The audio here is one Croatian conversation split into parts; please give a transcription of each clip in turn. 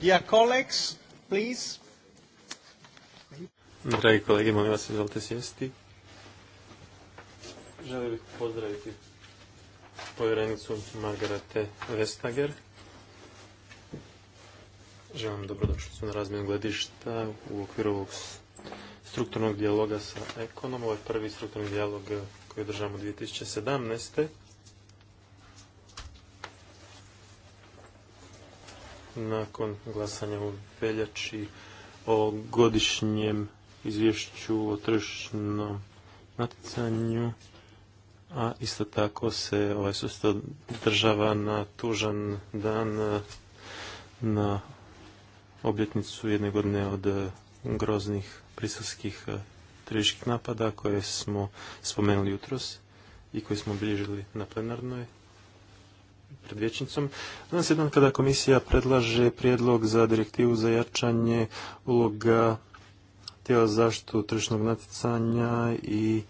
Dear colleagues, please. Dragi kolege, molim vas, izvolite sjesti. Želim bih pozdraviti povjerenicu Margarete Vestager. Želim dobrodošlicu na razmjenu gledišta u okviru ovog strukturnog dijaloga sa ekonom. Ovo je prvi strukturni dijalog koji održavamo 2017. nakon glasanja u veljači o godišnjem izvješću o tržišnom natjecanju, a isto tako se ovaj sustav država na tužan dan eh, na obljetnicu jedne godine od eh, groznih prisutskih eh, tržiških napada koje smo spomenuli jutros i koje smo obilježili na plenarnoj pred vječnicom. Danas jedan kada komisija predlaže prijedlog za direktivu za jačanje uloga tijela zaštitu tržišnog natjecanja i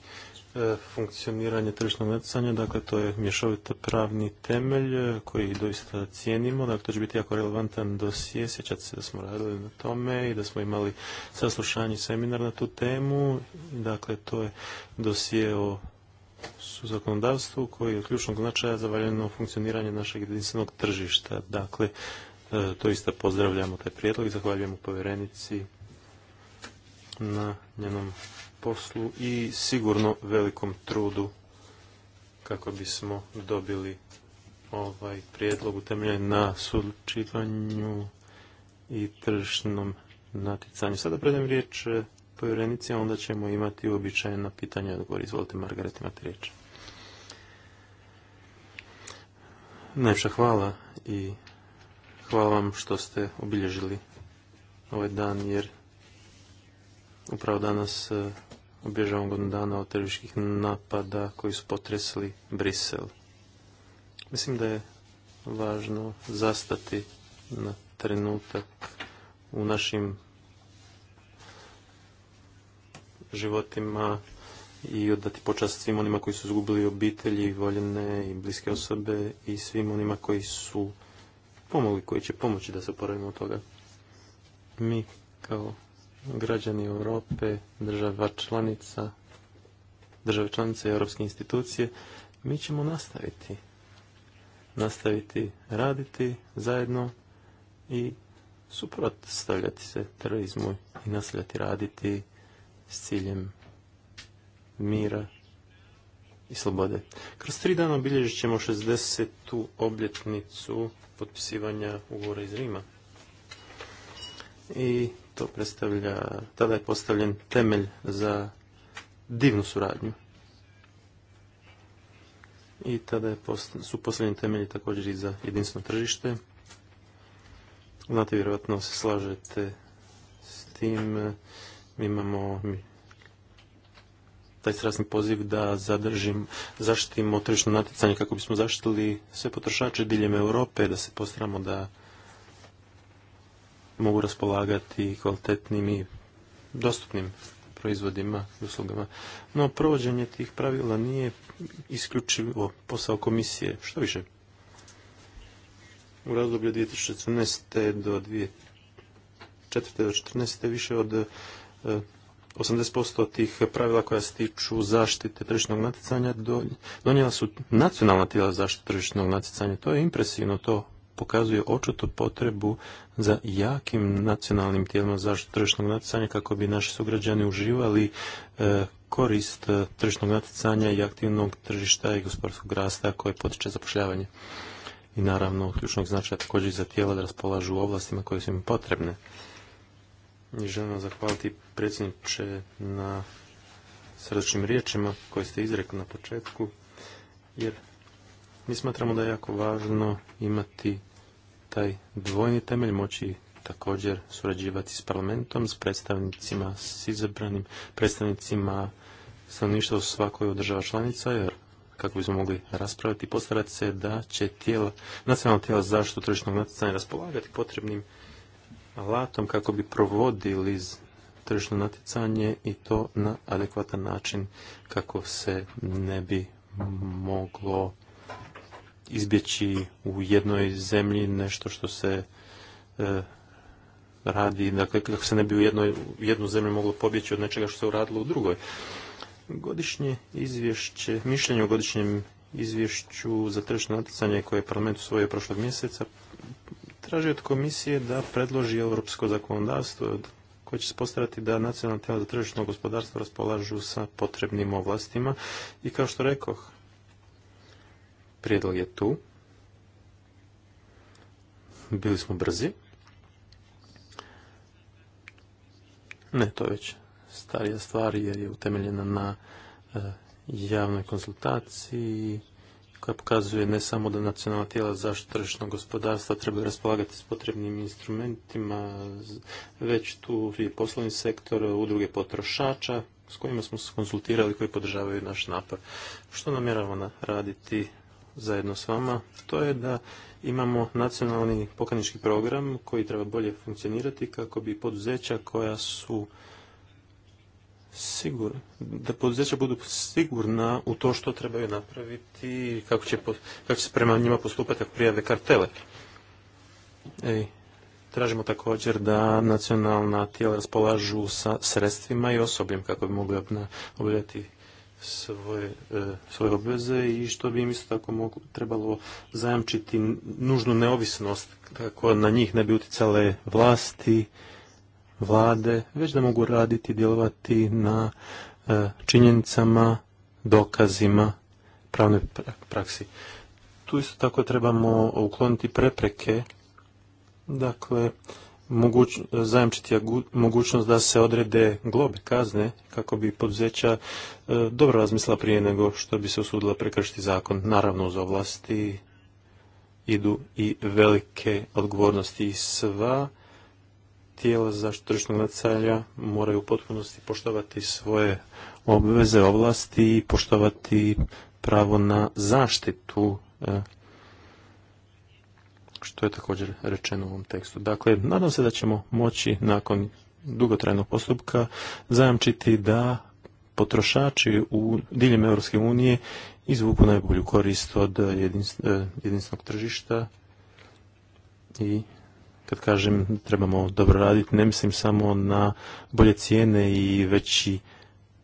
e, funkcioniranje tržišnog natjecanja. Dakle, to je mješovito pravni temelj e, koji doista cijenimo. Dakle, to će biti jako relevantan dosije. Sjećate se da smo radili na tome i da smo imali saslušanje seminar na tu temu. Dakle, to je dosije o su zakonodavstvu koji je od ključnog značaja za valjeno funkcioniranje našeg jedinstvenog tržišta. Dakle, e, to isto pozdravljamo taj prijedlog i zahvaljujemo povjerenici na njenom poslu i sigurno velikom trudu kako bismo dobili ovaj prijedlog utemeljen na sučivanju i tržišnom natjecanju. Sada predam riječ povjerenici, onda ćemo imati uobičajena pitanja i odgovor. Izvolite, Margaret, imate riječ. Najpša hvala i hvala vam što ste obilježili ovaj dan, jer upravo danas e, obježavamo godinu dana od terorističkih napada koji su potresli Brisel. Mislim da je važno zastati na trenutak u našim životima i odati počast svim onima koji su izgubili obitelji, voljene i bliske osobe i svim onima koji su pomogli, koji će pomoći da se oporavimo od toga. Mi kao građani Europe, država članica, države članice i europske institucije, mi ćemo nastaviti. Nastaviti raditi zajedno i suprotstavljati se terorizmu i nastavljati raditi s ciljem mira i slobode. Kroz tri dana obilježit ćemo 60. obljetnicu potpisivanja ugovora iz Rima. I to predstavlja, tada je postavljen temelj za divnu suradnju. I tada je post, su postavljeni temelji također i za jedinstveno tržište. Znate, vjerojatno se slažete s tim mi imamo taj strasni poziv da zadržim, zaštitimo tržišno natjecanje kako bismo zaštitili sve potrošače diljem Europe, da se postaramo da mogu raspolagati kvalitetnim i dostupnim proizvodima i uslugama. No, provođenje tih pravila nije isključivo posao komisije. Što više? U razdoblju 2014. do do 2014. više od 80% tih pravila koja se tiču zaštite tržišnog natjecanja donijela su nacionalna tijela zaštite tržišnog natjecanja. To je impresivno, to pokazuje očutu potrebu za jakim nacionalnim tijelima zaštite tržišnog natjecanja kako bi naši sugrađani uživali e, korist e, tržišnog natjecanja i aktivnog tržišta i gospodarskog rasta koje potiče zapošljavanje. I naravno, ključnog značaja također i za tijela da raspolažu ovlastima koje su im potrebne i želim vam zahvaliti predsjedniče na srdačnim riječima koje ste izrekli na početku, jer mi smatramo da je jako važno imati taj dvojni temelj moći također surađivati s parlamentom, s predstavnicima, s izabranim predstavnicima stanovništva u svakoj od država članica, jer kako bismo mogli raspraviti i postarati se da će tijela, nacionalna tijela zaštitu tržišnog natjecanja raspolagati potrebnim alatom kako bi provodili tržno natjecanje i to na adekvatan način kako se ne bi moglo izbjeći u jednoj zemlji nešto što se e, radi, dakle kako se ne bi u jednoj, u jednu zemlju moglo pobjeći od nečega što se uradilo u drugoj. Godišnje izvješće, mišljenje o godišnjem izvješću za tržišno natjecanje koje je parlament usvojio prošlog mjeseca traži od komisije da predloži europsko zakonodavstvo koje će se postarati da nacionalna tijela za tržišno gospodarstvo raspolažu sa potrebnim ovlastima. I kao što rekoh, prijedlog je tu. Bili smo brzi. Ne, to već starija stvar jer je utemeljena na e, javnoj konsultaciji pokazuje ne samo da nacionalna tijela zaštite tržišnog gospodarstva trebaju raspolagati s potrebnim instrumentima, već tu je poslovni sektor, udruge potrošača s kojima smo se konsultirali koji podržavaju naš napor. Što namjeravamo raditi zajedno s vama? To je da imamo nacionalni pokanički program koji treba bolje funkcionirati kako bi poduzeća koja su sigur da poduzeća budu sigurna u to što trebaju napraviti i kako će, kako će se prema njima postupati ako prijave kartele. tražimo također da nacionalna tijela raspolažu sa sredstvima i osobljem kako bi mogli obavljati svoje, e, svoje obveze i što bi im isto tako trebalo zajamčiti nužnu neovisnost kako na njih ne bi utjecale vlasti vlade, već da mogu raditi, djelovati na e, činjenicama, dokazima, pravnoj praksi. Tu isto tako trebamo ukloniti prepreke, dakle, moguć, zajamčiti mogućnost da se odrede globe kazne kako bi poduzeća e, dobro razmisla prije nego što bi se usudila prekršiti zakon. Naravno, uz ovlasti idu i velike odgovornosti i sva tijela za zaštitu tržišnog moraju u potpunosti poštovati svoje obveze, oblasti i poštovati pravo na zaštitu e, što je također rečeno u ovom tekstu. Dakle, nadam se da ćemo moći nakon dugotrajnog postupka zajamčiti da potrošači u diljem Europske unije izvuku najbolju korist od e, jedinstvenog tržišta i kad kažem trebamo dobro raditi, ne mislim samo na bolje cijene i veći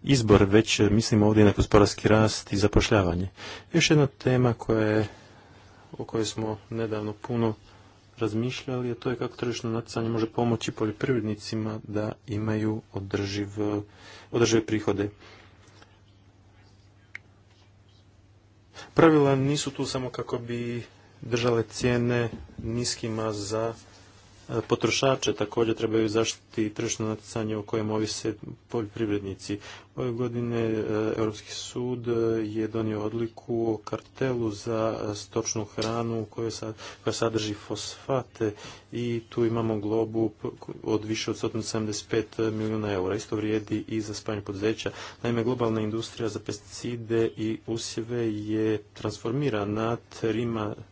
izbor, već mislim ovdje na gospodarski rast i zapošljavanje. Još jedna tema koja je, o kojoj smo nedavno puno razmišljali, a to je kako tržišno natjecanje može pomoći poljoprivrednicima da imaju održiv, održive prihode. Pravila nisu tu samo kako bi držale cijene niskima za Potrošače također trebaju zaštiti tržišno natjecanje o kojem ovise poljoprivrednici. Ove godine e, Europski sud e, je donio odliku o kartelu za e, stočnu hranu koja sadrži fosfate i tu imamo globu od više od 175 milijuna eura. Isto vrijedi i za spajanje poduzeća. Naime, globalna industrija za pesticide i usjeve je transformirana nad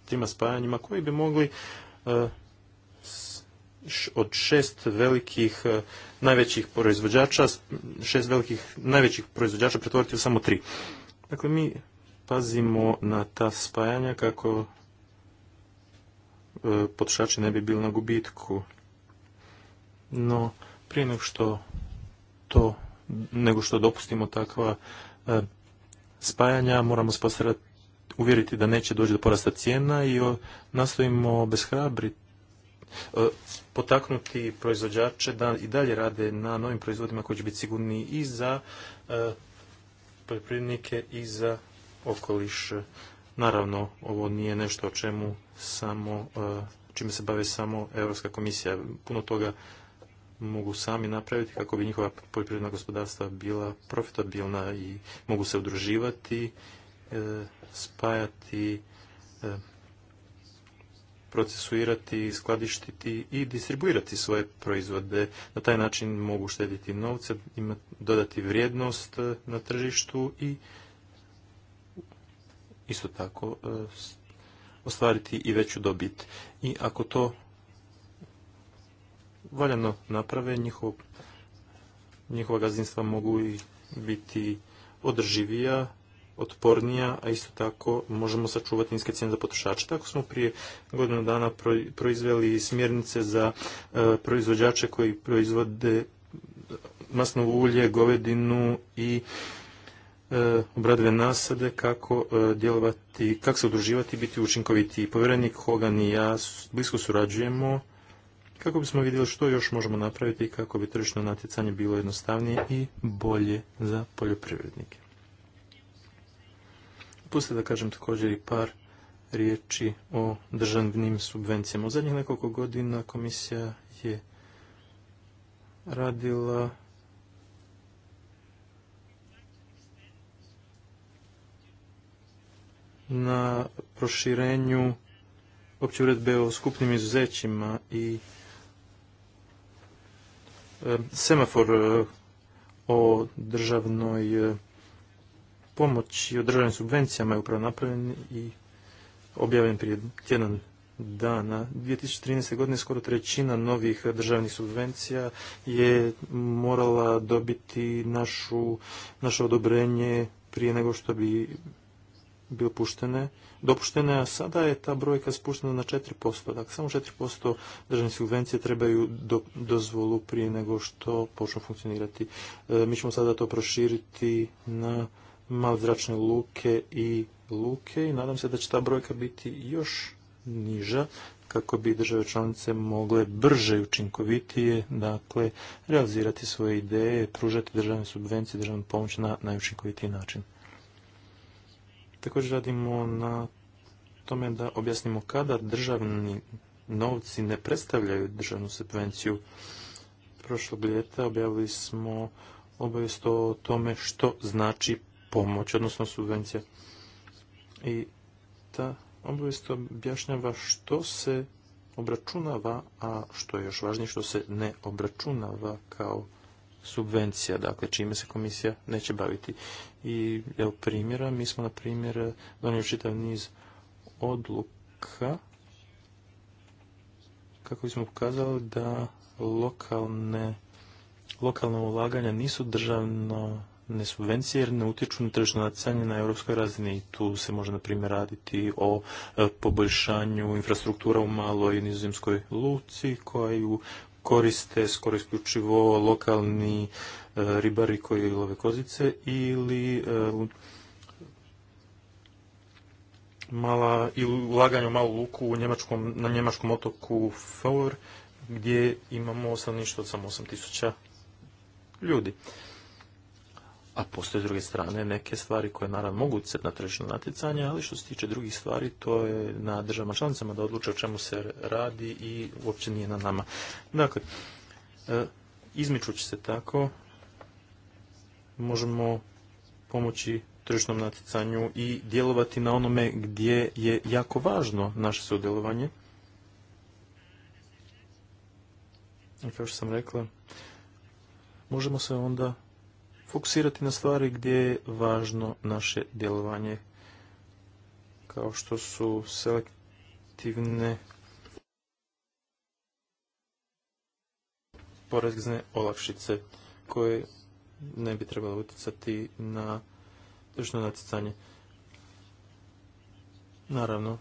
trima spajanjima koji bi mogli od šest velikih e, najvećih proizvođača, šest velikih najvećih proizvođača pretvoriti u samo tri. Dakle, mi pazimo na ta spajanja kako e, potrošači ne bi bili na gubitku. No, prije nego što to, nego što dopustimo takva e, spajanja, moramo spostaviti uvjeriti da neće doći do porasta cijena i nastojimo obeshrabriti potaknuti proizvođače da i dalje rade na novim proizvodima koji će biti sigurniji i za e, poljoprivrednike i za okoliš. Naravno, ovo nije nešto o čemu samo, e, čime se bave samo Europska komisija. Puno toga mogu sami napraviti kako bi njihova poljoprivredna gospodarstva bila profitabilna i mogu se udruživati, e, spajati procesuirati, skladištiti i distribuirati svoje proizvode. Na taj način mogu štediti novce, dodati vrijednost e, na tržištu i isto tako e, ostvariti i veću dobit. I ako to valjano naprave, njihova gazdinstva mogu i biti održivija otpornija, a isto tako možemo sačuvati niske cijene za potrošače. Tako smo prije godinu dana proizveli smjernice za e, proizvođače koji proizvode masno ulje, govedinu i e, obradive nasade, kako e, djelovati, kako se udruživati i biti učinkoviti. Povjerenik Hogan i ja blisko surađujemo kako bismo vidjeli što još možemo napraviti i kako bi tržišno natjecanje bilo jednostavnije i bolje za poljoprivrednike. Pustite da kažem također i par riječi o državnim subvencijama. U zadnjih nekoliko godina komisija je radila na proširenju opće uredbe o skupnim izuzećima i e, semafor e, o državnoj e, pomoći o državnim subvencijama je upravo napravljen i objavljen prije tjedan dana. 2013. godine skoro trećina novih državnih subvencija je morala dobiti našu, naše odobrenje prije nego što bi bilo puštene, dopuštene, a sada je ta brojka spuštena na 4%. Dakle, samo 4% državnih subvencije trebaju dozvolu prije nego što počnu funkcionirati. E, mi ćemo sada to proširiti na malozračne luke i luke i nadam se da će ta brojka biti još niža kako bi države članice mogle brže i učinkovitije dakle, realizirati svoje ideje, pružati državne subvencije, državnu pomoć na najučinkovitiji način. Također radimo na tome da objasnimo kada državni novci ne predstavljaju državnu subvenciju. Prošlog ljeta objavili smo obavijest o tome što znači pomoć, odnosno subvencija. I ta obavijest objašnjava što se obračunava, a što je još važnije što se ne obračunava kao subvencija, dakle čime se komisija neće baviti. I evo primjera, mi smo na primjer donijeli čitav niz odluka kako bismo pokazali da lokalne, lokalne ulaganja nisu državno ne subvencije jer ne utječu na tržno nacanje na europskoj razini. Tu se može, na primjer, raditi o e, poboljšanju infrastruktura u maloj nizozemskoj luci koju koriste skoro isključivo lokalni e, ribari koji love kozice ili e, mala ulaganje u malu luku na njemačkom otoku Four gdje imamo stanovništvo od samo 8000 ljudi. A postoje s druge strane neke stvari koje naravno mogu utjecati na tržišno natjecanje, ali što se tiče drugih stvari, to je na državama članicama da odluče o čemu se radi i uopće nije na nama. Dakle, e, izmičući se tako, možemo pomoći tržišnom natjecanju i djelovati na onome gdje je jako važno naše sudjelovanje. kao što sam rekla, možemo se onda fokusirati na stvari gdje je važno naše djelovanje, kao što su selektivne porezne olakšice koje ne bi trebalo utjecati na tržišno natjecanje. Naravno,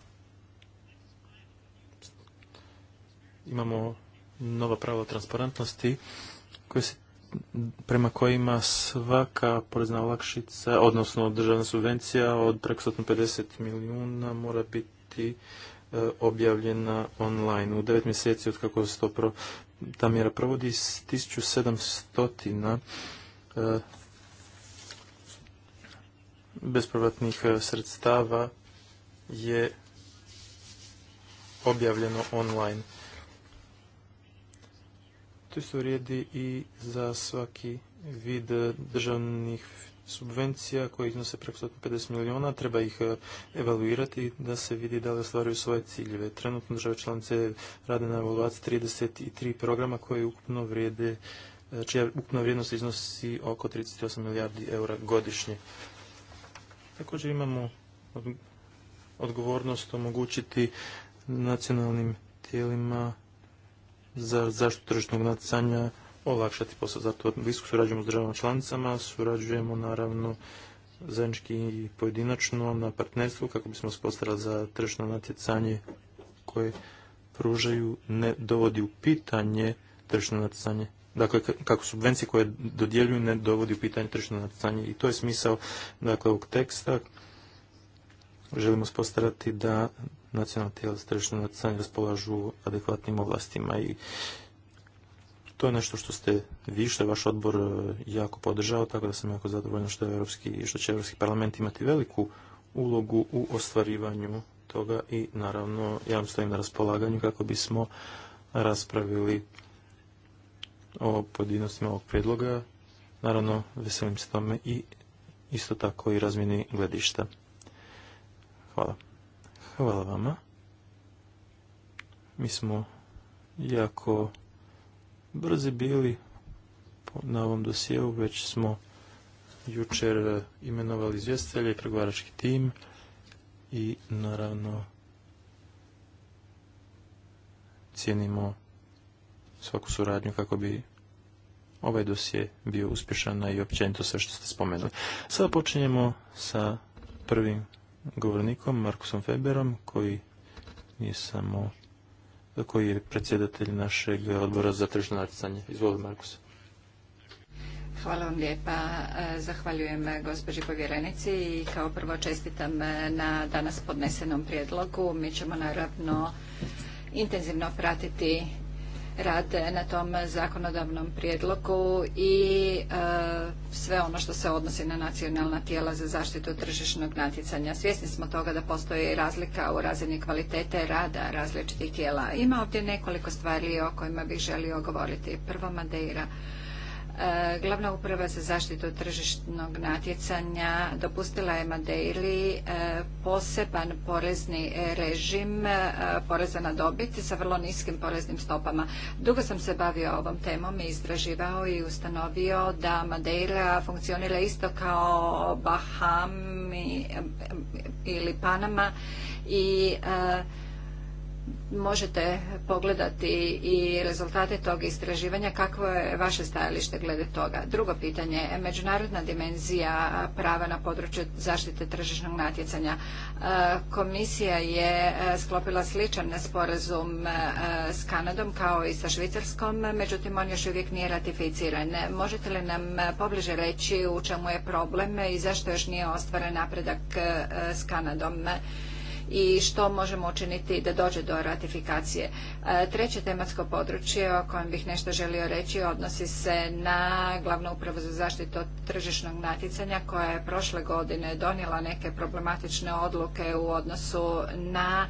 imamo nova pravila transparentnosti koje se prema kojima svaka porezna olakšica, odnosno državna subvencija od preko 150 milijuna mora biti e, objavljena online. U devet mjeseci od kako se to pro, ta mjera provodi 1700 e, bespovratnih e, sredstava je objavljeno online se vrijedi i za svaki vid državnih subvencija koje iznose preko 150 milijuna, treba ih eh, evaluirati da se vidi da li ostvaruju svoje ciljeve. Trenutno države članice rade na evaluaciji 33 programa koje ukupno vrijede eh, čija ukupna vrijednost iznosi oko 38 milijardi eura godišnje. Također imamo odgovornost omogućiti nacionalnim tijelima za zaštitu tržišnog natjecanja olakšati posao. Zato blisko surađujemo s državama članicama, surađujemo naravno zajednički i pojedinačno na partnerstvu kako bismo spostarali za tržišno natjecanje koje pružaju ne dovodi u pitanje tržišno natjecanje. Dakle, kako subvencije koje dodjeljuju ne dovodi u pitanje tržišno natjecanje. I to je smisao dakle, ovog teksta. Želimo spostarati da nacionalna tijela za tržišno natjecanje raspolažu adekvatnim ovlastima i to je nešto što ste vi, što je vaš odbor e, jako podržao, tako da sam jako zadovoljan što, je Europski, što će Europski parlament imati veliku ulogu u ostvarivanju toga i naravno ja vam stojim na raspolaganju kako bismo raspravili o pojedinostima ovog predloga. Naravno, veselim se tome i isto tako i razmjeni gledišta. Hvala. Hvala vama. Mi smo jako brzi bili na ovom dosijevu, već smo jučer imenovali izvjestitelje i pregovarački tim i naravno cijenimo svaku suradnju kako bi ovaj dosje bio uspješan i općenito sve što ste spomenuli. Sada počinjemo sa prvim govornikom Markusom Feberom koji je samo koji je predsjedatelj našeg odbora za tržno natjecanje. Izvoli Markus. Hvala vam lijepa. Zahvaljujem gospođi povjerenici i kao prvo čestitam na danas podnesenom prijedlogu. Mi ćemo naravno intenzivno pratiti rad na tom zakonodavnom prijedlogu i e, sve ono što se odnosi na nacionalna tijela za zaštitu tržišnog natjecanja. Svjesni smo toga da postoji razlika u razini kvalitete rada različitih tijela. Ima ovdje nekoliko stvari o kojima bih želio govoriti. Prvo Madeira. E, glavna uprava za zaštitu tržišnog natjecanja dopustila je Madejli e, poseban porezni režim e, poreza na dobit sa vrlo niskim poreznim stopama. Dugo sam se bavio ovom temom i istraživao i ustanovio da Madeira funkcionira isto kao Bahami ili Panama i možete pogledati i rezultate tog istraživanja. Kakvo je vaše stajalište glede toga? Drugo pitanje, međunarodna dimenzija prava na području zaštite tržišnog natjecanja. E, komisija je e, sklopila sličan sporazum e, s Kanadom kao i sa Švicarskom, međutim on još uvijek nije ratificiran. Možete li nam pobliže reći u čemu je problem i zašto još nije ostvaren napredak s Kanadom? i što možemo učiniti da dođe do ratifikacije. E, treće tematsko područje o kojem bih nešto želio reći odnosi se na glavnu upravu za zaštitu tržišnog natjecanja koja je prošle godine donijela neke problematične odluke u odnosu na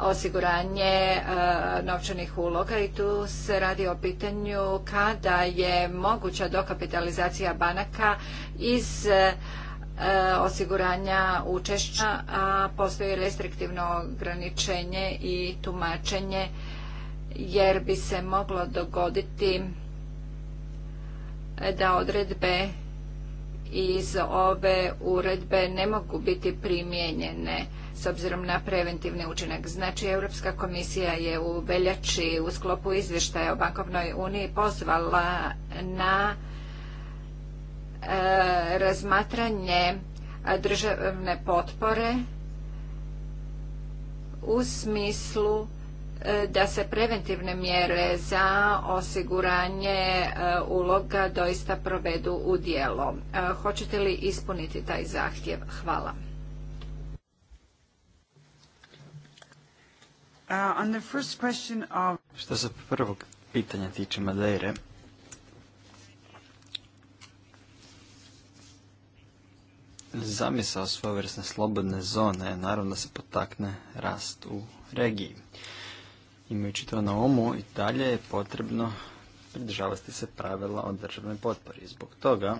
osiguranje e, novčanih uloga i tu se radi o pitanju kada je moguća dokapitalizacija banaka iz E, osiguranja učešća, a postoji restriktivno ograničenje i tumačenje jer bi se moglo dogoditi e, da odredbe iz ove uredbe ne mogu biti primijenjene s obzirom na preventivni učinak. Znači, Europska komisija je u veljači u sklopu izvještaja o bankovnoj uniji pozvala na E, razmatranje državne potpore u smislu e, da se preventivne mjere za osiguranje e, uloga doista provedu u dijelo. Hoćete li ispuniti taj zahtjev? Hvala. Uh, Što se prvog pitanja tiče Madeire, zamisao svojevrsne slobodne zone naravno se potakne rast u regiji. Imajući to na umu i dalje je potrebno pridržavati se pravila o državnoj potpori. Zbog toga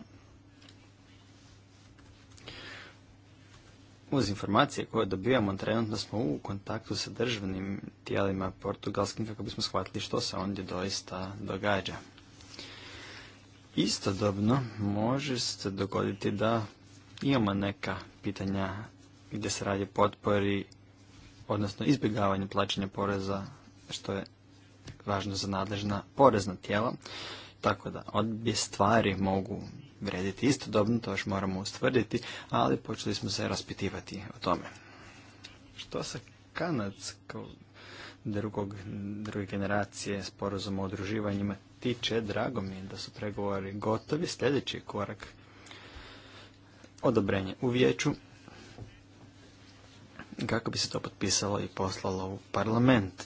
Uz informacije koje dobivamo trenutno smo u kontaktu sa državnim tijelima portugalskim kako bismo shvatili što se ondje doista događa. Istodobno može se dogoditi da Imamo neka pitanja gdje se radi potpori, odnosno izbjegavanje plaćanja poreza, što je važno za nadležna porezna tijela. Tako da obje stvari mogu vrediti istodobno, to još moramo ustvrditi, ali počeli smo se raspitivati o tome. Što se kao drugog, druge generacije sporazuma o udruživanjima tiče, drago mi je da su pregovori gotovi. Sljedeći korak odobrenje u vijeću kako bi se to potpisalo i poslalo u parlament.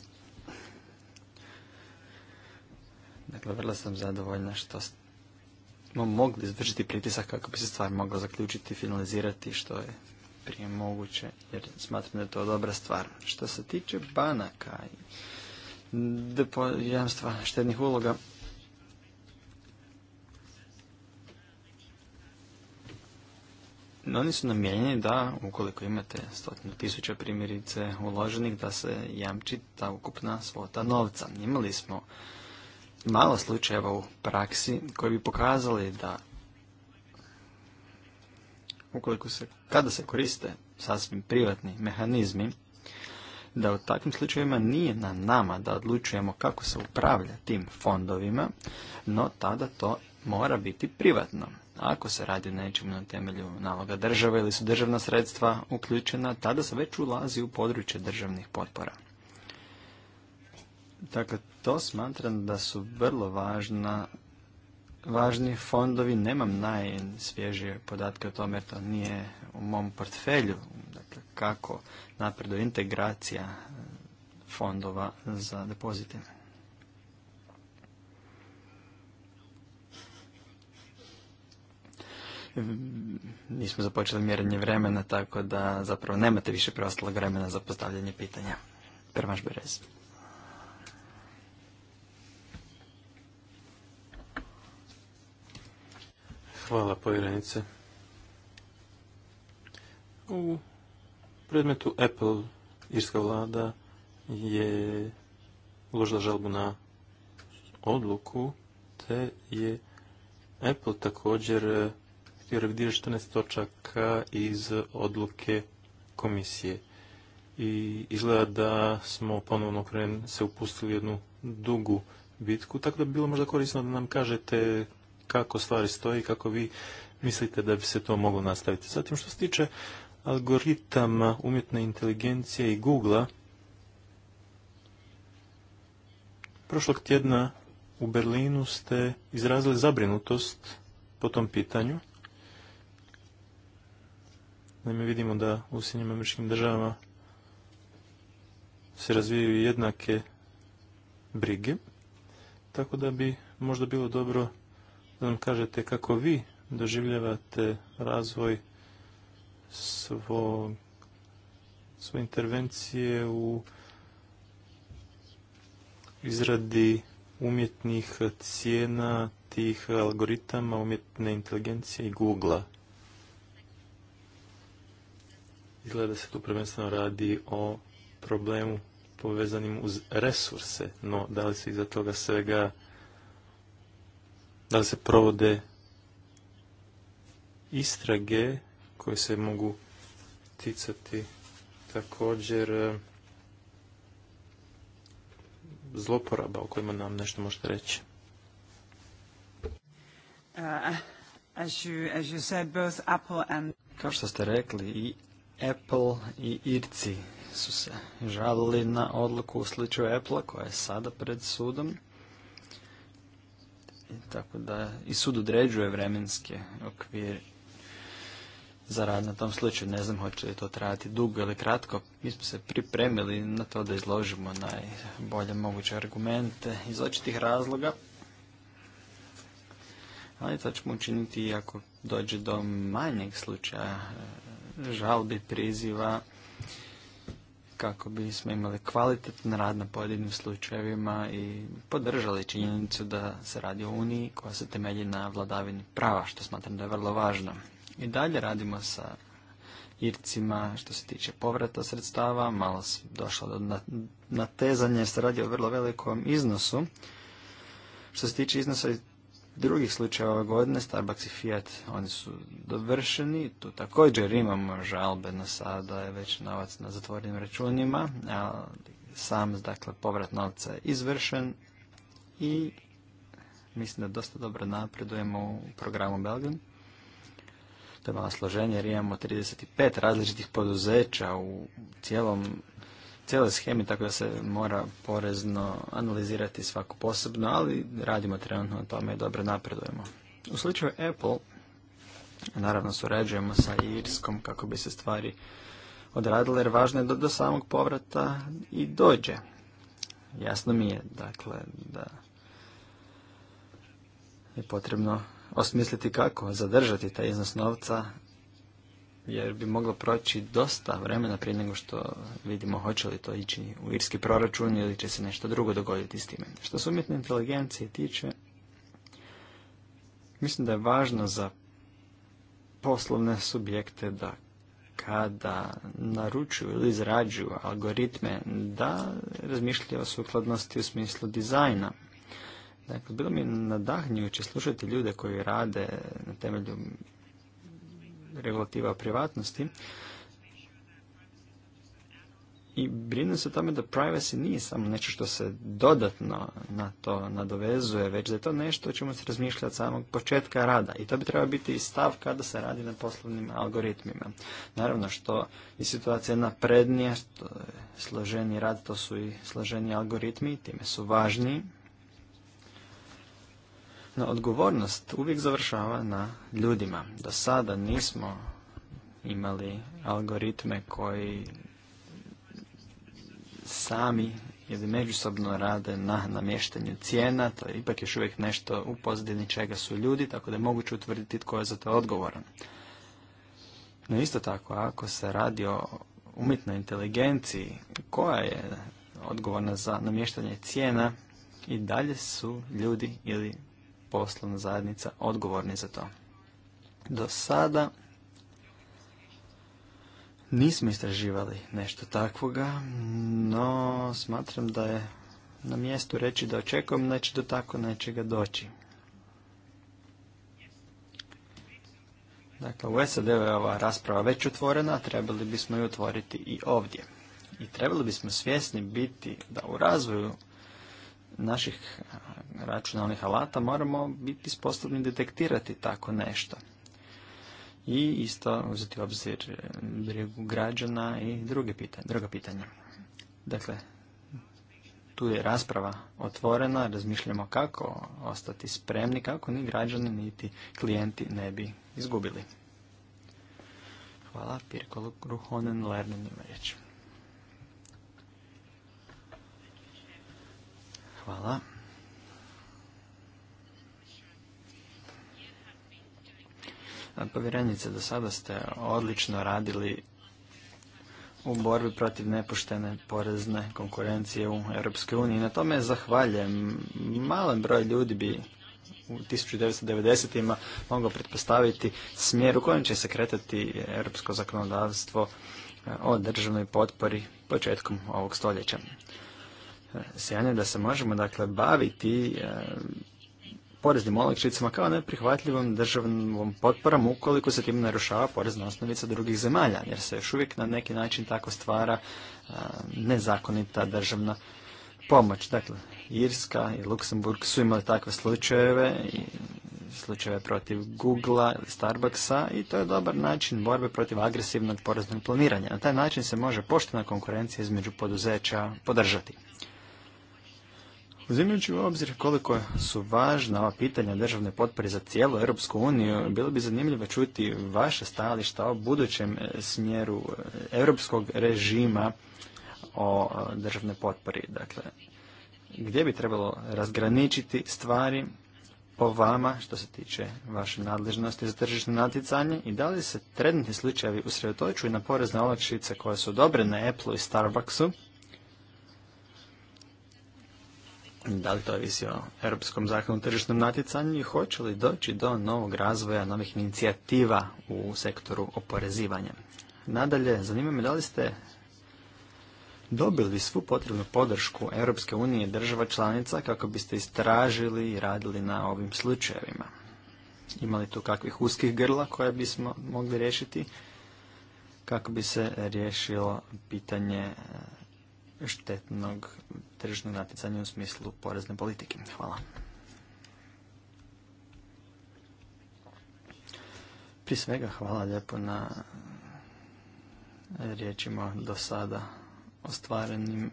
Dakle, vrlo sam zadovoljna što smo mogli izvršiti pritisak kako bi se stvar mogla zaključiti i finalizirati što je prije moguće, jer smatram da je to dobra stvar. Što se tiče banaka i jamstva štednih uloga, oni su namijenjeni da, ukoliko imate stotinu tisuća primjerice uloženih, da se jamči ta ukupna svota novca. Imali smo malo slučajeva u praksi koji bi pokazali da ukoliko se, kada se koriste sasvim privatni mehanizmi, da u takvim slučajevima nije na nama da odlučujemo kako se upravlja tim fondovima, no tada to mora biti privatno. Ako se radi o nečemu na temelju naloga države ili su državna sredstva uključena, tada se već ulazi u područje državnih potpora. Dakle, to smatram da su vrlo važna, važni fondovi. Nemam najsvježije podatke o tome jer to nije u mom portfelju. Dakle, kako napreduje integracija fondova za depozite. Mm, nismo započeli mjerenje vremena, tako da zapravo nemate više preostalog vremena za postavljanje pitanja. Prvaš Berez. Hvala povjerenice. U predmetu Apple, irska vlada je uložila žalbu na odluku, te je Apple također i revidira 14 točaka iz odluke komisije. I izgleda da smo ponovno se upustili jednu dugu bitku, tako da bi bilo možda korisno da nam kažete kako stvari stoji i kako vi mislite da bi se to moglo nastaviti. Zatim što se tiče algoritama umjetne inteligencije i Google-a, prošlog tjedna u Berlinu ste izrazili zabrinutost po tom pitanju. Naime, vidimo da u Sjednjim američkim državama se razvijaju jednake brige, tako da bi možda bilo dobro da nam kažete kako vi doživljavate razvoj svo, svoje intervencije u izradi umjetnih cijena tih algoritama, umjetne inteligencije i Google-a. Izgleda se tu prvenstveno radi o problemu povezanim uz resurse, no da li se iza toga svega, da li se provode istrage koje se mogu ticati također e, zloporaba o kojima nam nešto možete reći. Uh, Kao što ste rekli, i Apple i Irci su se žalili na odluku u slučaju Apple-a koja je sada pred sudom. I tako da i sud određuje vremenske okvir. za rad na tom slučaju. Ne znam hoće li to trajati dugo ili kratko. Mi smo se pripremili na to da izložimo najbolje moguće argumente iz očitih razloga. Ali to ćemo učiniti i ako dođe do manjeg slučaja žalbi, priziva kako bismo imali kvalitetan rad na pojedinim slučajevima i podržali činjenicu da se radi o Uniji koja se temelji na vladavini prava, što smatram da je vrlo važno. I dalje radimo sa Ircima što se tiče povrata sredstava, malo došlo do natezanja jer se radi o vrlo velikom iznosu. Što se tiče iznosa drugih slučajeva godine, Starbucks i Fiat, oni su dovršeni, tu također imamo žalbe na sada je već novac na zatvorenim računima, sam, dakle, povrat novca je izvršen i mislim da dosta dobro napredujemo u programu Belgen. To je malo složenje jer imamo 35 različitih poduzeća u cijelom cijele scheme tako da se mora porezno analizirati svaku posebno, ali radimo trenutno na tome i dobro napredujemo. U slučaju Apple, naravno surađujemo sa Irskom kako bi se stvari odradile, jer važno je do samog povrata i dođe. Jasno mi je, dakle, da je potrebno osmisliti kako zadržati taj iznos novca, jer bi moglo proći dosta vremena prije nego što vidimo hoće li to ići u irski proračun ili će se nešto drugo dogoditi s time. Što se umjetne inteligencije tiče, mislim da je važno za poslovne subjekte da kada naručuju ili izrađuju algoritme da razmišljaju o sukladnosti u smislu dizajna. Dakle, bilo mi nadahnjujuće slušati ljude koji rade na temelju regulativa privatnosti i brinu se o tome da privacy nije samo nešto što se dodatno na to nadovezuje, već da je to nešto o čemu se razmišlja od samog početka rada. I to bi trebao biti i stav kada se radi na poslovnim algoritmima. Naravno što je situacija naprednija, što složeni rad, to su i složeni algoritmi, time su važniji, no, odgovornost uvijek završava na ljudima. Do sada nismo imali algoritme koji sami ili međusobno rade na namještanju cijena, to je ipak još uvijek nešto u pozadini čega su ljudi, tako da je moguće utvrditi tko je za to odgovoran. No isto tako, ako se radi o umjetnoj inteligenciji koja je odgovorna za namještanje cijena, i dalje su ljudi ili poslovna zajednica odgovorni za to. Do sada nismo istraživali nešto takvoga, no smatram da je na mjestu reći da očekujem da do tako nečega doći. Dakle, u SAD je ova rasprava već otvorena, trebali bismo ju otvoriti i ovdje. I trebali bismo svjesni biti da u razvoju naših računalnih alata moramo biti sposobni detektirati tako nešto. I isto uzeti obzir e, brigu građana i druge pitanje, druga pitanja. Dakle, tu je rasprava otvorena, razmišljamo kako ostati spremni, kako ni građani niti klijenti ne bi izgubili. Hvala, Pirko Ruhonen, Lernin ima riječ. Hvala. Povjerenice, do sada ste odlično radili u borbi protiv nepoštene porezne konkurencije u Europskoj uniji. Na tome zahvaljujem. Malen broj ljudi bi u 1990-ima mogao pretpostaviti smjer u kojem će se kretati europsko zakonodavstvo eh, o državnoj potpori početkom ovog stoljeća. Eh, sjajno je da se možemo dakle baviti eh, poreznim olakšicama kao neprihvatljivom državnom potporom ukoliko se tim narušava porezna osnovica drugih zemalja, jer se još uvijek na neki način tako stvara nezakonita državna pomoć. Dakle, Irska i Luksemburg su imali takve slučajeve i slučajeve protiv Googlea ili Starbucksa i to je dobar način borbe protiv agresivnog poreznog planiranja. Na taj način se može poštena konkurencija između poduzeća podržati. Uzimajući u obzir koliko su važna ova pitanja državne potpore za cijelu Europsku uniju, bilo bi zanimljivo čuti vaše stajališta o budućem e, smjeru e, europskog režima o e, državnoj potpori. Dakle, gdje bi trebalo razgraničiti stvari po vama što se tiče vaše nadležnosti za tržišno natjecanje i da li se trenutni slučajevi usredotočuju na porezne olakšice koje su dobre na Apple i Starbucksu Da li to ovisi o Europskom zakonu o tržišnom natjecanju i hoće li doći do novog razvoja, novih inicijativa u sektoru oporezivanja? Nadalje, zanima me da li ste dobili svu potrebnu podršku Europske unije država članica kako biste istražili i radili na ovim slučajevima. Imali tu kakvih uskih grla koje bismo mogli riješiti kako bi se riješilo pitanje štetnog tržišnog natjecanja u smislu porezne politike. Hvala. Prije svega hvala lijepo na riječima do sada ostvarenim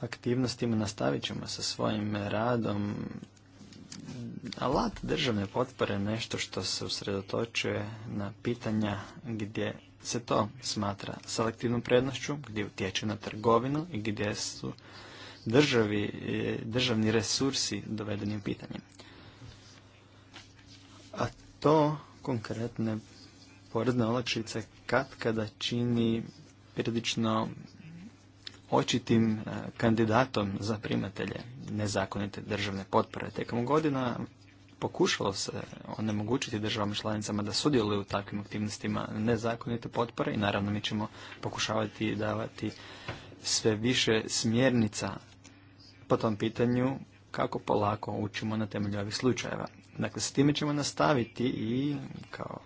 aktivnostima. Nastavit ćemo sa svojim radom alat državne potpore je nešto što se usredotočuje na pitanja gdje se to smatra selektivnom prednošću, gdje utječe na trgovinu i gdje su državi, državni resursi dovedeni u pitanje. A to konkretne porezne olakšice kad kada čini periodično očitim e, kandidatom za primatelje nezakonite državne potpore. Tekom godina pokušalo se onemogućiti državama članicama da sudjeluju u takvim aktivnostima nezakonite potpore i naravno mi ćemo pokušavati davati sve više smjernica po tom pitanju kako polako učimo na temelju ovih slučajeva. Dakle, s time ćemo nastaviti i kao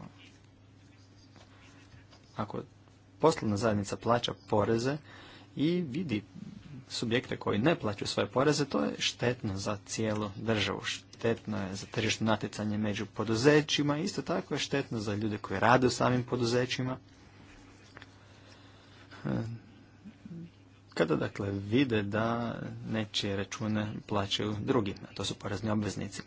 ako poslovna zajednica plaća poreze, i vidi subjekte koji ne plaću svoje poreze, to je štetno za cijelu državu. Štetno je za tržišno natjecanje među poduzećima, isto tako je štetno za ljude koji rade u samim poduzećima. Kada dakle vide da nečije račune plaćaju drugi, to su porezni obveznici.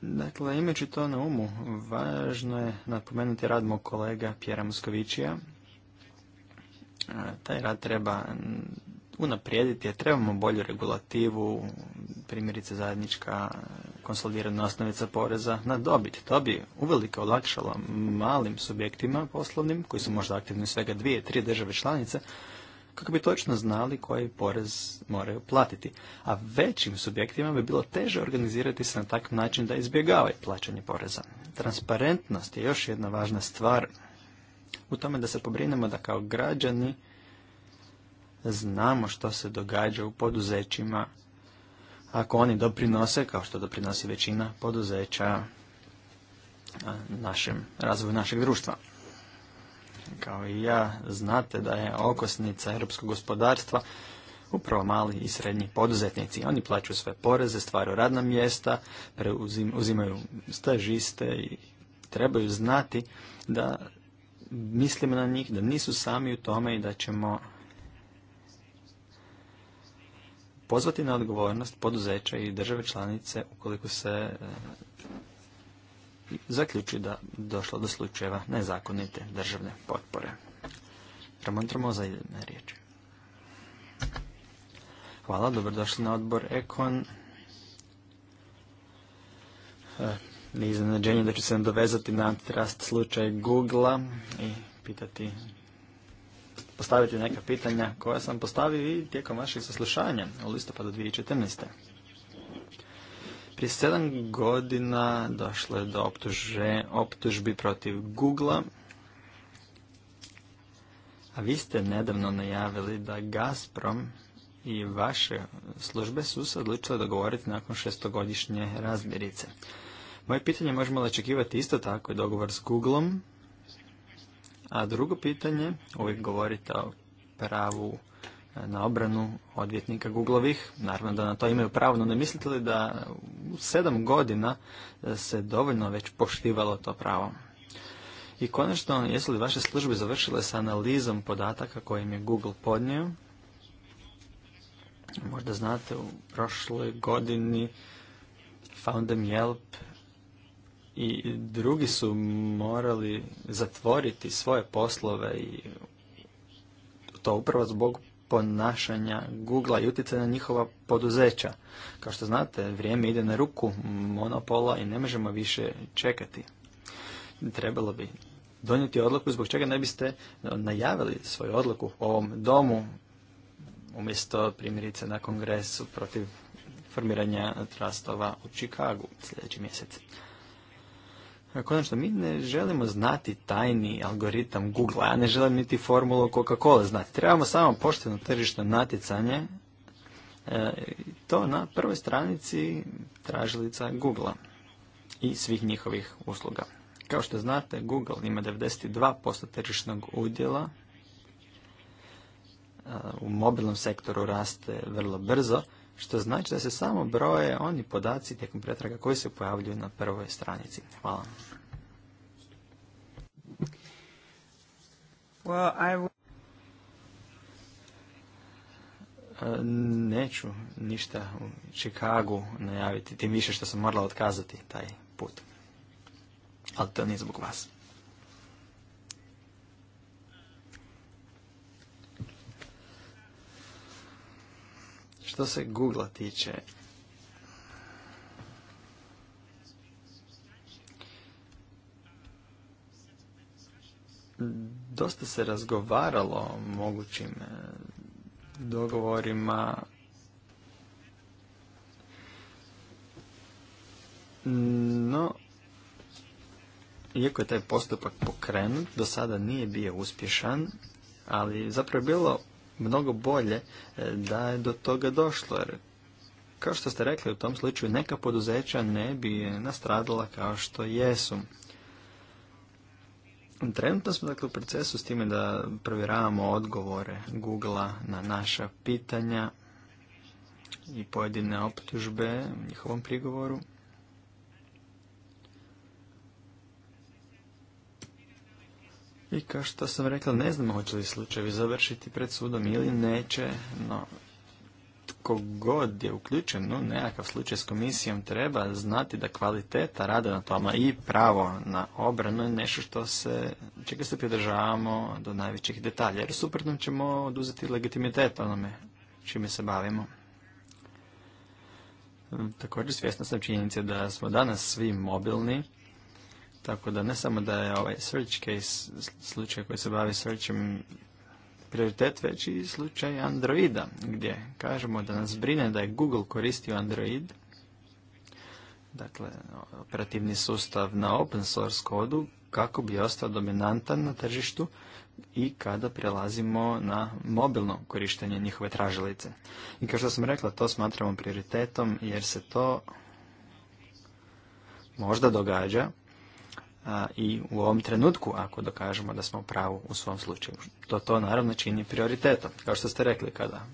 Dakle, imajući to na umu, važno je napomenuti rad mog kolega Pjera Moskovićija, E, taj rad treba unaprijediti, jer trebamo bolju regulativu, primjerice zajednička e, konsolidirana osnovica poreza na dobit. To bi uvelike olakšalo malim subjektima poslovnim, koji su možda aktivni u svega dvije, tri države članice, kako bi točno znali koji porez moraju platiti. A većim subjektima bi bilo teže organizirati se na takav način da izbjegavaju plaćanje poreza. Transparentnost je još jedna važna stvar u tome da se pobrinemo da kao građani znamo što se događa u poduzećima ako oni doprinose, kao što doprinosi većina poduzeća našem, razvoju našeg društva. Kao i ja, znate da je okosnica europskog gospodarstva upravo mali i srednji poduzetnici. Oni plaću sve poreze, stvaraju radna mjesta, uzimaju stažiste i trebaju znati da mislimo na njih, da nisu sami u tome i da ćemo pozvati na odgovornost poduzeća i države članice ukoliko se e, zaključi da došlo do slučajeva nezakonite državne potpore. Ramon zajedna riječ. Hvala, dobrodošli na odbor Ekon. E, ni iznenađenje da ću se dovezati na antitrust slučaj Google-a i pitati, postaviti neka pitanja koja sam postavio i tijekom vašeg saslušanja u listopadu 2014. Prije sedam godina došlo je do optuže, optužbi protiv Google-a, a vi ste nedavno najavili da Gazprom i vaše službe su se odlučile dogovoriti nakon šestogodišnje razmirice. Moje pitanje možemo li očekivati isto tako i dogovor s Googlom. A drugo pitanje, uvijek govorite o pravu e, na obranu odvjetnika Googlovih. Naravno da na to imaju pravo, no ne mislite li da u sedam godina e, se dovoljno već poštivalo to pravo? I konačno, jesu li vaše službe završile sa analizom podataka kojim je Google podnio? Možda znate, u prošloj godini Foundem Yelp i drugi su morali zatvoriti svoje poslove i to upravo zbog ponašanja Google i utjecaja na njihova poduzeća. Kao što znate, vrijeme ide na ruku monopola i ne možemo više čekati. Trebalo bi donijeti odluku zbog čega ne biste najavili svoju odluku u ovom domu umjesto primjerice na kongresu protiv formiranja trastova u Chicagu sljedeći mjesec. Konačno, dakle, mi ne želimo znati tajni algoritam Google, ja ne želim niti formulu Coca-Cola znati. Trebamo samo pošteno tržišno natjecanje, e, to na prvoj stranici tražilica Google i svih njihovih usluga. Kao što znate, Google ima 92% tržišnog udjela, e, u mobilnom sektoru raste vrlo brzo, što znači da se samo broje oni podaci tijekom pretraga koji se pojavljuju na prvoj stranici. Hvala. Well, I e, neću ništa u Čikagu najaviti, tim više što sam morala otkazati taj put. Ali to nije zbog vas. Što se Google tiče, dosta se razgovaralo o mogućim e, dogovorima no iako je taj postupak pokrenut do sada nije bio uspješan ali zapravo je bilo mnogo bolje e, da je do toga došlo. Jer, kao što ste rekli, u tom slučaju neka poduzeća ne bi nastradila kao što jesu. Trenutno smo dakle u procesu s time da provjeravamo odgovore Google-a na naša pitanja i pojedine optužbe u njihovom prigovoru. I kao što sam rekla, ne znam hoće li slučajevi završiti pred sudom ili neće, no tko god je uključen u nekakav slučaj s komisijom treba znati da kvaliteta rada na tome i pravo na obranu je nešto što se, čega se pridržavamo do najvećih detalja, jer suprotno ćemo oduzeti legitimitet onome čime se bavimo. Također svjesna sam činjenica da smo danas svi mobilni tako da ne samo da je ovaj search case slučaj koji se bavi searchem prioritet, već i slučaj Androida, gdje kažemo da nas brine da je Google koristio Android, dakle operativni sustav na open source kodu, kako bi ostao dominantan na tržištu i kada prelazimo na mobilno korištenje njihove tražilice. I kao što sam rekla, to smatramo prioritetom jer se to možda događa, a, i u ovom trenutku ako dokažemo da smo u pravu u svom slučaju. To to naravno čini prioritetom. Kao što ste rekli, kada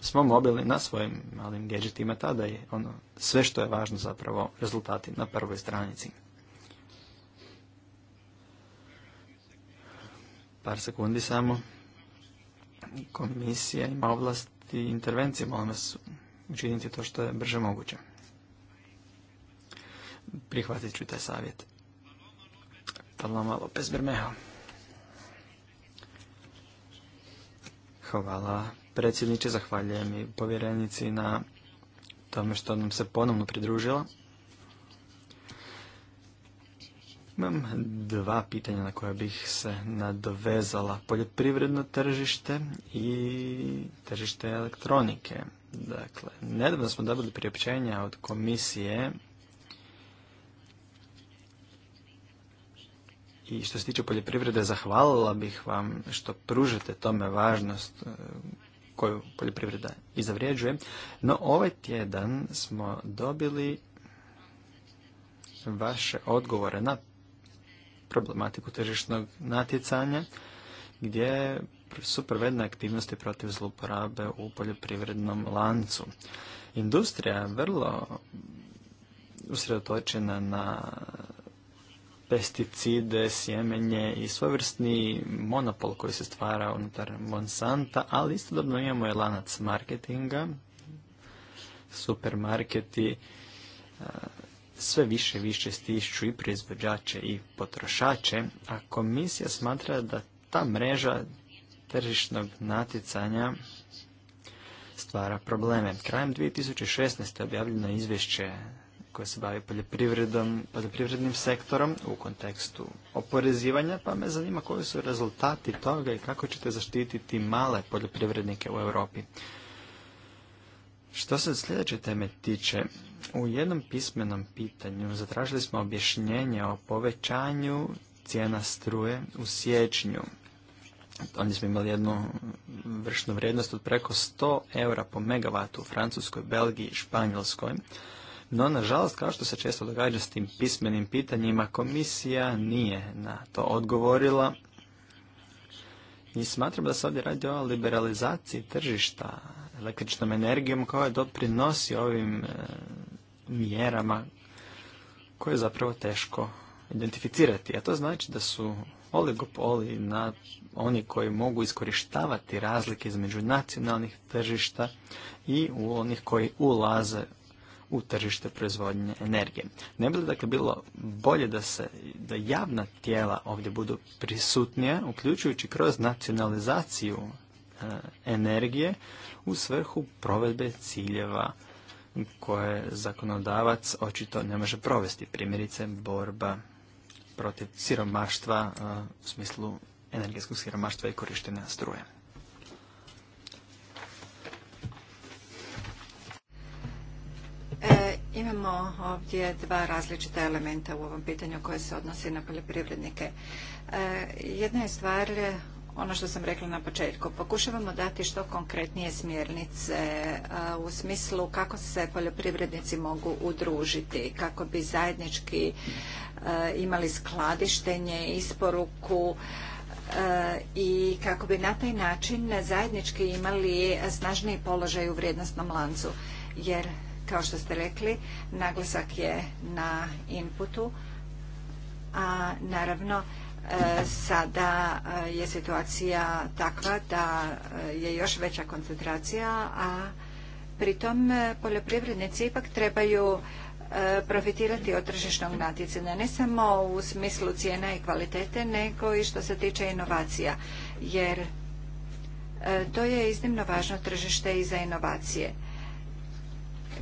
smo mobilni na svojim malim gadgetima, tada je ono sve što je važno zapravo rezultati na prvoj stranici. Par sekundi samo. Komisija ima ovlasti intervencije, molim vas učiniti to što je brže moguće. Prihvatit ću taj savjet. Paloma Lopez Bermejo. Hvala predsjedniče, zahvaljujem i povjerenici na tome što nam se ponovno pridružila. Imam dva pitanja na koja bih se nadovezala. Poljoprivredno tržište i tržište elektronike. Dakle, nedavno smo dobili priopćenja od komisije I što se tiče poljoprivrede, zahvalila bih vam što pružite tome važnost e, koju poljoprivreda izavrijeđuje. No ovaj tjedan smo dobili vaše odgovore na problematiku tržišnog natjecanja gdje su provedne aktivnosti protiv zlouporabe u poljoprivrednom lancu. Industrija je vrlo usredotočena na pesticide, sjemenje i svojvrstni monopol koji se stvara unutar Monsanta, ali istodobno imamo i lanac marketinga, supermarketi, e, sve više i više stišću i proizvođače i potrošače, a komisija smatra da ta mreža tržišnog natjecanja stvara probleme. Krajem 2016. objavljeno izvješće koja se bavi poljoprivrednim sektorom u kontekstu oporezivanja, pa me zanima koji su rezultati toga i kako ćete zaštititi male poljoprivrednike u Europi. Što se sljedeće teme tiče, u jednom pismenom pitanju zatražili smo objašnjenje o povećanju cijena struje u siječnju. Oni smo imali jednu vršnu vrijednost od preko 100 eura po megavatu u Francuskoj, Belgiji i Španjolskoj. No, nažalost, kao što se često događa s tim pismenim pitanjima, komisija nije na to odgovorila. I smatram da se ovdje radi o liberalizaciji tržišta električnom energijom koja doprinosi ovim e, mjerama koje je zapravo teško identificirati. A to znači da su oligopoli na oni koji mogu iskorištavati razlike između nacionalnih tržišta i u onih koji ulaze u tržište proizvodnje energije. Ne bi li dakle bilo bolje da se da javna tijela ovdje budu prisutnija uključujući kroz nacionalizaciju e, energije u svrhu provedbe ciljeva koje zakonodavac očito ne može provesti. Primjerice borba protiv siromaštva e, u smislu energetskog siromaštva i korištenja struje. E, imamo ovdje dva različita elementa u ovom pitanju koje se odnosi na poljoprivrednike. E, jedna je stvar ono što sam rekla na početku. Pokušavamo dati što konkretnije smjernice e, u smislu kako se poljoprivrednici mogu udružiti, kako bi zajednički imali skladištenje, isporuku i kako bi na taj način zajednički imali snažniji položaj u vrijednostnom lancu. Jer kao što ste rekli, naglasak je na inputu, a naravno e, sada e, je situacija takva da e, je još veća koncentracija, a pritom poljoprivrednici ipak trebaju profitirati od tržišnog natjecanja, ne samo u smislu cijena i kvalitete, nego i što se tiče inovacija, jer to je iznimno važno tržište i za inovacije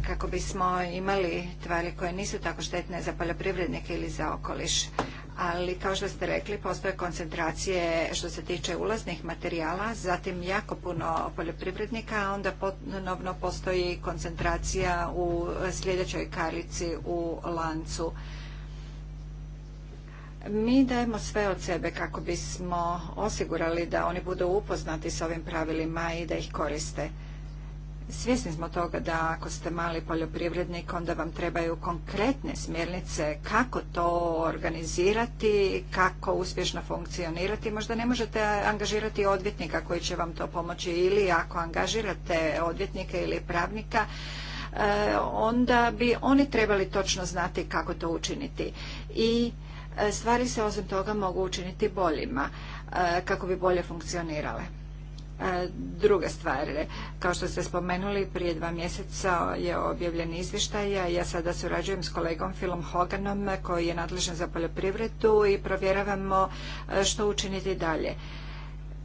kako bismo imali tvari koje nisu tako štetne za poljoprivrednike ili za okoliš. Ali kao što ste rekli, postoje koncentracije što se tiče ulaznih materijala, zatim jako puno poljoprivrednika, a onda ponovno postoji koncentracija u sljedećoj karici u lancu. Mi dajemo sve od sebe kako bismo osigurali da oni budu upoznati s ovim pravilima i da ih koriste. Svjesni smo toga da ako ste mali poljoprivrednik, onda vam trebaju konkretne smjernice kako to organizirati, kako uspješno funkcionirati. Možda ne možete angažirati odvjetnika koji će vam to pomoći ili ako angažirate odvjetnika ili pravnika, eh, onda bi oni trebali točno znati kako to učiniti. I eh, stvari se osim toga mogu učiniti boljima, eh, kako bi bolje funkcionirale. Druga stvar, kao što ste spomenuli, prije dva mjeseca je objavljen izvještaj, a ja sada surađujem s kolegom Filom Hoganom koji je nadležan za poljoprivredu i provjeravamo što učiniti dalje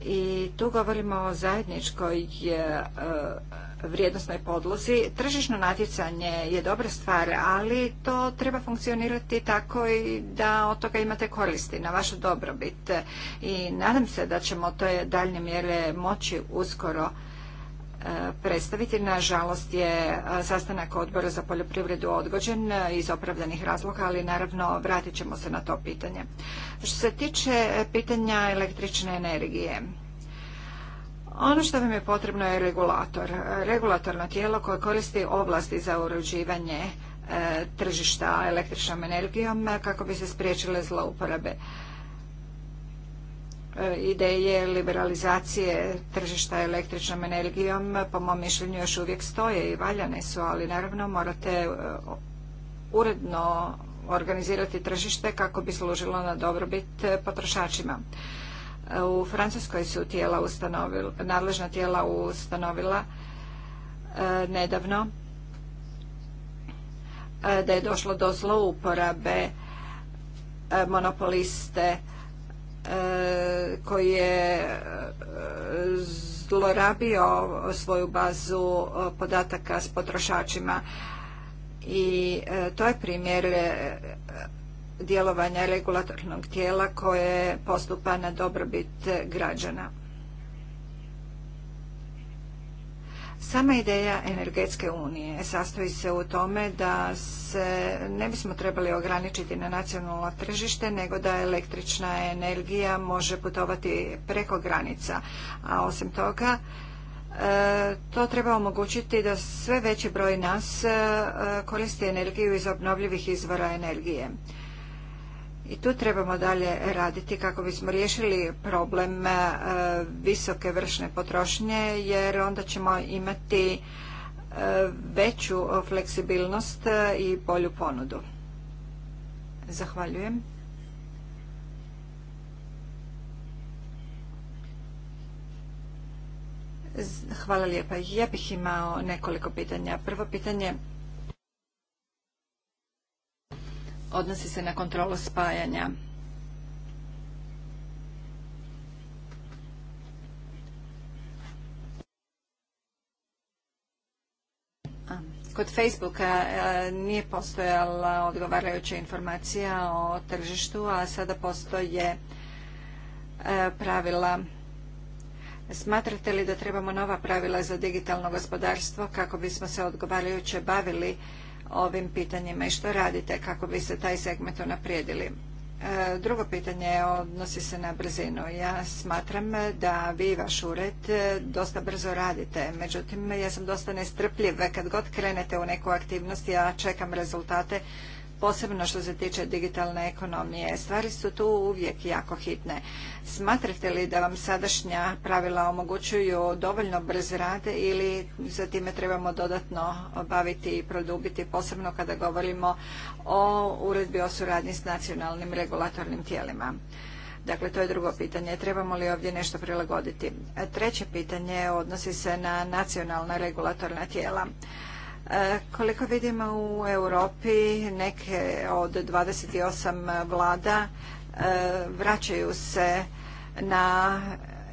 i tu govorimo o zajedničkoj e, e, vrijednostnoj podlozi. Tržišno natjecanje je dobra stvar, ali to treba funkcionirati tako i da od toga imate koristi na vašu dobrobit. I nadam se da ćemo to daljnje mjere moći uskoro predstaviti. Nažalost je e, sastanak odbora za poljoprivredu odgođen e, iz opravdanih razloga, ali naravno vratit ćemo se na to pitanje. Što se tiče e, pitanja električne energije, ono što vam je potrebno je regulator. Regulatorno tijelo koje koristi ovlasti za uređivanje tržišta električnom energijom kako bi se spriječile zlouporabe. E, ideje liberalizacije tržišta električnom energijom po mom mišljenju još uvijek stoje i valjane su, ali naravno morate e, uredno organizirati tržište kako bi služilo na dobrobit e, potrošačima. U Francuskoj su tijela ustanovila, nadležna tijela ustanovila nedavno da je došlo do zlouporabe monopoliste E, koji je e, zlorabio svoju bazu e, podataka s potrošačima i to je primjer djelovanja regulatornog tijela koje postupa na dobrobit građana. Sama ideja energetske unije sastoji se u tome da se ne bismo trebali ograničiti na nacionalno tržište, nego da električna energija može putovati preko granica. A osim toga, e, to treba omogućiti da sve veći broj nas e, koristi energiju iz obnovljivih izvora energije. I tu trebamo dalje raditi kako bismo riješili problem e, visoke vršne potrošnje jer onda ćemo imati e, veću fleksibilnost i bolju ponudu. Zahvaljujem. Hvala lijepa. Ja bih imao nekoliko pitanja. Prvo pitanje odnosi se na kontrolu spajanja. Kod Facebooka e, nije postojala odgovarajuća informacija o tržištu, a sada postoje e, pravila. Smatrate li da trebamo nova pravila za digitalno gospodarstvo kako bismo se odgovarajuće bavili ovim pitanjima i što radite kako biste taj segment unaprijedili? E, drugo pitanje odnosi se na brzinu. Ja smatram da vi i vaš ured e, dosta brzo radite, međutim ja sam dosta nestrpljiv. Kad god krenete u neku aktivnost ja čekam rezultate posebno što se tiče digitalne ekonomije. Stvari su tu uvijek jako hitne. Smatrate li da vam sadašnja pravila omogućuju dovoljno brz rad ili za time trebamo dodatno baviti i produbiti, posebno kada govorimo o uredbi o suradnji s nacionalnim regulatornim tijelima? Dakle, to je drugo pitanje. Trebamo li ovdje nešto prilagoditi? Treće pitanje odnosi se na nacionalna regulatorna tijela. E, koliko vidimo u Europi, neke od 28 vlada e, vraćaju se na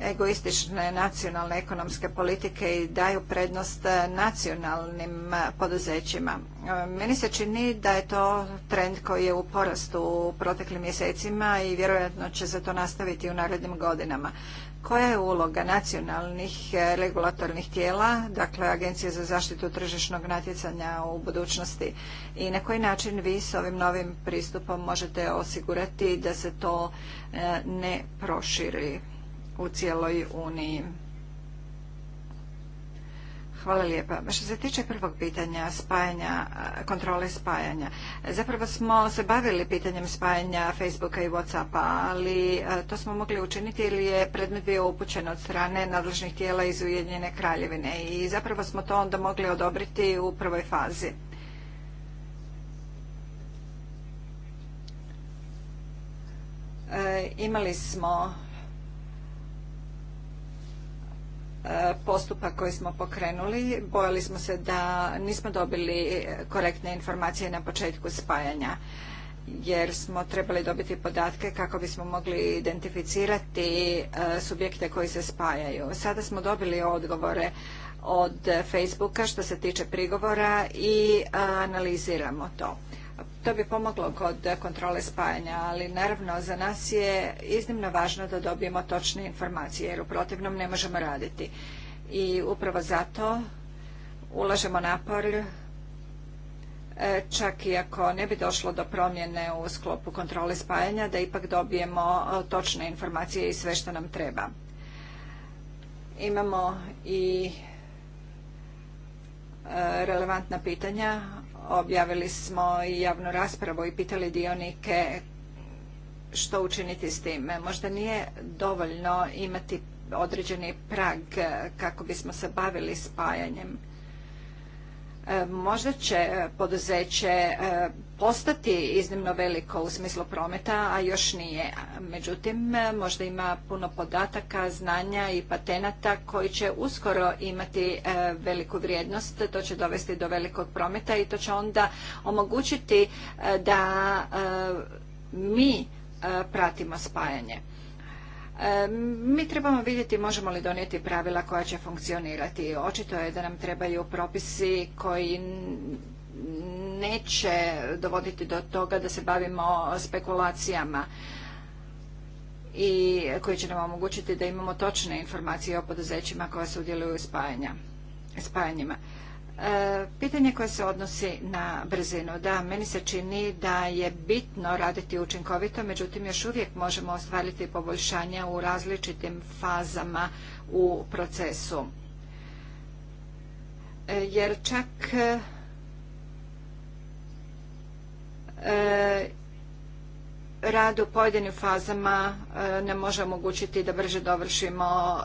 egoistične nacionalne ekonomske politike i daju prednost nacionalnim poduzećima. E, meni se čini da je to trend koji je u porastu u proteklim mjesecima i vjerojatno će se to nastaviti u narednim godinama. Koja je uloga nacionalnih eh, regulatornih tijela, dakle Agencije za zaštitu tržišnog natjecanja u budućnosti i na koji način vi s ovim novim pristupom možete osigurati da se to eh, ne proširi u cijeloj Uniji? Hvala lijepa. Što se tiče prvog pitanja spajanja, kontrole spajanja, zapravo smo se bavili pitanjem spajanja Facebooka i Whatsappa, ali to smo mogli učiniti ili je predmet bio upućen od strane nadležnih tijela iz Ujedinjene kraljevine i zapravo smo to onda mogli odobriti u prvoj fazi. E, imali smo E, postupak koji smo pokrenuli. Bojali smo se da nismo dobili korektne informacije na početku spajanja jer smo trebali dobiti podatke kako bismo mogli identificirati e, subjekte koji se spajaju. Sada smo dobili odgovore od Facebooka što se tiče prigovora i e, analiziramo to. To bi pomoglo kod kontrole spajanja, ali naravno za nas je iznimno važno da dobijemo točne informacije, jer u protivnom ne možemo raditi. I upravo zato ulažemo napor e, čak i ako ne bi došlo do promjene u sklopu kontrole spajanja, da ipak dobijemo e, točne informacije i sve što nam treba. Imamo i e, relevantna pitanja Objavili smo i javnu raspravu i pitali dionike što učiniti s tim. Možda nije dovoljno imati određeni prag kako bismo se bavili spajanjem E, možda će e, poduzeće e, postati iznimno veliko u smislu prometa, a još nije. Međutim, možda ima puno podataka, znanja i patenata koji će uskoro imati veliku vrijednost. To će dovesti do velikog prometa i to će onda omogućiti da mi pratimo spajanje. Mi trebamo vidjeti možemo li donijeti pravila koja će funkcionirati. Očito je da nam trebaju propisi koji neće dovoditi do toga da se bavimo spekulacijama i koji će nam omogućiti da imamo točne informacije o poduzećima koja sudjeluju u spajanjima. E, pitanje koje se odnosi na brzinu. Da, meni se čini da je bitno raditi učinkovito, međutim još uvijek možemo ostvariti poboljšanja u različitim fazama u procesu. E, jer čak e, rad u pojedinim fazama ne može omogućiti da brže dovršimo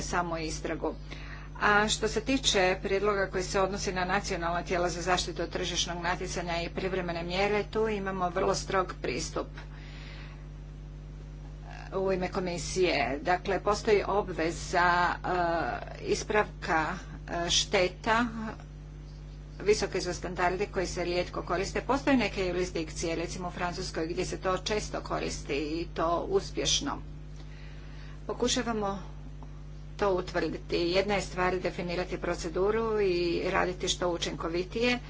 samu istragu. A što se tiče prijedloga koji se odnosi na nacionalna tijela za zaštitu tržišnog natjecanja i privremene mjere, tu imamo vrlo strog pristup u ime komisije. Dakle, postoji obveza e, ispravka e, šteta visoke za standarde koji se rijetko koriste. Postoje neke jurisdikcije, recimo u Francuskoj, gdje se to često koristi i to uspješno. Pokušavamo to utvrditi. Jedna je stvar definirati proceduru i raditi što učinkovitije e,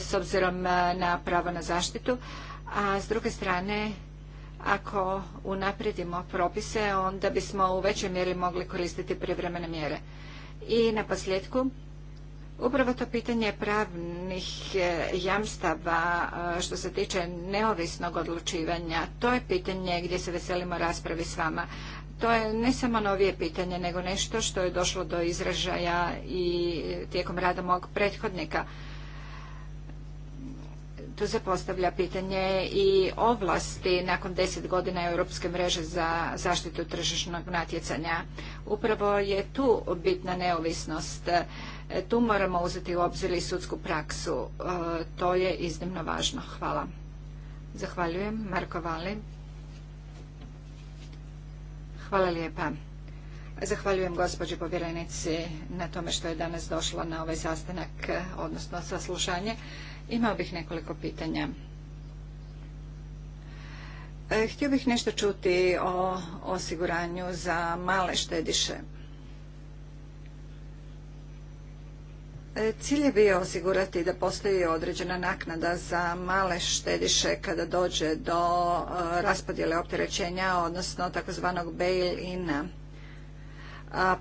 s obzirom e, na pravo na zaštitu, a s druge strane ako unaprijedimo propise, onda bismo u većoj mjeri mogli koristiti privremene mjere. I na posljedku, upravo to pitanje pravnih e, jamstava što se tiče neovisnog odlučivanja, to je pitanje gdje se veselimo raspravi s vama. To je ne samo novije pitanje, nego nešto što je došlo do izražaja i tijekom rada mog prethodnika. Tu se postavlja pitanje i ovlasti nakon deset godina Europske mreže za zaštitu tržišnog natjecanja. Upravo je tu bitna neovisnost. Tu moramo uzeti u obzir i sudsku praksu. E, to je iznimno važno. Hvala. Zahvaljujem. Marko Vali. Hvala lijepa. Zahvaljujem gospođi povjerenici na tome što je danas došla na ovaj sastanak, odnosno saslušanje. Imao bih nekoliko pitanja. E, htio bih nešto čuti o osiguranju za male štediše. E, cilj je bio osigurati da postoji određena naknada za male štediše kada dođe do e, raspodjele opterećenja, odnosno takozvanog bail-ina.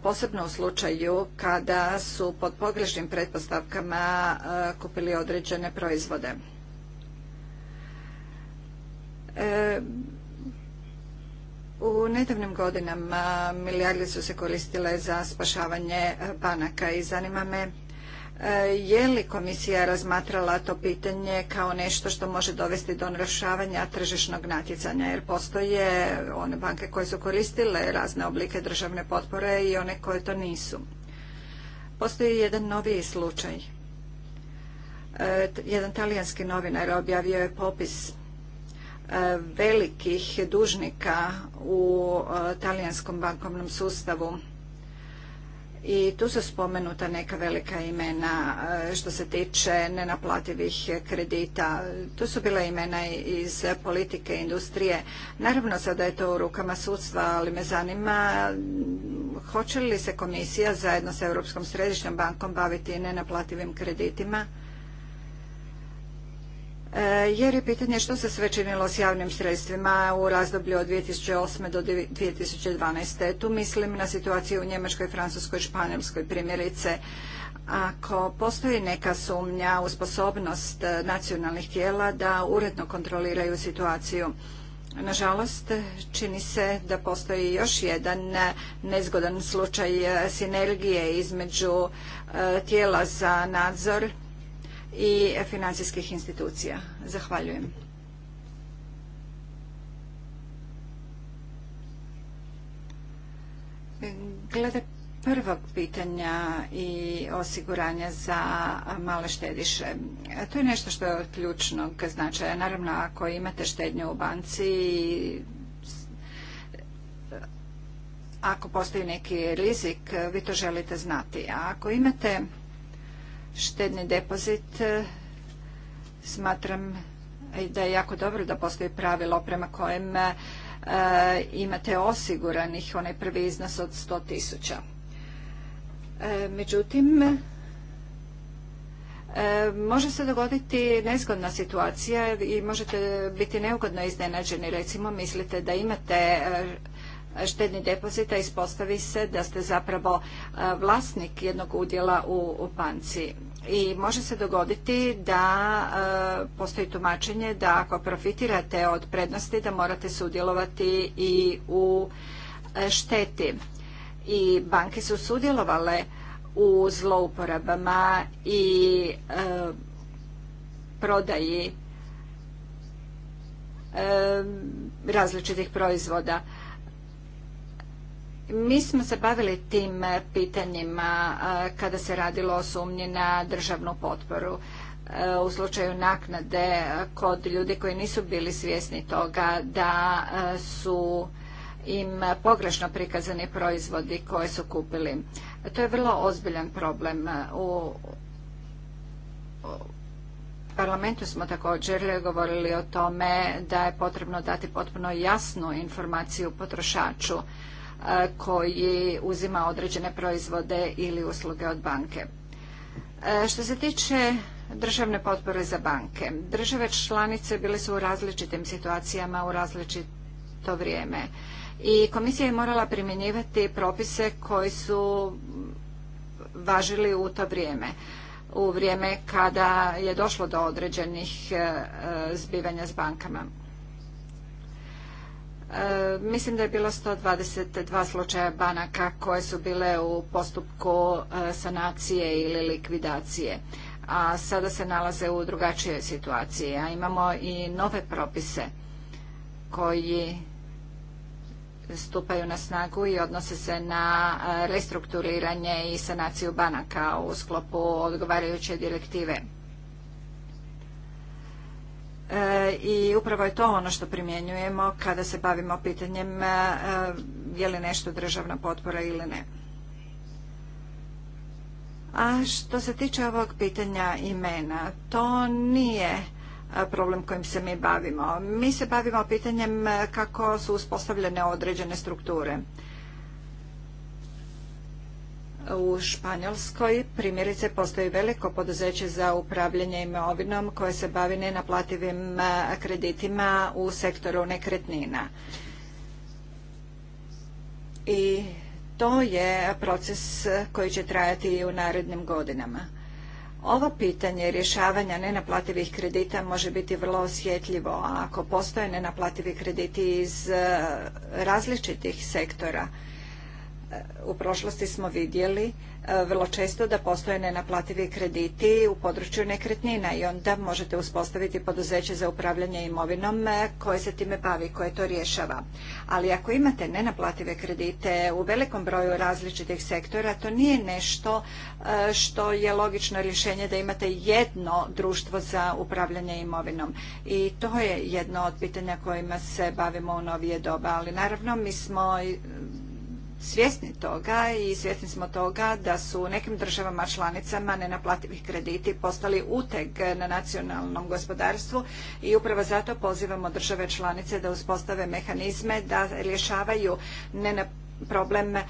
Posebno u slučaju kada su pod pogrešnim pretpostavkama e, kupili određene proizvode. u nedavnim godinama milijarde su se koristile za spašavanje banaka i zanima me E, je li komisija razmatrala to pitanje kao nešto što može dovesti do narušavanja tržišnog natjecanja? Jer postoje one banke koje su koristile razne oblike državne potpore i one koje to nisu. Postoji jedan noviji slučaj. E, jedan talijanski novinar objavio je popis e, velikih dužnika u talijanskom bankovnom sustavu i tu su spomenuta neka velika imena e, što se tiče nenaplativih kredita. Tu su bila imena iz politike, industrije. Naravno sada je to u rukama sudstva, ali me zanima hoće li se komisija zajedno sa Europskom središnjom bankom baviti nenaplativim kreditima? E, jer je pitanje što se sve činilo s javnim sredstvima u razdoblju od 2008. do 2012. Tu mislim na situaciju u Njemačkoj, Francuskoj, Španjolskoj primjerice. Ako postoji neka sumnja u sposobnost e, nacionalnih tijela da uredno kontroliraju situaciju, Nažalost, čini se da postoji još jedan nezgodan slučaj e, sinergije između tijela za nadzor i financijskih institucija. Zahvaljujem. Glede prvog pitanja i osiguranja za male štediše. To je nešto što je od ključnog značaja. Naravno, ako imate štednju u banci i ako postoji neki rizik, vi to želite znati. A ako imate štedni depozit e, smatram da je jako dobro da postoji pravilo prema kojem e, imate osiguranih onaj prvi iznos od 100 tisuća. E, međutim, može se dogoditi nezgodna situacija i možete biti neugodno iznenađeni. Recimo, mislite da imate štedni depozit, a ispostavi se da ste zapravo vlasnik jednog udjela u banci i može se dogoditi da e, postoji tumačenje da ako profitirate od prednosti da morate sudjelovati i u e, šteti. I banke su sudjelovale u zlouporabama i e, prodaji različitih proizvoda. Mi smo se bavili tim e, pitanjima e, kada se radilo o sumnji na državnu potporu e, u slučaju naknade kod ljudi koji nisu bili svjesni toga da su im pogrešno prikazani proizvodi koje su kupili. To je vrlo ozbiljan problem. U parlamentu smo također govorili o tome da je potrebno dati potpuno jasnu informaciju potrošaču koji uzima određene proizvode ili usluge od banke. Što se tiče državne potpore za banke, države članice bile su u različitim situacijama u različito vrijeme i komisija je morala primjenjivati propise koji su važili u to vrijeme u vrijeme kada je došlo do određenih e, zbivanja s bankama. E, mislim da je bilo 122 slučaja banaka koje su bile u postupku e, sanacije ili likvidacije, a sada se nalaze u drugačijoj situaciji. A imamo i nove propise koji stupaju na snagu i odnose se na e, restrukturiranje i sanaciju banaka u sklopu odgovarajuće direktive. E, i upravo je to ono što primjenjujemo kada se bavimo pitanjem e, je li nešto državna potpora ili ne. A što se tiče ovog pitanja imena, to nije e, problem kojim se mi bavimo. Mi se bavimo pitanjem kako su uspostavljene određene strukture. U Španjolskoj primjerice postoji veliko poduzeće za upravljanje imovinom koje se bavi nenaplativim e, kreditima u sektoru nekretnina. I to je proces koji će trajati i u narednim godinama. Ovo pitanje rješavanja nenaplativih kredita može biti vrlo osjetljivo, a ako postoje nenaplativi krediti iz e, različitih sektora, u prošlosti smo vidjeli e, vrlo često da postoje nenaplativi krediti u području nekretnina i onda možete uspostaviti poduzeće za upravljanje imovinom e, koje se time bavi, koje to rješava. Ali ako imate nenaplative kredite u velikom broju različitih sektora, to nije nešto e, što je logično rješenje da imate jedno društvo za upravljanje imovinom. I to je jedno od pitanja kojima se bavimo u novije doba. Ali naravno mi smo svjesni toga i svjesni smo toga da su u nekim državama članicama nenaplativi krediti postali uteg na nacionalnom gospodarstvu i upravo zato pozivamo države članice da uspostave mehanizme da rješavaju problem e,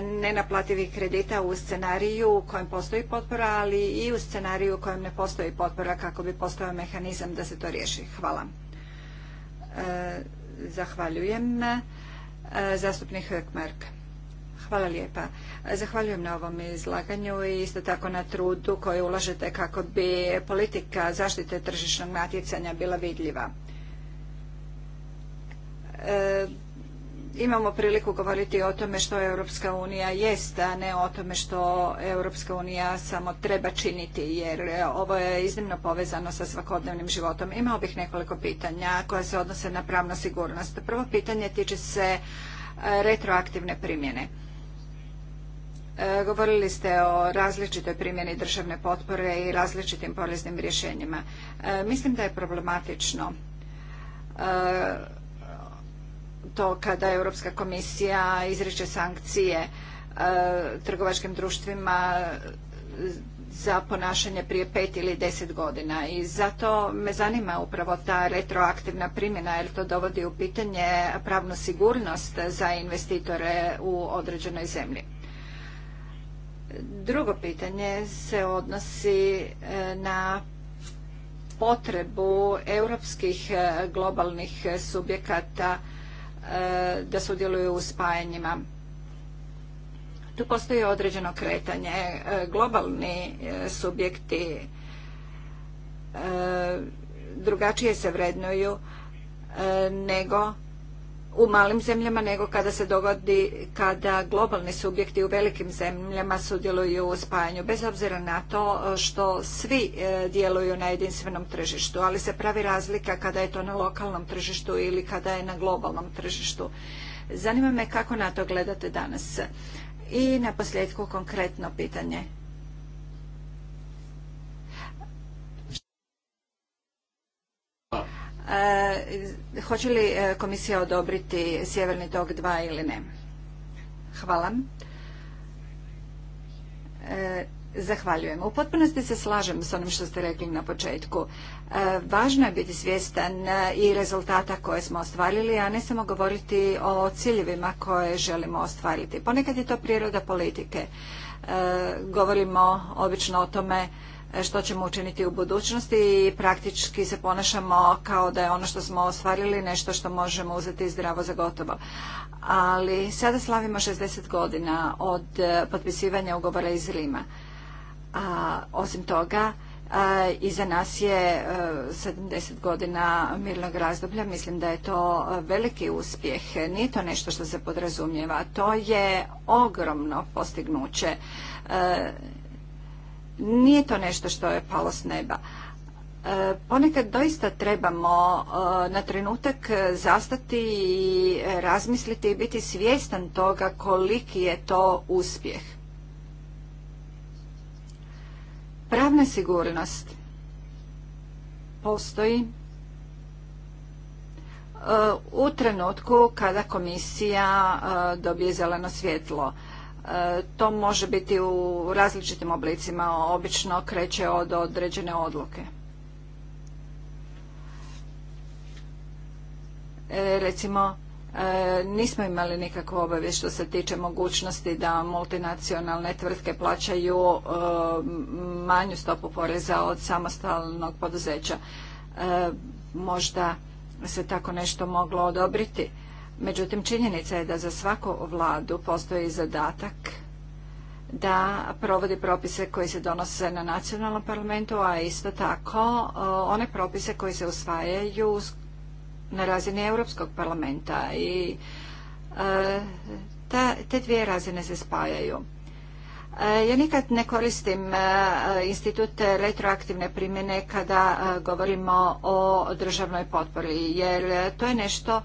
nenaplativih kredita u scenariju u kojem postoji potpora, ali i u scenariju u kojem ne postoji potpora kako bi postojao mehanizam da se to riješi. Hvala. E, zahvaljujem. E, zastupnik Hökmark. Hvala lijepa. Zahvaljujem na ovom izlaganju i isto tako na trudu koji ulažete kako bi politika zaštite tržišnog natjecanja bila vidljiva. E, imamo priliku govoriti o tome što Europska unija jest, a ne o tome što Europska unija samo treba činiti, jer ovo je iznimno povezano sa svakodnevnim životom. Imao bih nekoliko pitanja koja se odnose na pravnu sigurnost. Prvo pitanje tiče se retroaktivne primjene. E, govorili ste o različitoj primjeni državne potpore i različitim poreznim rješenjima. E, mislim da je problematično e, to kada Europska komisija izriče sankcije trgovačkim društvima za ponašanje prije pet ili deset godina i zato me zanima upravo ta retroaktivna primjena jer to dovodi u pitanje pravnu sigurnost za investitore u određenoj zemlji. Drugo pitanje se odnosi e, na potrebu europskih e, globalnih subjekata e, da sudjeluju u spajanjima. Tu postoji određeno kretanje. Globalni subjekti drugačije se vrednuju nego u malim zemljama nego kada se dogodi kada globalni subjekti u velikim zemljama sudjeluju u spajanju bez obzira na to e, što svi e, djeluju na jedinstvenom tržištu ali se pravi razlika kada je to na lokalnom tržištu ili kada je na globalnom tržištu zanima me kako na to gledate danas i na posljedku konkretno pitanje hoće li e, komisija odobriti Sjeverni tok 2 ili ne? Hvala. E, zahvaljujem. U potpunosti se slažem s onim što ste rekli na početku. E, važno je biti svjestan i rezultata koje smo ostvarili, a ne samo govoriti o ciljevima koje želimo ostvariti. Ponekad je to priroda politike. Govorimo obično o tome što ćemo učiniti u budućnosti i praktički se ponašamo kao da je ono što smo ostvarili nešto što možemo uzeti zdravo za gotovo. Ali sada slavimo 60 godina od eh, potpisivanja ugovora iz Rima. A, osim toga, eh, Iza nas je 70 eh, godina mirnog razdoblja. Mislim da je to veliki uspjeh. Nije to nešto što se podrazumijeva. To je ogromno postignuće. Nije to nešto što je palo s neba. E, ponekad doista trebamo e, na trenutak zastati i razmisliti i biti svjestan toga koliki je to uspjeh. Pravna sigurnost postoji e, u trenutku kada komisija dobije zeleno svjetlo. E, to može biti u različitim oblicima, obično kreće od određene odluke. E, recimo, e, nismo imali nikakvu obavijest što se tiče mogućnosti da multinacionalne tvrtke plaćaju manju stopu poreza od samostalnog poduzeća. Možda se tako nešto moglo odobriti Međutim, činjenica je da za svaku vladu postoji zadatak da provodi propise koji se donose na nacionalnom parlamentu, a isto tako one propise koji se usvajaju na razini Europskog parlamenta i e, te dvije razine se spajaju. E, ja nikad ne koristim e, institute retroaktivne primjene kada govorimo o državnoj potpori, jer to je nešto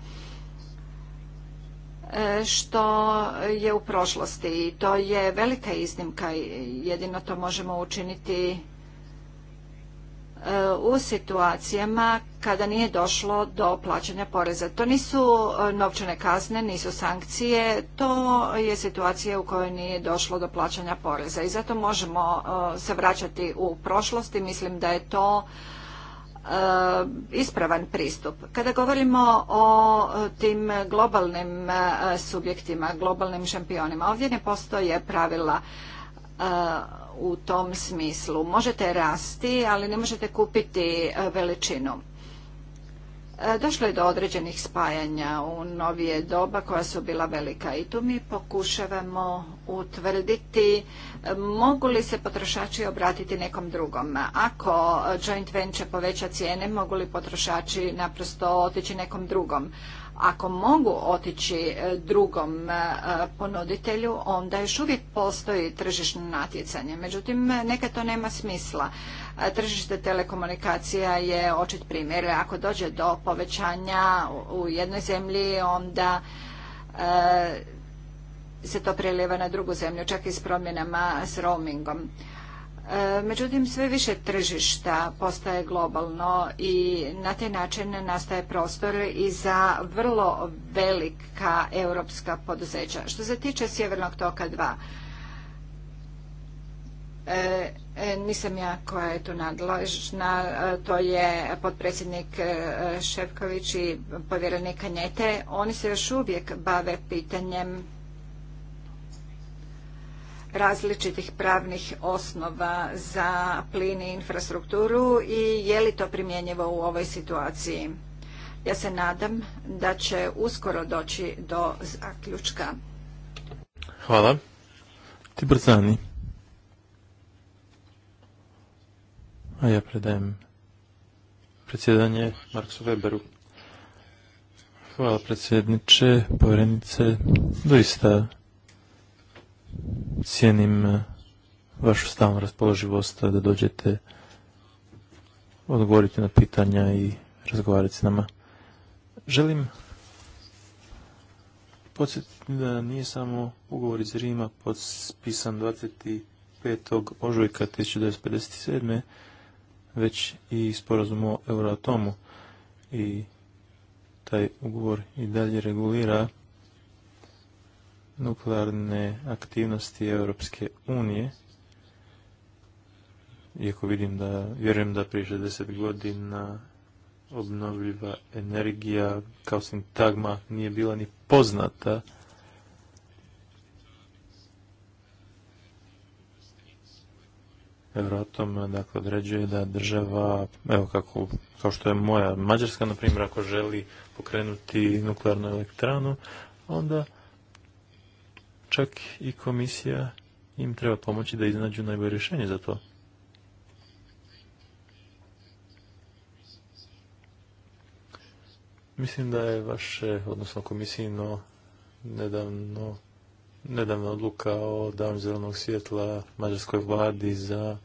E, što je u prošlosti i to je velika iznimka. Jedino to možemo učiniti e, u situacijama kada nije došlo do plaćanja poreza. To nisu e, novčane kazne, nisu sankcije, to je situacija u kojoj nije došlo do plaćanja poreza i zato možemo se vraćati u prošlost i mislim da je to E, ispravan pristup. Kada govorimo o tim globalnim e, subjektima, globalnim šampionima, ovdje ne postoje pravila e, u tom smislu. Možete rasti, ali ne možete kupiti veličinu. E, došlo je do određenih spajanja u novije doba koja su bila velika i tu mi pokušavamo utvrditi e, mogu li se potrošači obratiti nekom drugom. Ako joint venture poveća cijene, mogu li potrošači naprosto otići nekom drugom. Ako mogu otići e, drugom e, ponuditelju, onda još uvijek postoji tržišno natjecanje. Međutim, neka to nema smisla. E, tržište telekomunikacija je očit primjer. Ako dođe do povećanja u jednoj zemlji, onda se to prelijeva na drugu zemlju, čak i s promjenama s roamingom. Međutim, sve više tržišta postaje globalno i na taj način nastaje prostor i za vrlo velika europska poduzeća. Što se tiče Sjevernog toka 2, e, e, nisam ja koja je tu nadležna, e, to je potpredsjednik Šefković i povjerenika Kanjete. Oni se još uvijek bave pitanjem različitih pravnih osnova za plin i infrastrukturu i je li to primjenjivo u ovoj situaciji. Ja se nadam da će uskoro doći do zaključka. Hvala. Tibor Zani. A ja predajem predsjedanje Marksu Weberu. Hvala predsjedniče, povjerenice. Doista cijenim e, vašu stalnu raspoloživost da dođete odgovoriti na pitanja i razgovarati s nama. Želim podsjetiti da nije samo ugovor iz Rima potpisan 25. ožujka 1957. već i sporazum o euroatomu i taj ugovor i dalje regulira nuklearne aktivnosti Europske unije, iako vidim da, vjerujem da prije 60 godina obnovljiva energija kao sintagma nije bila ni poznata, Euratom dakle, određuje da država, evo kako, kao što je moja Mađarska, na primjer, ako želi pokrenuti nuklearnu elektranu, onda čak i komisija im treba pomoći da iznađu najbolje rješenje za to. Mislim da je vaše, odnosno komisijino, nedavno, nedavna odluka o davanju zelenog svjetla mađarskoj vladi za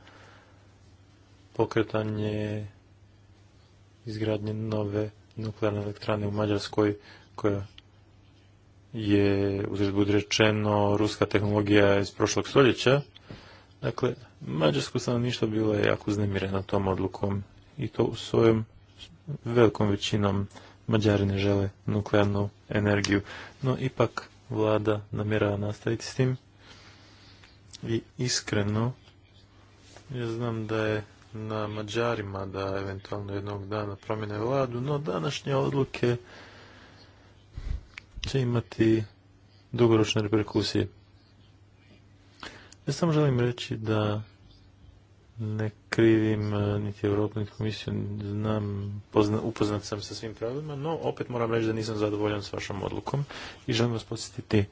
pokretanje izgradnje nove nuklearne elektrane u Mađarskoj koja je, uzred budi rečeno, ruska tehnologija iz prošlog stoljeća. Dakle, mađarsko stanovništvo bilo je jako uznemireno tom odlukom i to u svojom velikom većinom Mađari ne žele nuklearnu energiju. No, ipak vlada namjerava nastaviti s tim i iskreno ja znam da je na Mađarima da eventualno jednog dana promjene vladu, no današnje odluke će imati dugoročne reperkusije. Ja samo želim reći da ne krivim e, niti Europu, niti komisiju, znam, upoznat sam sa svim pravilima, no opet moram reći da nisam zadovoljan s vašom odlukom i želim vas podsjetiti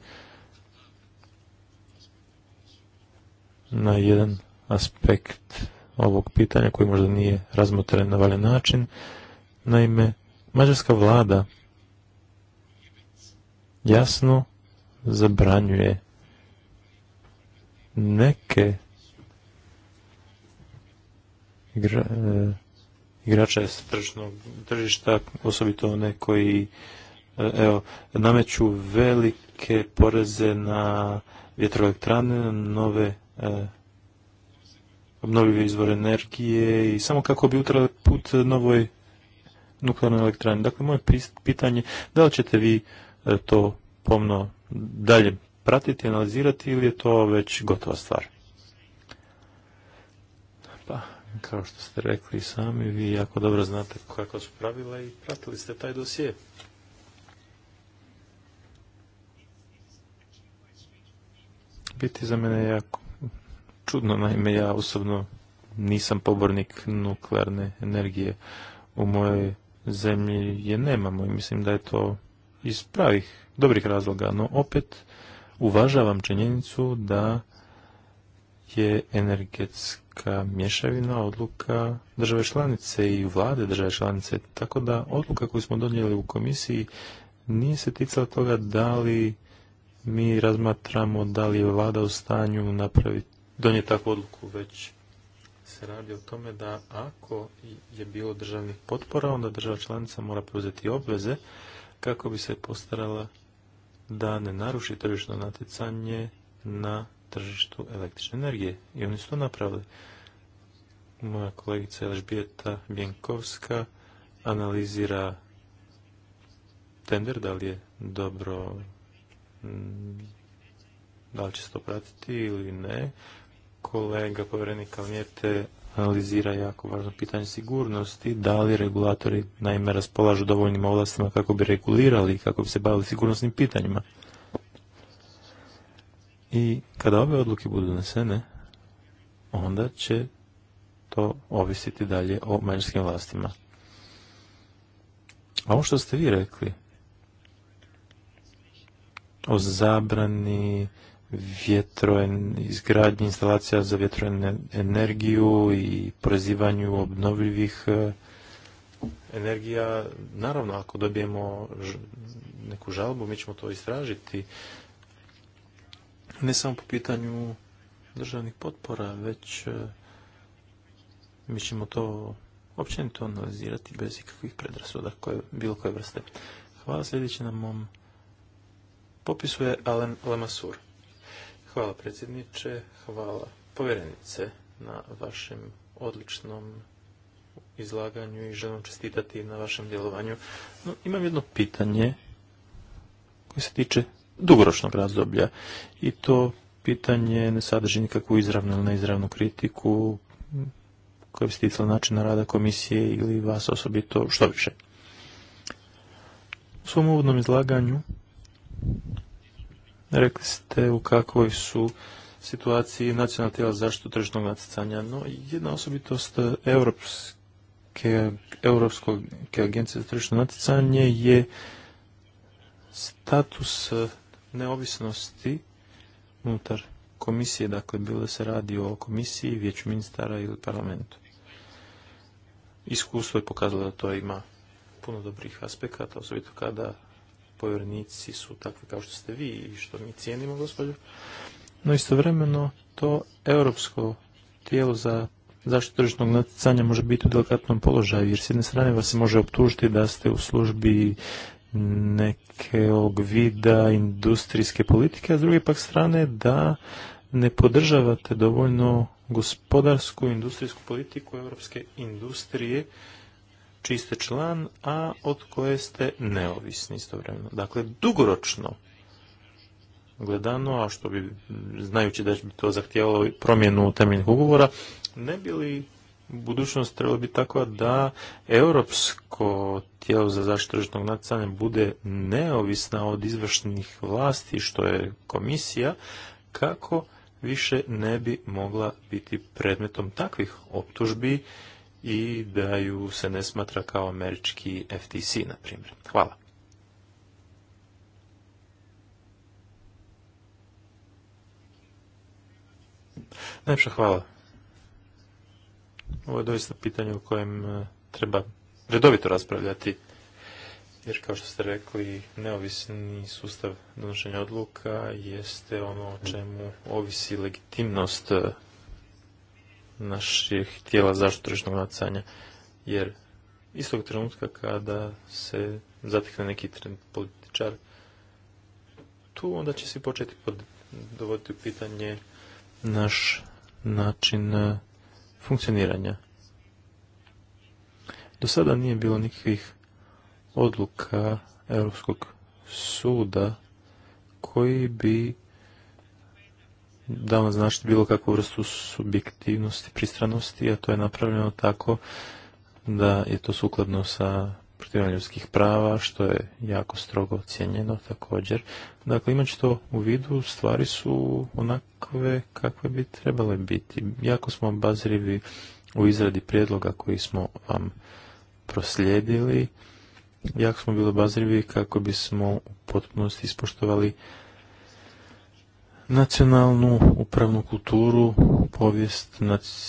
na jedan aspekt ovog pitanja koji možda nije razmotren na valjan način. Naime, mađarska vlada jasno zabranjuje neke e, igrače s tržišnog tržišta, osobito one koji e, evo, nameću velike poreze na vjetroelektrane, nove e, obnovljive izvore energije i samo kako bi utrali put novoj nuklearnoj elektrani. Dakle, moje pitanje, da li ćete vi E, to pomno dalje pratiti, analizirati ili je to već gotova stvar? Pa, kao što ste rekli sami, vi jako dobro znate kako su pravila i pratili ste taj dosije. Biti za mene jako čudno, naime ja osobno nisam pobornik nuklearne energije. U mojoj zemlji je nemamo i mislim da je to iz pravih, dobrih razloga, no opet uvažavam činjenicu da je energetska mješavina odluka države članice i vlade države članice, tako da odluka koju smo donijeli u komisiji nije se ticala toga da li mi razmatramo da li je vlada u stanju napraviti, donijeti takvu odluku, već se radi o tome da ako je bilo državnih potpora, onda država članica mora preuzeti obveze, kako bi se postarala da ne naruši tržišno natjecanje na tržištu električne energije. I oni su to napravili. Moja kolegica Elžbijeta Bjenkovska analizira tender, da li je dobro, mm, da li će se to pratiti ili ne. Kolega povjerenika Kalmijete analizira jako važno pitanje sigurnosti, da li regulatori naime raspolažu dovoljnim ovlastima kako bi regulirali, kako bi se bavili sigurnosnim pitanjima. I kada ove odluke budu donesene, onda će to ovisiti dalje o manjskim vlastima. A ovo što ste vi rekli o zabrani vjetro, izgradnji instalacija za vjetroenergiju i prozivanju obnovljivih e, energija. Naravno, ako dobijemo neku žalbu, mi ćemo to istražiti. Ne samo po pitanju državnih potpora, već e, mi ćemo to općenito analizirati bez ikakvih predrasuda koje, bilo koje vrste. Hvala sljedeći na mom popisu je Alen Lemasur. Hvala predsjedniče, hvala povjerenice na vašem odličnom izlaganju i želim čestitati na vašem djelovanju. No, imam jedno pitanje koje se tiče dugoročnog razdoblja i to pitanje ne sadrži nikakvu izravnu ili neizravnu kritiku koja bi sticala načina rada komisije ili vas osobito što više. U svom uvodnom izlaganju Rekli ste u kakvoj su situaciji nacionalna tijela zaštitu tržišnog natjecanja, no jedna osobitost Europske, agencije za tržišno natjecanje je status neovisnosti unutar komisije, dakle bilo se radi o komisiji, vijeću ministara ili parlamentu. Iskustvo je pokazalo da to ima puno dobrih aspekata, osobito kada povjernici su takvi kao što ste vi i što mi cijenimo, gospođo. No istovremeno to europsko tijelo za zaštitu tržišnog natjecanja može biti u delikatnom položaju, jer s jedne strane vas se može optužiti da ste u službi nekog vida industrijske politike, a s druge pak strane da ne podržavate dovoljno gospodarsku industrijsku politiku europske industrije čiji ste član, a od koje ste neovisni istovremeno. Dakle, dugoročno gledano, a što bi, znajući da bi to zahtijevalo promjenu temeljnih ugovora, ne bi li budućnost trebala biti takva da europsko tijelo za zaštitu tržišnog natjecanja bude neovisna od izvršnih vlasti, što je komisija, kako više ne bi mogla biti predmetom takvih optužbi i da ju se ne smatra kao američki FTC, na primjer. Hvala. Najpša hvala. Ovo je doista pitanje o kojem e, treba redovito raspravljati, jer kao što ste rekli, neovisni sustav donošenja odluka jeste ono o čemu ovisi legitimnost e, naših tijela zaštitu tržišnog nacanja. Jer istog trenutka kada se zatekne neki trend političar, tu onda će se početi dovoditi u pitanje naš način e, funkcioniranja. Do sada nije bilo nikakvih odluka Europskog suda koji bi da vam bilo kakvu vrstu subjektivnosti, pristranosti, a to je napravljeno tako da je to sukladno sa protivanjem ljudskih prava, što je jako strogo ocjenjeno također. Dakle, imaći to u vidu, stvari su onakve kakve bi trebale biti. Jako smo bazirivi u izradi prijedloga koji smo vam proslijedili. Jako smo bili bazirivi kako bismo u potpunosti ispoštovali nacionalnu upravnu kulturu, povijest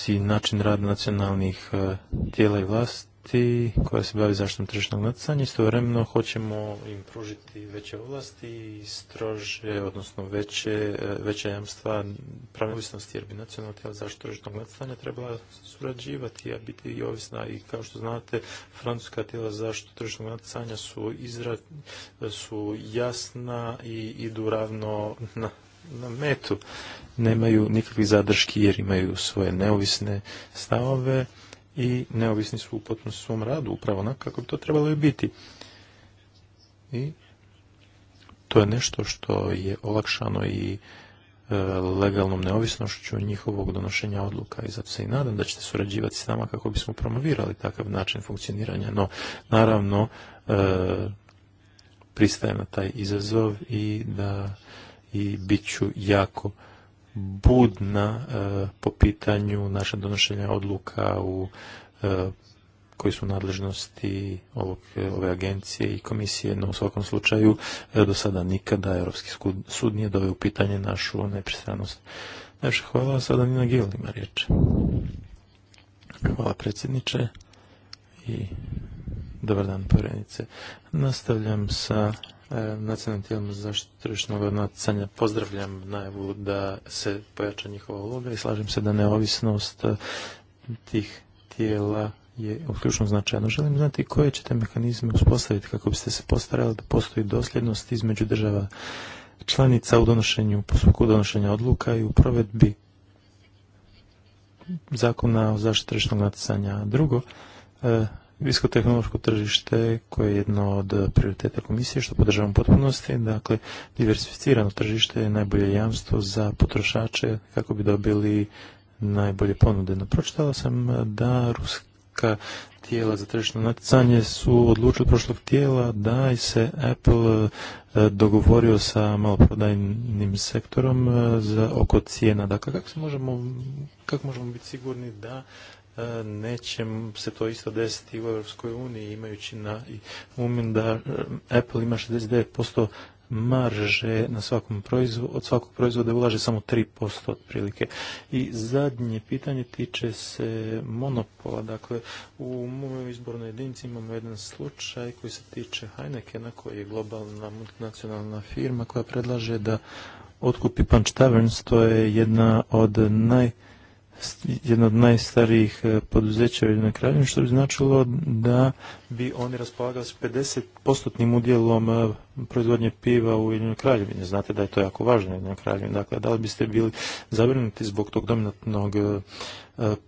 i način rada nacionalnih e, tijela i vlasti koja se bavi zaštitom tržišnog natjecanja. Istovremeno hoćemo im pružiti veće ovlasti i strože, odnosno veće, e, veće jamstva pravne jer bi nacionalna tijela zaštitu tržišnog natjecanja trebala surađivati, a biti i ovisna. I kao što znate, francuska tijela zaštitu tržišnog natjecanja su, su jasna i idu ravno na na metu nemaju nikakvih zadrški jer imaju svoje neovisne stavove i neovisni su u svom radu, upravo onako kako bi to trebalo i biti. I to je nešto što je olakšano i e, legalnom neovisnošću njihovog donošenja odluka i zato se i nadam da ćete surađivati s nama kako bismo promovirali takav način funkcioniranja, no naravno e, pristajem na taj izazov i da i bit ću jako budna e, po pitanju naše donošenja odluka u e, koji su nadležnosti e, ove agencije i komisije, no u svakom slučaju do sada nikada Europski sud nije doveo u pitanje našu nepristranost. Najviše hvala, sada Nina Gil ima riječ. Hvala predsjedniče i dobar dan povjerenice. Nastavljam sa E, nacionalnim tijelom za zaštitu tržišnog natjecanja pozdravljam najavu da se pojača njihova uloga i slažem se da neovisnost e, tih tijela je uključno ključnog želim znati koje ćete mehanizme uspostaviti kako biste se postarali da postoji dosljednost između država članica u donošenju, postupku donošenja odluka i u provedbi zakona o zaštiti tržišnog natjecanja. Drugo, e, visokotehnološko tržište koje je jedno od prioriteta komisije što podržavam u potpunosti. Dakle, diversificirano tržište je najbolje jamstvo za potrošače kako bi dobili najbolje ponude. No, pročitala sam eh, da ruska tijela za tržišno natjecanje su odlučili prošlog tijela da se Apple eh, dogovorio sa maloprodajnim sektorom eh, za oko cijena. Dakle, kako, se možemo, kako možemo biti sigurni da E, neće se to isto desiti u Europskoj uniji, imajući na umim da e, Apple ima 69% marže na svakom proizvodu, od svakog proizvoda ulaže samo 3% otprilike. I zadnje pitanje tiče se monopola. Dakle, u mojoj izbornoj jedinici imamo jedan slučaj koji se tiče Heinekena, koji je globalna multinacionalna firma koja predlaže da otkupi Punch Taverns, to je jedna od naj jedno od najstarijih e, poduzeća u Kraljevini, što bi značilo da bi oni raspolagali s 50-postotnim udjelom e, proizvodnje piva u Ujedinjenoj kraljevini. Znate da je to jako važno u Ujedinjenoj kraljevini. Dakle, da li biste bili zabrinuti zbog tog dominantnog e,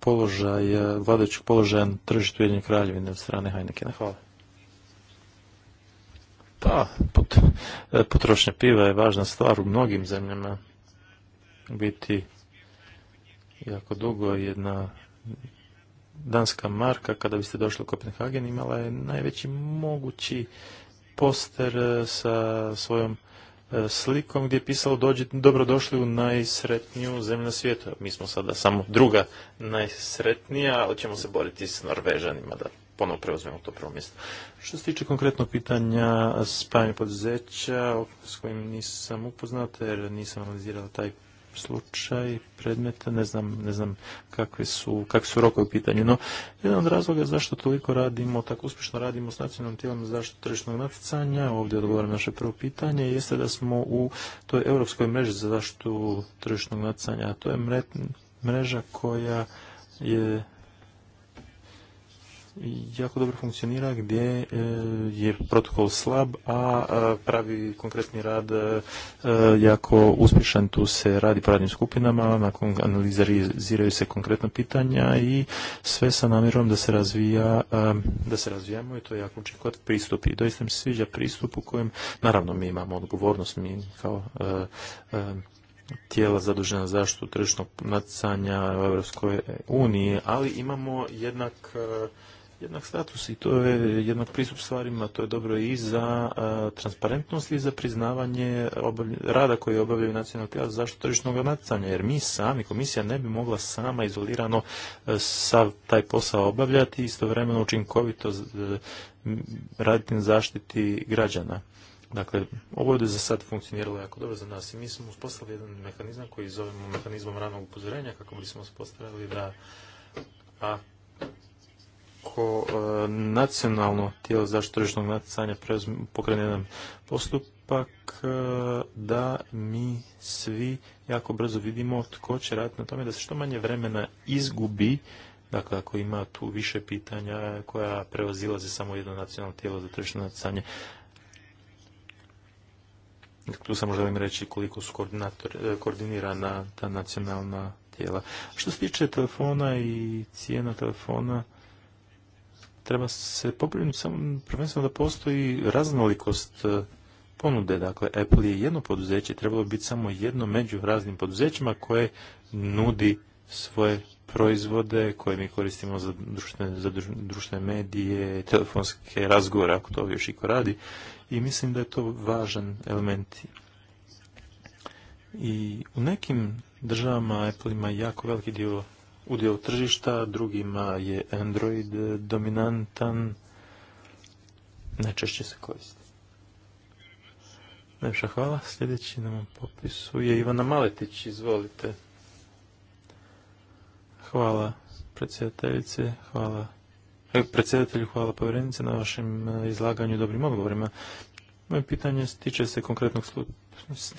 položaja, vladajućeg položaja na tržištu Ujedinjene kraljevine od strane Heinekena? Hvala. Pa, potrošnja piva je važna stvar u mnogim zemljama. Biti jako dugo jedna danska marka kada biste došli u Kopenhagen imala je najveći mogući poster e, sa svojom e, slikom gdje je pisalo dođi, dobrodošli u najsretniju zemlju na svijetu. Mi smo sada samo druga najsretnija, ali ćemo se boriti s Norvežanima da ponovo preuzmemo to prvo mjesto. Što se tiče konkretnog pitanja spajanja poduzeća, s kojim nisam upoznat jer nisam analizirala taj slučaj predmeta, ne znam, ne znam kakvi su, kakvi su rokovi u pitanju. No, jedan od razloga zašto toliko radimo, tako uspješno radimo s nacionalnim tijelom zaštitu tržišnog natjecanja, ovdje odgovaram naše prvo pitanje, jeste da smo u toj europskoj mreži za zaštitu tržišnog natjecanja, a to je mreža koja je jako dobro funkcionira, gdje e, je protokol slab, a pravi konkretni rad e, jako uspješan. Tu se radi po radnim skupinama, nakon analiziraju se konkretna pitanja i sve sa namjerom da se razvija, e, da se razvijamo i to je jako učinkovit pristup. I doista mi se sviđa pristup u kojem, naravno, mi imamo odgovornost, mi kao tijela zadužena zaštitu tržišnog nacanja u Europskoj ali imamo jednak jednak status i to je jednak pristup stvarima, to je dobro i za transparentnost i za priznavanje rada koji obavljaju nacionalna tijela zaštitu tržišnog natjecanja, jer mi sami, komisija ne bi mogla sama izolirano e, sav taj posao obavljati i istovremeno učinkovito e, raditi na zaštiti građana. Dakle, ovo je za sad funkcioniralo jako dobro za nas i mi smo uspostavili jedan mehanizam koji zovemo mehanizmom ranog upozorenja kako bismo uspostavili da a ako e, nacionalno tijelo za tržišnog natjecanja pokrene jedan postupak, e, da mi svi jako brzo vidimo tko će raditi na tome da se što manje vremena izgubi, dakle ako ima tu više pitanja koja prevazilaze samo jedno nacionalno tijelo za tržišno natjecanje. tu samo želim reći koliko su e, koordinirana ta nacionalna tijela. Što se tiče telefona i cijena telefona, treba se pobrinuti samo prvenstveno da postoji raznolikost e, ponude. Dakle, Apple je jedno poduzeće, trebalo biti samo jedno među raznim poduzećima koje nudi svoje proizvode koje mi koristimo za društvene, za društvene medije, telefonske razgovore, ako to još iko radi. I mislim da je to važan element. I u nekim državama Apple ima jako veliki dio udjel tržišta, drugima je Android dominantan, najčešće se koristi. Najviše hvala. Sljedeći popisu je Ivana Maletić. Izvolite. Hvala predsjedateljice, hvala e, predsjedatelju, hvala povjerenice na vašem e, izlaganju i dobrim odgovorima. Moje pitanje tiče se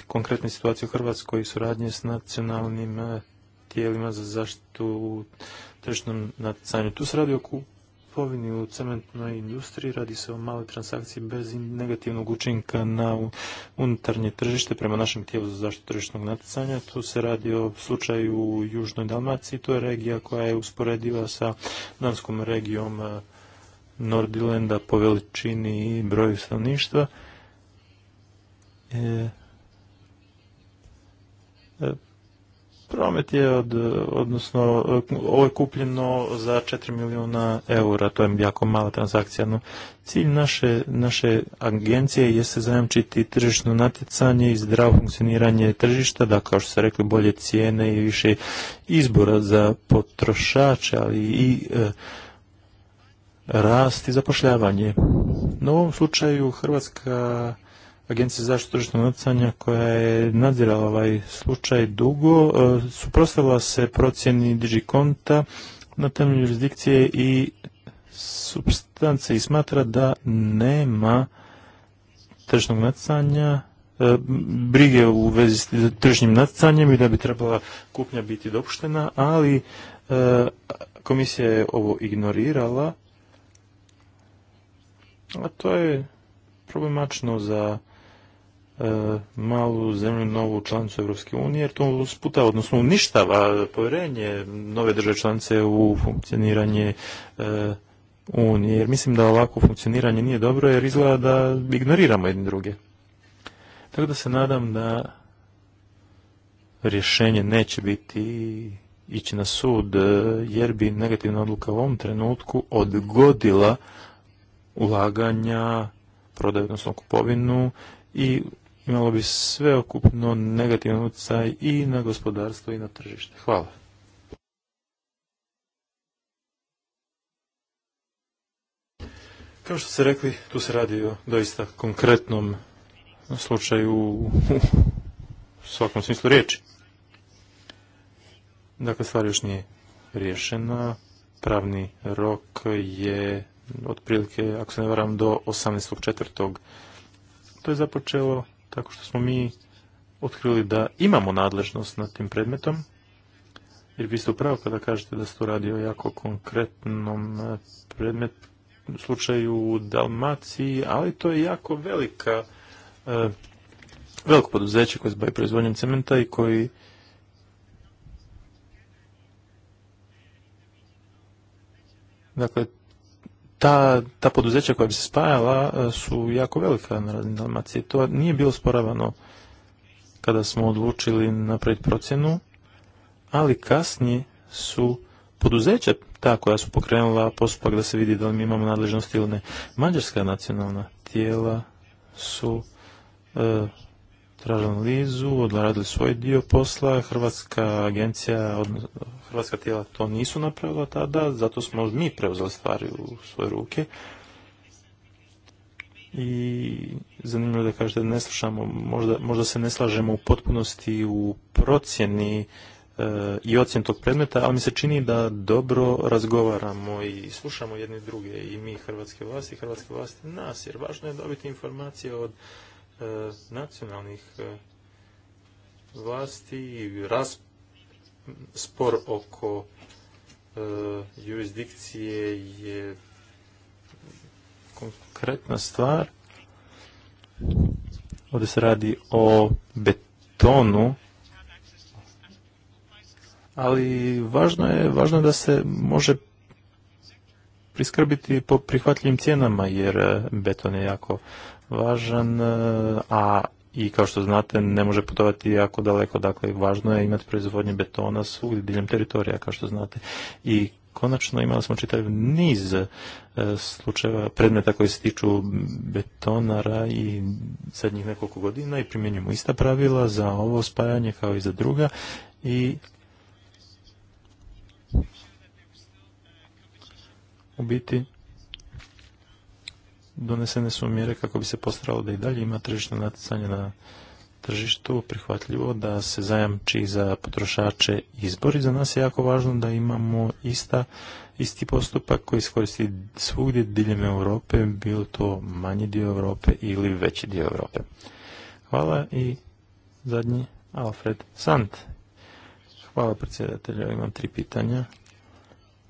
konkretne situacije u Hrvatskoj i suradnje s nacionalnim e, tijelima za zaštitu u tržišnom natjecanju. Tu se radi o kupovini u cementnoj industriji, radi se o maloj transakciji bez negativnog učinka na unutarnje tržište prema našem tijelu za zaštitu tržišnog natjecanja. Tu se radi o slučaju u Južnoj Dalmaciji, to je regija koja je usporediva sa danskom regijom eh, Nordilenda po veličini i broju stanovništva. E, Promet je od, odnosno, ovo je kupljeno za 4 milijuna eura, to je jako mala transakcija, no cilj naše, naše agencije je se zajamčiti tržišno natjecanje i zdravo funkcioniranje tržišta, da kao što ste rekli bolje cijene i više izbora za potrošače, ali i e, rast i zapošljavanje. No u ovom slučaju Hrvatska Agencija za zaštitu tržišnog natjecanja koja je nadzirala ovaj slučaj dugo, e, suprotstavila se procjeni Digikonta na temelju jurisdikcije i substance i smatra da nema tržišnog natjecanja e, brige u vezi s tržnim natjecanjem i da bi trebala kupnja biti dopuštena, ali e, komisija je ovo ignorirala, a to je problemačno za E, malu zemlju, novu članicu Europske unije, jer to usputa, odnosno uništava povjerenje nove države članice u funkcioniranje e, unije. Jer mislim da ovako funkcioniranje nije dobro, jer izgleda da ignoriramo jedni druge. Tako da se nadam da rješenje neće biti ići na sud, e, jer bi negativna odluka u ovom trenutku odgodila ulaganja, prodaju, odnosno kupovinu i imalo bi sveokupno negativan utjecaj i na gospodarstvo i na tržište. Hvala. Kao što ste rekli, tu se radi o doista konkretnom slučaju u svakom smislu riječi. Dakle, stvar još nije riješena. Pravni rok je otprilike, ako se ne varam, do 18.4. To je započelo tako što smo mi otkrili da imamo nadležnost nad tim predmetom, jer vi ste upravo kada kažete da se to radi o jako konkretnom eh, predmetu, slučaju u Dalmaciji, ali to je jako velika, eh, veliko poduzeće koje se bavi proizvodnjom cementa i koji Dakle, ta, ta poduzeća koja bi se spajala e, su jako velika na razini Dalmacije. To nije bilo sporavano kada smo odlučili napraviti procjenu, ali kasnije su poduzeća ta koja su pokrenula postupak da se vidi da li mi imamo nadležnost ili ne. Mađarska nacionalna tijela su e, tražili analizu, odradili svoj dio posla, Hrvatska agencija, Hrvatska tijela to nisu napravila tada, zato smo mi preuzeli stvari u svoje ruke. I zanimljivo da kažete da ne slušamo, možda, možda se ne slažemo u potpunosti u procjeni e, i ocjen tog predmeta, ali mi se čini da dobro razgovaramo i slušamo jedni druge i mi hrvatske vlasti i hrvatske vlasti nas, jer važno je dobiti informacije od E, nacionalnih e, vlasti i spor oko e, jurisdikcije je konkretna stvar. Ovdje se radi o betonu, ali važno je, važno da se može priskrbiti po prihvatljivim cijenama, jer beton je jako važan, e, a i kao što znate ne može putovati jako daleko, dakle važno je imati proizvodnje betona svugdje diljem teritorija kao što znate i konačno imali smo čitav niz e, slučajeva predmeta koji se tiču betonara i zadnjih nekoliko godina i primjenjujemo ista pravila za ovo spajanje kao i za druga i u biti donesene su mjere kako bi se postaralo da i dalje ima tržišno natjecanje na tržištu prihvatljivo da se zajamči za potrošače izbori. za nas je jako važno da imamo ista, isti postupak koji iskoristi svugdje diljem Europe, bilo to manji dio Europe ili veći dio Europe. Hvala i zadnji Alfred Sant. Hvala predsjedatelju, imam tri pitanja.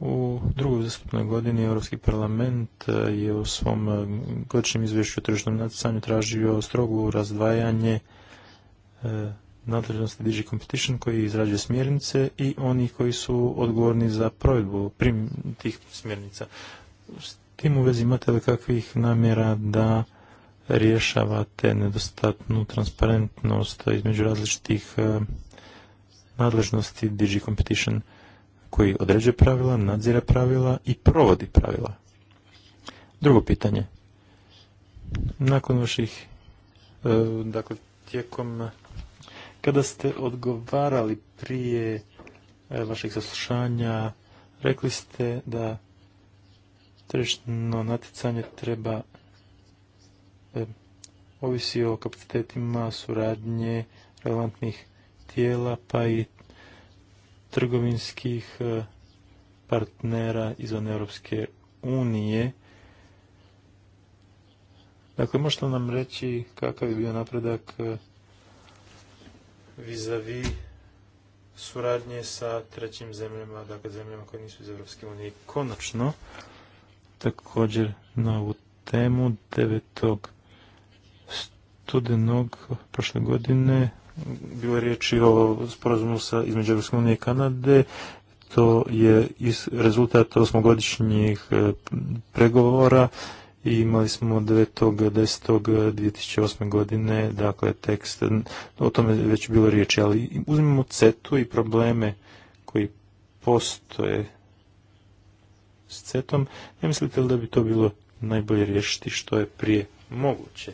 U drugoj zastupnoj godini Europski parlament e, je u svom e, godišnjem izvješću o tržišnom natjecanju tražio strogu razdvajanje e, nadležnosti Digi Competition koji izrađuje smjernice i oni koji su odgovorni za provedbu tih smjernica. S tim u vezi imate li kakvih namjera da rješavate nedostatnu transparentnost između različitih nadležnosti Digi Competition? koji određuje pravila, nadzire pravila i provodi pravila. Drugo pitanje. Nakon vaših, e, dakle, tijekom, kada ste odgovarali prije e, vašeg saslušanja, rekli ste da tržišno natjecanje treba e, ovisi o kapacitetima suradnje relevantnih tijela, pa i trgovinskih e, partnera izvan Europske unije. Dakle, možete nam reći kakav je bio napredak e, vis-a-vis suradnje sa trećim zemljama, dakle zemljama koje nisu iz Europske unije. Konačno, također na ovu temu 9. studenog prošle godine bilo je riječi o sporazumu sa, između Europske unije i Kanade, to je rezultat osmogodišnjih e, pregovora i imali smo 9.10.2008. godine, dakle tekst, o tome je već bilo riječi, ali uzmimo CETU i probleme koji postoje s CETom, ne mislite li da bi to bilo najbolje riješiti što je prije moguće?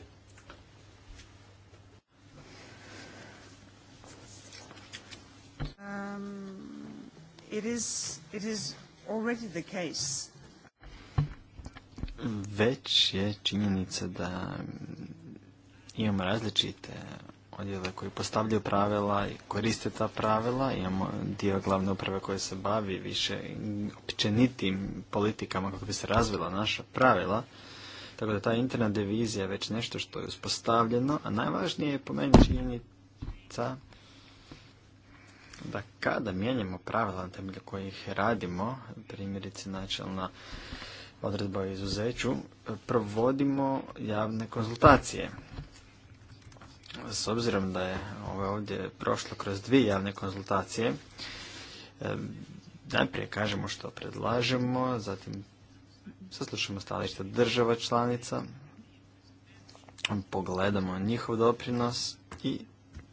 Već je činjenica da imamo različite odjele koji postavljaju pravila i koriste ta pravila. Imamo dio glavne uprave koje se bavi više općenitim politikama kako bi se razvila naša pravila. Tako da ta interna devizija je već nešto što je uspostavljeno, a najvažnije je po meni činjenica da kada mijenjamo pravila na temelju kojih radimo, primjerice načelna odredba o izuzeću, provodimo javne konzultacije. S obzirom da je ovo ovdje prošlo kroz dvije javne konzultacije, e, najprije kažemo što predlažemo, zatim saslušamo stališta država članica, pogledamo njihov doprinos i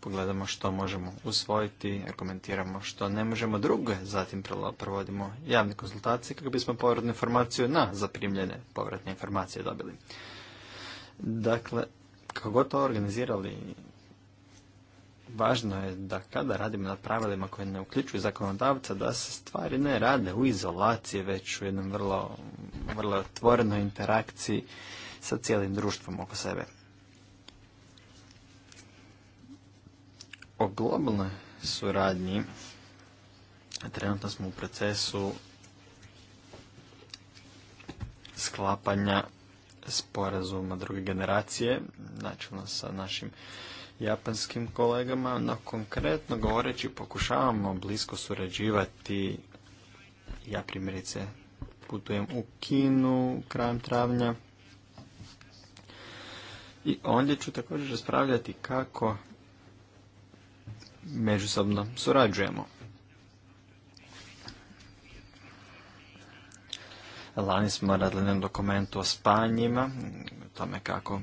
pogledamo što možemo usvojiti, argumentiramo što ne možemo druge, zatim provodimo javne konzultacije kako bismo povratnu informaciju na zaprimljene povratne informacije dobili. Dakle, kako god to organizirali, važno je da kada radimo na pravilima koje ne uključuju zakonodavca, da se stvari ne rade u izolaciji, već u jednom vrlo, vrlo otvorenoj interakciji sa cijelim društvom oko sebe. O globalnoj suradnji trenutno smo u procesu sklapanja sporazuma druge generacije, načelno sa našim japanskim kolegama, no konkretno govoreći pokušavamo blisko surađivati. Ja primjerice putujem u Kinu krajem travnja i ondje ću također raspravljati kako međusobno surađujemo. Lani smo radili na dokumentu o spanjima, tome kako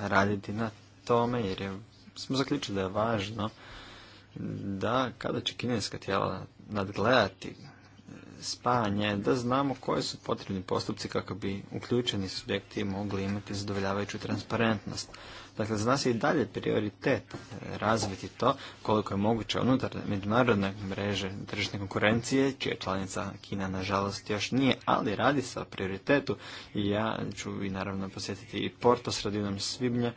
raditi na tome, jer je, smo zaključili da je važno da kada će kineska tijela nadgledati e, spanje, da znamo koji su potrebni postupci kako bi uključeni subjekti mogli imati zadovoljavajuću transparentnost. Dakle, za nas je i dalje prioritet razviti to koliko je moguće unutar međunarodne mreže tržišne konkurencije, čija članica Kina nažalost još nije, ali radi se o prioritetu i ja ću i naravno posjetiti i Porto sredinom svibnja e,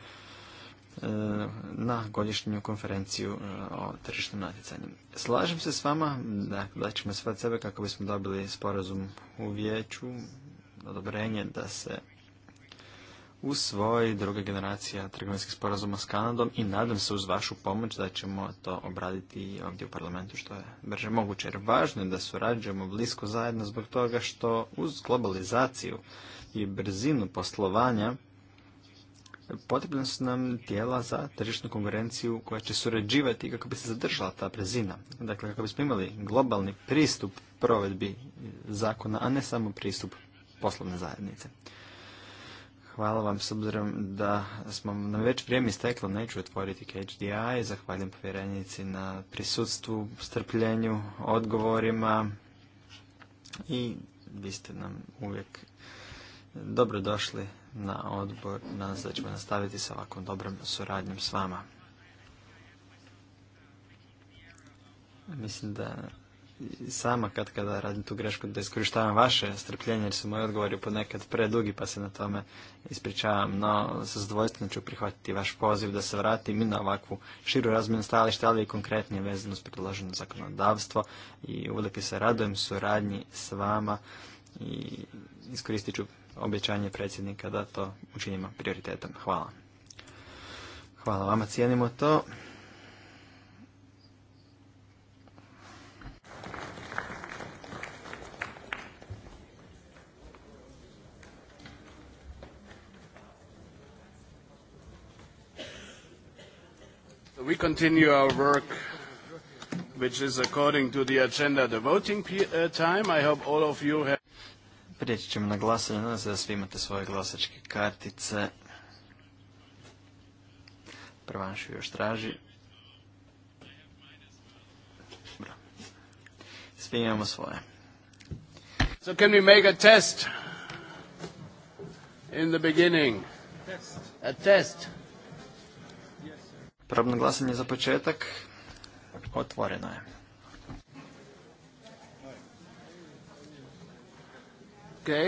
na godišnju konferenciju e, o tržišnom natjecanju. Slažem se s vama da, dakle, da ćemo sve od sebe kako bismo dobili sporazum u vijeću, odobrenje da se u svoj druga generacija trgovinskih sporazuma s Kanadom i nadam se uz vašu pomoć da ćemo to obraditi ovdje u parlamentu što je brže moguće. Jer važno je da surađujemo blisko zajedno zbog toga što uz globalizaciju i brzinu poslovanja potrebna su nam tijela za tržišnu konkurenciju koja će surađivati kako bi se zadržala ta brzina. Dakle, kako bismo imali globalni pristup provedbi zakona, a ne samo pristup poslovne zajednice. Hvala vam, s obzirom da smo na već vrijeme isteklo, neću otvoriti HDI. Zahvaljujem povjerenici na prisutstvu, strpljenju, odgovorima i vi ste nam uvijek dobro došli na odbor. Nadam da ćemo nastaviti sa ovakvom dobrom suradnjom s vama. Mislim da sama kad kada radim tu grešku da iskorištavam vaše strpljenje jer su moji odgovori ponekad predugi pa se na tome ispričavam, no sa zadovoljstvom ću prihvatiti vaš poziv da se vratim i na ovakvu širu razmjenu stajališta, ali i konkretnije vezano s predloženo zakonodavstvo i uvijek se radujem suradnji s vama i iskoristit ću obećanje predsjednika da to učinimo prioritetom. Hvala. Hvala vama, cijenimo to. we continue our work, which is according to the agenda, the voting uh, time. I hope all of you have... Prijeći ćemo na glasanje, nadam se da svi imate svoje glasačke kartice. Prvanšu još traži. Svi imamo svoje. So can we make a test in the beginning? A test. A test. Probno glasanje za početak. Otvoreno je.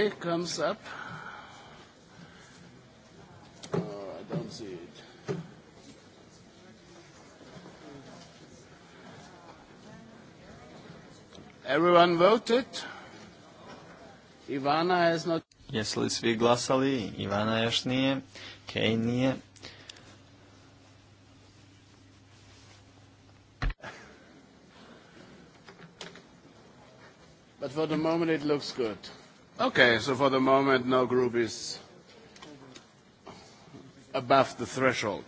Ok, comes up. Oh, I don't see it. Everyone voted. Ivana has not... Jesu li svi glasali? Ivana još nije. Kej nije. But for the moment it looks good. Okay, so for the moment no group is above the threshold.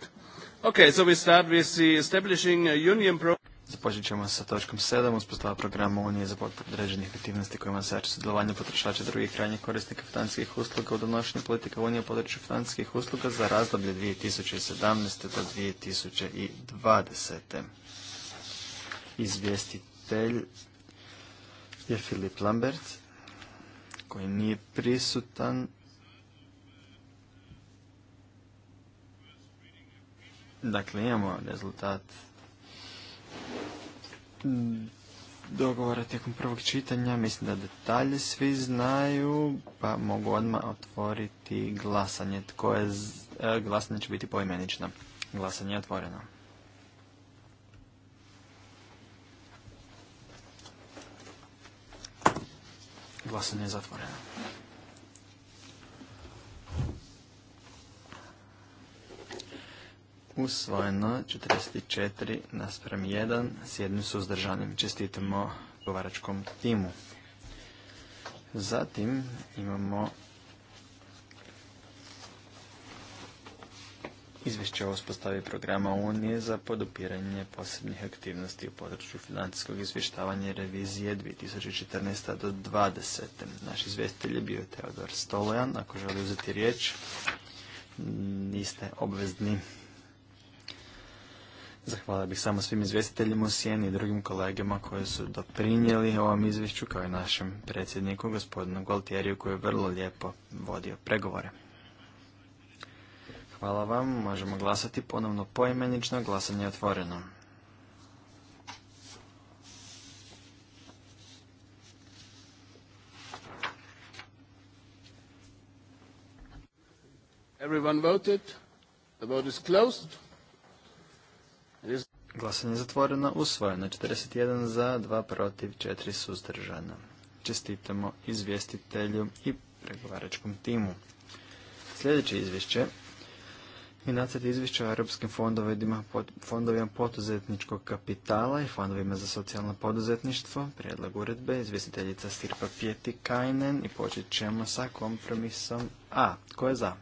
Okay, so we start with the establishing a union program. Započet ćemo sa točkom 7, uspostava programa Unije za potporu određenih aktivnosti kojima se jače sudjelovanje potrošača drugih krajnjih korisnika financijskih usluga u donošenju politika Unije u području financijskih usluga za razdoblje 2017. do 2020. Izvjestitelj je Filip Lambert, koji nije prisutan. Dakle, imamo rezultat dogovora tijekom prvog čitanja. Mislim da detalje svi znaju, pa mogu odmah otvoriti glasanje. Tko je, e, glasanje će biti poimenično. Glasanje je otvoreno. Glasanje je zatvoreno. Usvojeno 44 nasprem 1 s jednim suzdržanim. Čestitamo govaračkom timu. Zatim imamo Izvješće o uspostavi programa Unije za podupiranje posebnih aktivnosti u području financijskog izvještavanja i revizije 2014. do 2020. Naš izvjestitelj je bio Teodor Stolojan. Ako želi uzeti riječ, niste obvezni. Zahvala bih samo svim izvjestiteljima u Sijeni i drugim kolegama koji su doprinijeli ovom izvješću kao i našem predsjedniku gospodinu Galtjeriju, koji je vrlo lijepo vodio pregovore. Hvala vam. Možemo glasati ponovno poimenično. Glasanje je otvoreno. Glasanje je zatvoreno, usvojeno 41 za, 2 protiv, 4 suzdržana. Čestitamo izvjestitelju i pregovaračkom timu. Sljedeće izvješće i nacrt izvješća o europskim fondovima, fondovima poduzetničkog kapitala i fondovima za socijalno poduzetništvo, prijedlog uredbe, izvjestiteljica Sirpa Pjeti Kajnen i počet ćemo sa kompromisom A. Ko je za?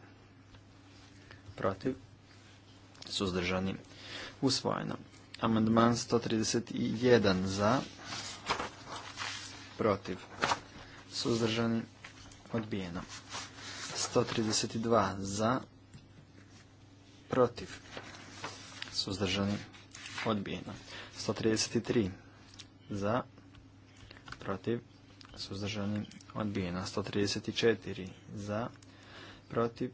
Protiv? Suzdržani? Usvojeno. Amandman 131 za? Protiv? Suzdržani? Odbijeno. 132 za? protiv, suzdržani, odbijeno. 133 za, protiv, suzdržani, odbijeno. 134 za, protiv,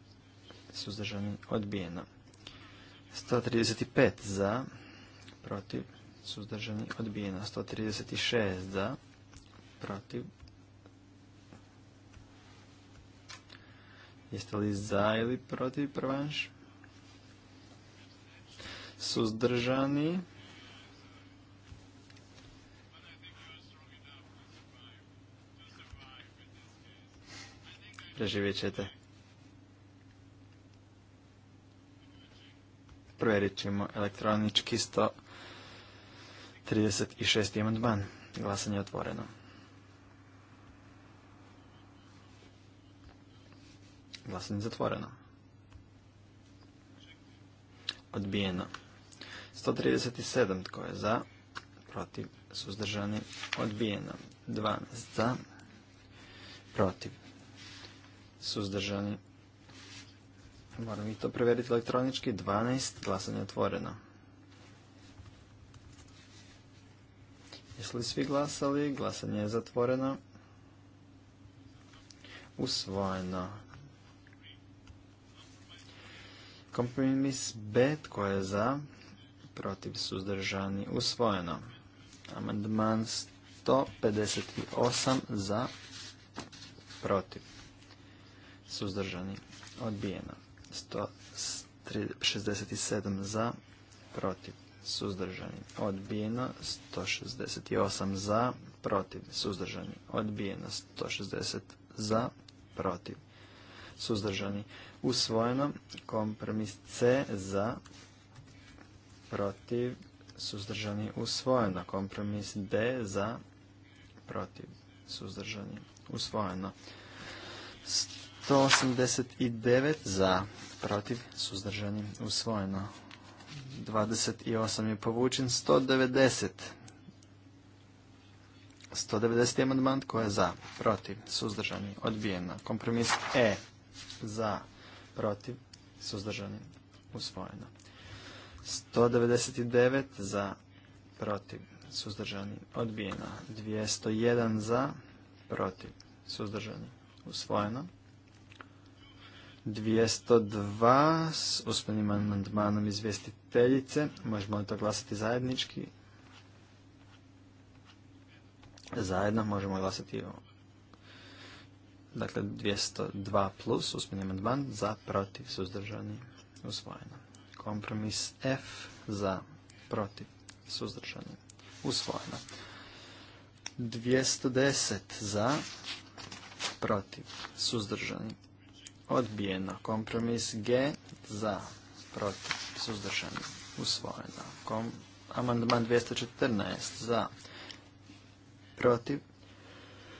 suzdržani, odbijeno. 135 za, protiv, suzdržani, odbijeno. 136 za, protiv, Jeste li za ili protiv prvanš? suzdržani. Preživjet ćete. Provjerit ćemo elektronički 136. amandman. Glasanje je otvoreno. Glasanje je zatvoreno. Odbijeno. 137 tko je za, protiv, suzdržani, odbijeno. 12 za, protiv, suzdržani. Moram i to provjeriti elektronički. 12, glasanje otvoreno. Jesu li svi glasali? Glasanje je zatvoreno. Usvojeno. Kompromis B, tko je za? protiv suzdržani usvojeno. Amandman 158 za protiv suzdržani odbijeno. 167 za protiv suzdržani odbijeno. 168 za protiv suzdržani odbijeno. 160 za protiv suzdržani usvojeno. Kompromis C za protiv, suzdržani, usvojeno. Kompromis D za, protiv, suzdržani, usvojeno. 189 za, protiv, suzdržani, usvojeno. 28 je povučen, 190. 190. amandman, tko je za, protiv, suzdržani, odbijeno. Kompromis E, za, protiv, suzdržani, usvojeno. 199 za, protiv, suzdržani, odbijeno. 201 za, protiv, suzdržani, usvojeno. 202 s uspjenim amandmanom izvjestiteljice. Možemo li to glasati zajednički? Zajedno možemo glasati o dakle 202 plus usmeni amandman za protiv suzdržani usvojeno. Kompromis F za protiv suzdržanje, usvojeno. 210 za protiv suzdržani odbijeno. Kompromis G za protiv suzdržanje, usvojeno. Kom Amandman 214 za protiv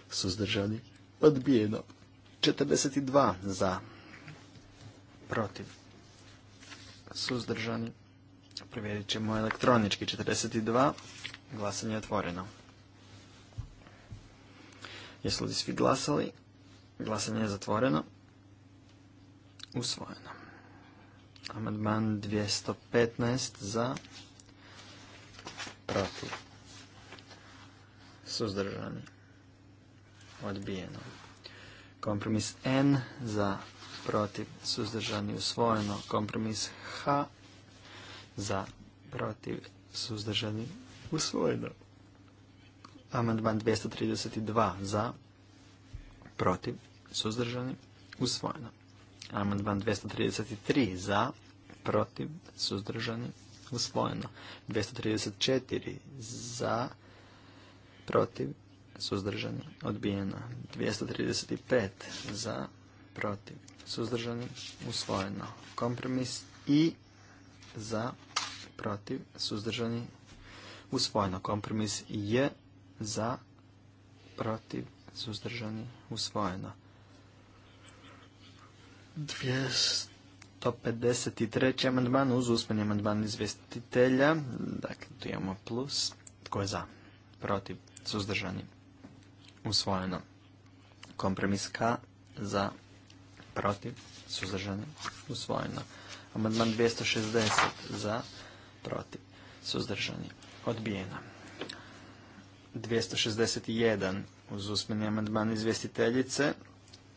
suzdržani odbijeno. 42 za protiv suzdržani. Provjerit ćemo elektronički 42. Glasanje je otvoreno. Jesu li svi glasali? Glasanje je zatvoreno. Usvojeno. Amandman 215 za protiv. Suzdržani. Odbijeno. Kompromis N za protiv, suzdržani, usvojeno. Kompromis H za, protiv, suzdržani, usvojeno. Amandman 232 za, protiv, suzdržani, usvojeno. Amandman 233 za, protiv, suzdržani, usvojeno. 234 za, protiv, suzdržani, odbijeno. 235 za, protiv, suzdržani, usvojeno. Kompromis i za, protiv, suzdržani, usvojeno. Kompromis je za, protiv, suzdržani, usvojeno. 253. amandman uz usmeni amandman izvjestitelja. Dakle, tu imamo plus. Tko je za? Protiv, suzdržani, usvojeno. Kompromis K za, protiv, suzdržani, usvojeno. Amandman 260 za, protiv, suzdržani, odbijeno. 261 uz usmeni amandman izvjestiteljice,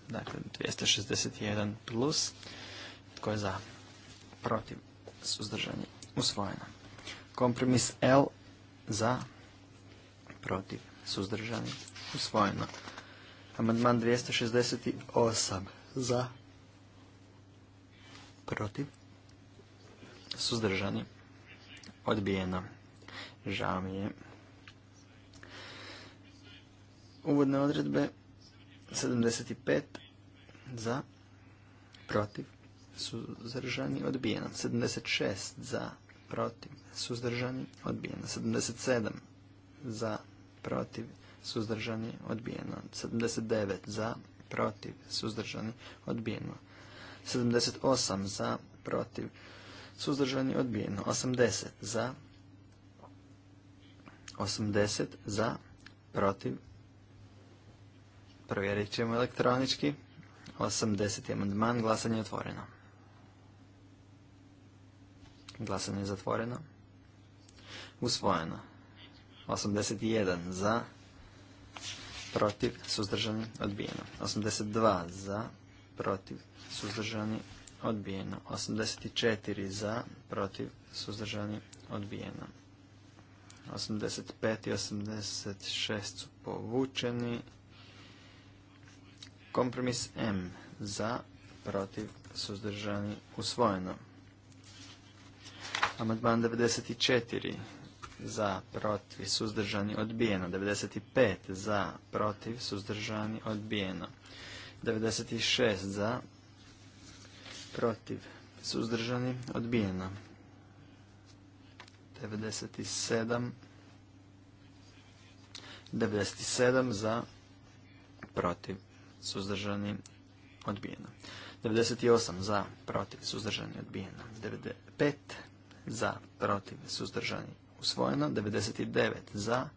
dakle 261 plus, tko je za, protiv, suzdržani, usvojeno. Kompromis L za, protiv, suzdržani, usvojeno. Amandman 268 za, protiv, suzdržani, odbijeno. Žao mi je. Uvodne odredbe 75 za, protiv, suzdržani, odbijeno. 76 za, protiv, suzdržani, odbijeno. 77 za, protiv, suzdržani, odbijeno. 79 za, protiv, suzdržani, odbijeno. 78 za, protiv, suzdržani, odbijeno. 80 za, 80 za, protiv, provjerit ćemo elektronički. 80. amandman, glasanje je otvoreno. Glasanje je zatvoreno. Usvojeno. 81 za, protiv, suzdržani, odbijeno. 82 za, protiv, suzdržani, odbijeno. 84 za, protiv, suzdržani, odbijeno. 85 i 86 su povučeni. Kompromis M za, protiv, suzdržani, usvojeno. Amandman 94 za, protiv, suzdržani, odbijeno. 95 za, protiv, suzdržani, odbijeno. 96 za, protiv, suzdržani, odbijeno. 97 97 za, protiv, suzdržani, odbijeno. 98 za, protiv, suzdržani, odbijeno. 95 za, protiv, suzdržani, usvojeno, 99 za,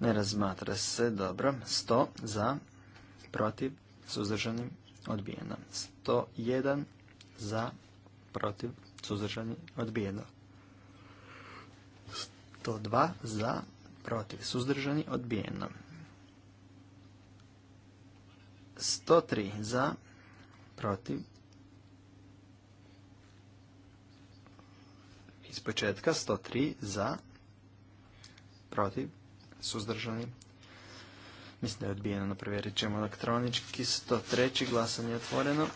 ne razmatra se, dobro, 100 za, protiv, suzdržani, odbijeno, 101 za, protiv, suzdržani, odbijeno, 102 za, protiv, suzdržani, odbijeno, 103 za, protiv, Iz početka 103 za, protiv, suzdržani. Mislim da je odbijeno, na provjerit ćemo elektronički. 103. glasanje je otvoreno.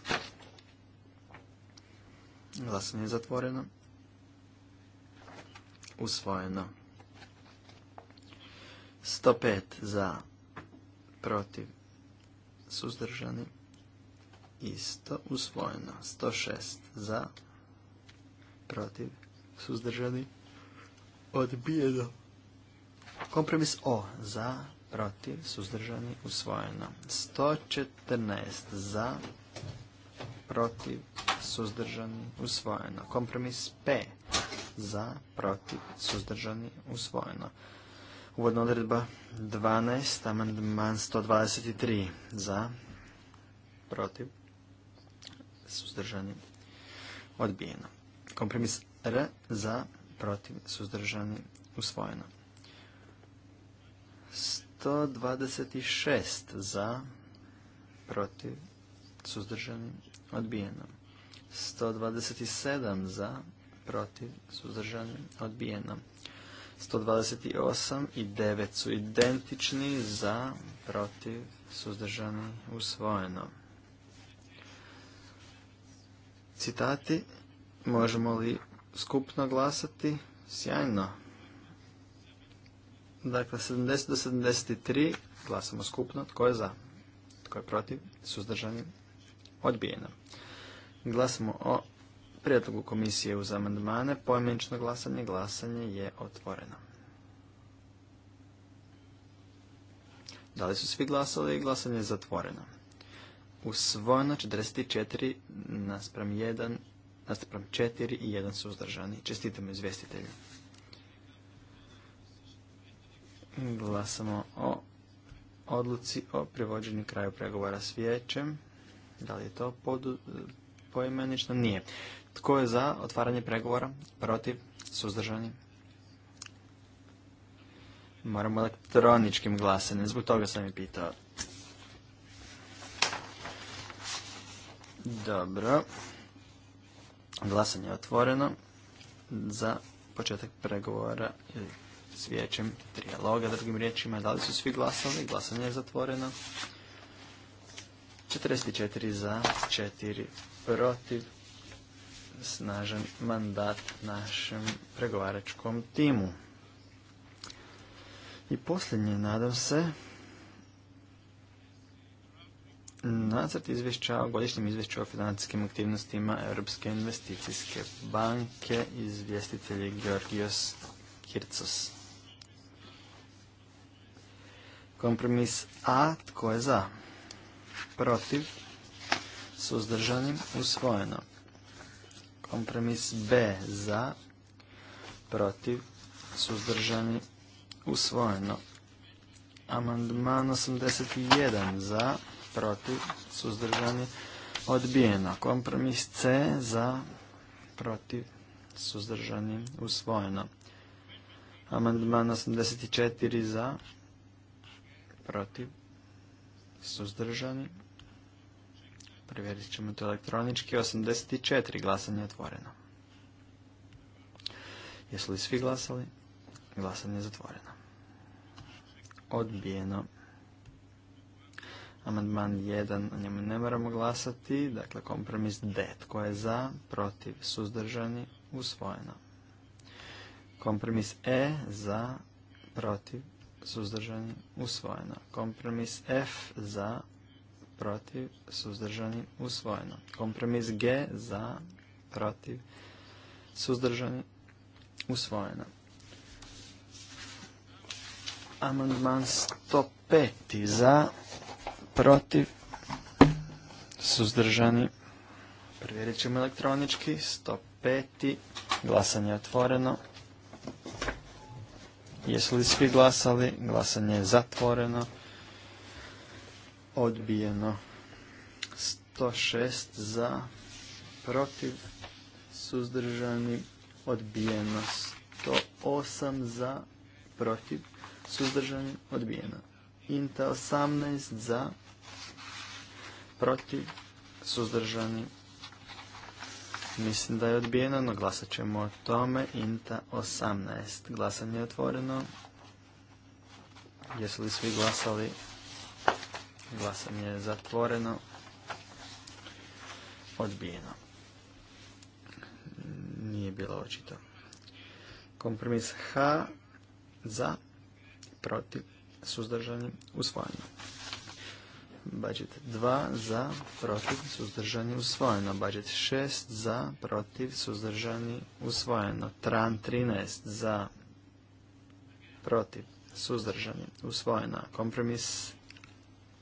Glasanje je zatvoreno. Usvojeno. 105 za, protiv, suzdržani. Isto usvojeno. 106 za, protiv, suzdržani, odbijeno. Kompromis O za, protiv, suzdržani, usvojeno. 114 za, protiv, suzdržani, usvojeno. Kompromis P za, protiv, suzdržani, usvojeno. Uvodna odredba 12, amandman 123 za, protiv, suzdržani, odbijeno. Kompromis R za protiv suzdržani usvojeno. 126 za protiv suzdržani odbijeno. 127 za protiv suzdržani odbijeno. 128 i 9 su identični za protiv suzdržani usvojeno. Citati možemo li skupno glasati. Sjajno. Dakle, 70 do 73 glasamo skupno. Tko je za? Tko je protiv? Suzdržani? Odbijeno. Glasamo o prijedlogu komisije uz amandmane. Pojmenično glasanje. Glasanje je otvoreno. Da li su svi glasali? Glasanje je zatvoreno. Usvojeno 44 naspram 1 nastupam četiri i 1 suzdržani. Čestitamo izvestitelju. Glasamo o odluci o privođenju kraju pregovora s vijećem. Da li je to poimenično? Nije. Tko je za otvaranje pregovora? Protiv? Suzdržani? Moramo elektroničkim glasanjem. Zbog toga sam i pitao. Dobro. Glasanje je otvoreno za početak pregovora s vijećem trijaloga, drugim riječima. Da li su svi glasali? Glasanje je zatvoreno. 44 za, 4 protiv. Snažan mandat našem pregovaračkom timu. I posljednje, nadam se, Nacrt izvješća o godišnjem izvješću o financijskim aktivnostima Europske investicijske banke, izvjestitelji Georgios Kircos. Kompromis A, tko je za? Protiv? Suzdržanim? Usvojeno. Kompromis B, za? Protiv? Suzdržani? Usvojeno. Amandman 81, za? protiv, suzdržani, odbijeno. Kompromis C za, protiv, suzdržani, usvojeno. Amandman 84 za, protiv, suzdržani. Provjerit ćemo to elektronički. 84 glasanje je otvoreno. Jesu li svi glasali? Glasanje je zatvoreno. Odbijeno. Amandman 1, o njemu ne moramo glasati, dakle kompromis D, tko je za, protiv, suzdržani, usvojeno. Kompromis E, za, protiv, suzdržani, usvojeno. Kompromis F, za, protiv, suzdržani, usvojeno. Kompromis G, za, protiv, suzdržani, usvojeno. Amandman 105, za, protiv, suzdržani. Provjerit ćemo elektronički, 105. Glasanje je otvoreno. Jesu li svi glasali? Glasanje je zatvoreno. Odbijeno. 106 za, protiv, suzdržani. Odbijeno. 108 za, protiv, suzdržani. Odbijeno. Inta 18 za, protiv, suzdržani. Mislim da je odbijeno, no glasat ćemo o tome. Inta 18. Glasanje je otvoreno. Jesu li svi glasali? Glasanje je zatvoreno. Odbijeno. Nije bilo očito. Kompromis H za protiv suzdržani usvojeno. Budget 2 za, protiv, suzdržani, usvojeno. Budget 6 za, protiv, suzdržani, usvojeno. Tran 13 za, protiv, suzdržani, usvojeno. Kompromis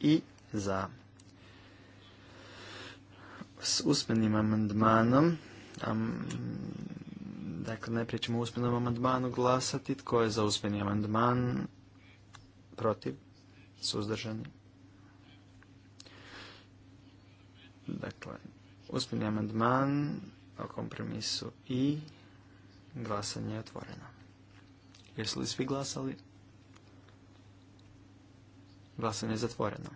i za. S usmenim amandmanom, dakle najprije ćemo usmenom amandmanu glasati, tko je za usmeni amandman, protiv, suzdržani, Dakle, uspjeni amandman o kompromisu i glasanje je otvoreno. Jesu li svi glasali? Glasanje je zatvoreno.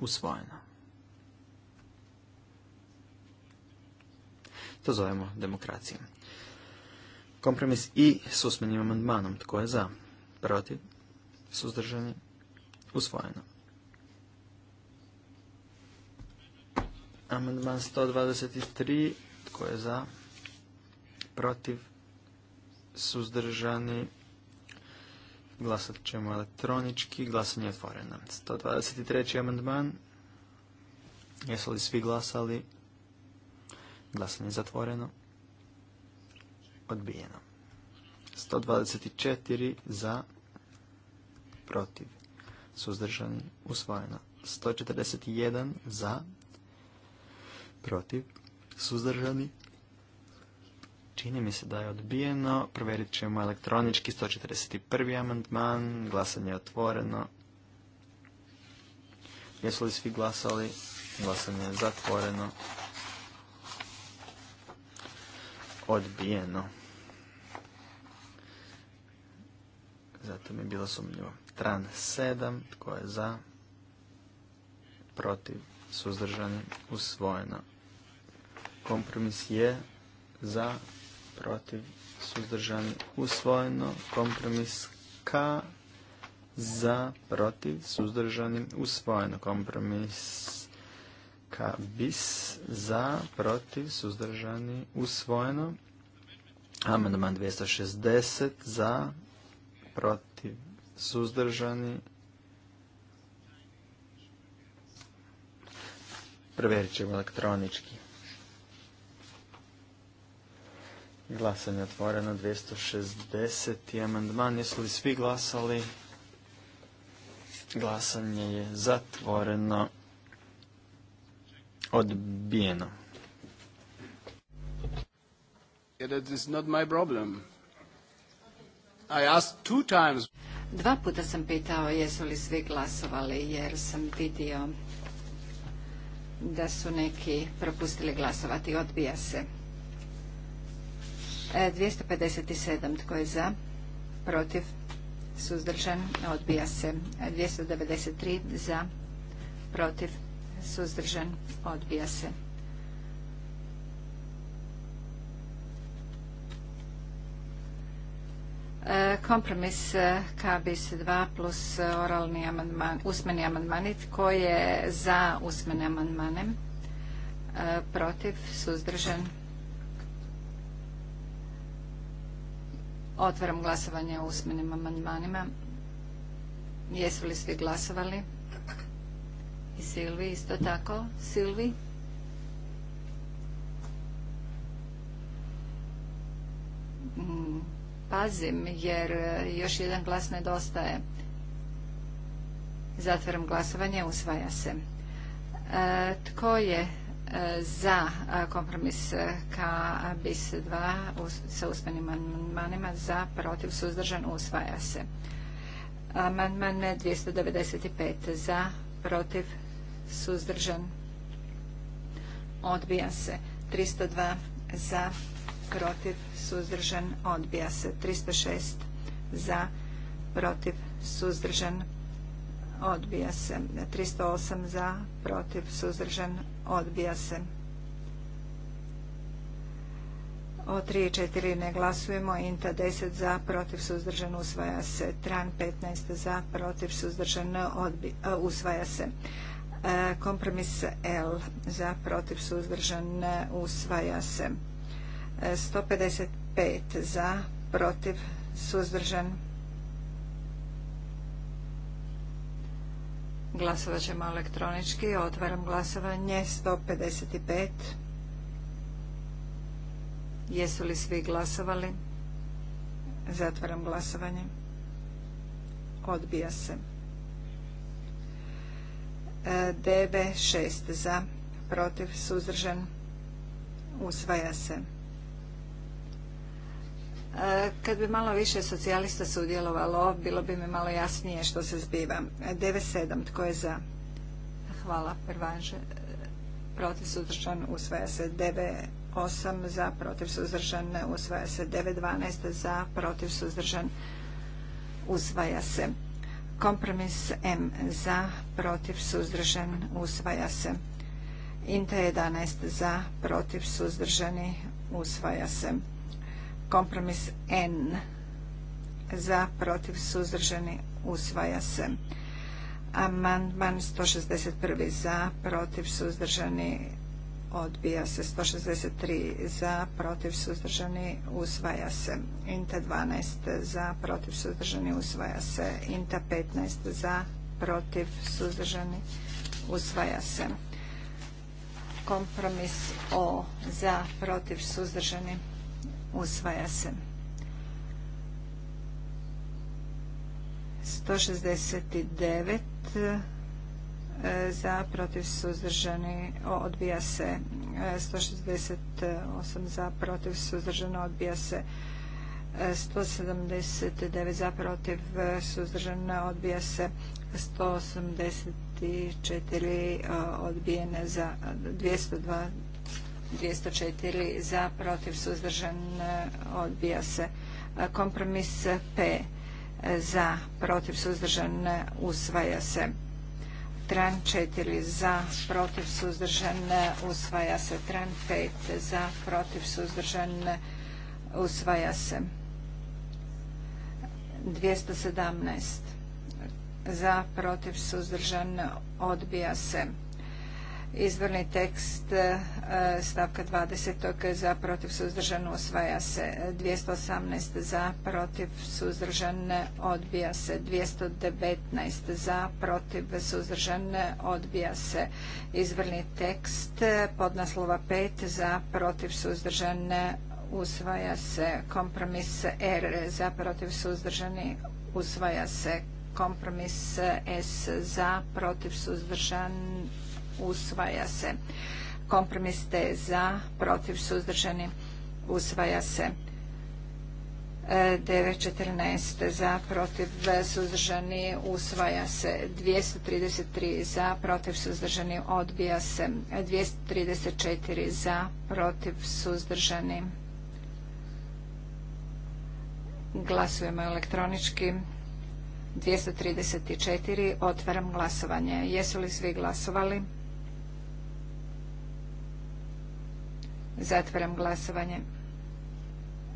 Usvojeno. To zovemo demokracijom. Kompromis i s usmenim amandmanom. Tko je za? Protiv? Suzdržani? Usvojeno. Amandman 123. Tko je za? Protiv? Suzdržani? Glasat ćemo elektronički. Glasanje je otvoreno. 123. amandman. Jesu li svi glasali? Glasanje je zatvoreno. Odbijeno. 124 za, protiv, suzdržani, usvojeno. 141 za, protiv, suzdržani. Čini mi se da je odbijeno. Provjerit ćemo elektronički 141. amandman. Glasanje je otvoreno. Jesu li svi glasali? Glasanje je zatvoreno. Odbijeno. Zato mi je bilo sumnjivo. Tran 7. Tko je za? Protiv? Suzdržani? Usvojeno. Kompromis je za, protiv, suzdržani, usvojeno. Kompromis K za, protiv, suzdržani, usvojeno. Kompromis K bis za, protiv, suzdržani, usvojeno. Amandman 260 za, protiv, suzdržani, Provjerit ćemo elektronički. Glasanje otvoreno 260. amandman. Jesu li svi glasali? Glasanje je zatvoreno. Odbijeno. problem. Dva puta sam pitao jesu li svi glasovali jer sam vidio da su neki propustili glasovati. Odbija se. 257. E, tko je za? Protiv? Suzdržan? Odbija se. 293. E, za? Protiv? Suzdržan? Odbija se. E, kompromis KBIS 2 plus oralni amandman, usmeni amandmani. Tko je za usmene amandmane? Protiv? Suzdržan? Otvaram glasovanje o usmenim amandmanima. Jesu li svi glasovali? I Silvi isto tako. Silvi? Mm, pazim jer e, još jedan glas nedostaje. Zatvaram glasovanje. Usvaja se. E, tko je za kompromis ka bis 2 sa usmenim amandmanima za protiv suzdržan usvaja se. Amandman 295 za protiv suzdržan odbija se. 302 za protiv suzdržan odbija se. 306 za protiv suzdržan odbija se. 308 za protiv suzdržan odbija se. O 3 i četiri ne glasujemo, INTA 10 za, protiv suzdržan usvaja se, TRAN 15 za, protiv suzdržan e, usvaja se. E, kompromis L za, protiv suzdržan usvaja se. 155 e, za, protiv suzdržan Glasovat ćemo elektronički. Otvaram glasovanje 155. Jesu li svi glasovali? Zatvaram glasovanje. Odbija se. E, DB6 za, protiv, suzdržan, usvaja se. E, kad bi malo više socijalista sudjelovalo, bilo bi mi malo jasnije što se zbiva. 9.7. Tko je za? Hvala. Prvanže. Protiv suzdržan usvaja se 9.8. Za protiv suzdržan usvaja se 9.12. Za protiv suzdržan usvaja se. Kompromis M za protiv suzdržan usvaja se. Inta 11 za protiv suzdržani usvaja se. Kompromis N za protiv suzdržani usvaja se. Amandman 161 za protiv suzdržani odbija se. 163 za protiv suzdržani usvaja se. Inta 12 za protiv suzdržani usvaja se. Inta 15 za protiv suzdržani usvaja se. Kompromis O za protiv suzdržani usvaja se. 169 e, za, protiv suzdržani odbija se 168 e, za, protiv suzdržano odbija se 179 e, za, protiv suzdržano odbija se 184 odbijene za 202 204 za, protiv, suzdržan, odbija se. Kompromis P za, protiv, suzdržan, usvaja se. Tran 4 za, protiv, suzdržan, usvaja se. Tran 5 za, protiv, suzdržan, usvaja se. 217 za, protiv, suzdržan, odbija se izvorni tekst e, stavka 20. za protiv suzdržan usvaja se 218 za protiv suzdržan odbija se 219 za protiv suzdržan odbija se izvorni tekst podnaslova 5 za protiv suzdržan usvaja se kompromis R za protiv suzdržani usvaja se kompromis S za protiv suzdržan usvaja se. Kompromis za, protiv, suzdržani, usvaja se. 9.14 e, za, protiv, suzdržani, usvaja se. 233 za, protiv, suzdržani, odbija se. 234 za, protiv, suzdržani. Glasujemo elektronički. 234. Otvaram glasovanje. Jesu li svi glasovali? Zatvaram glasovanje.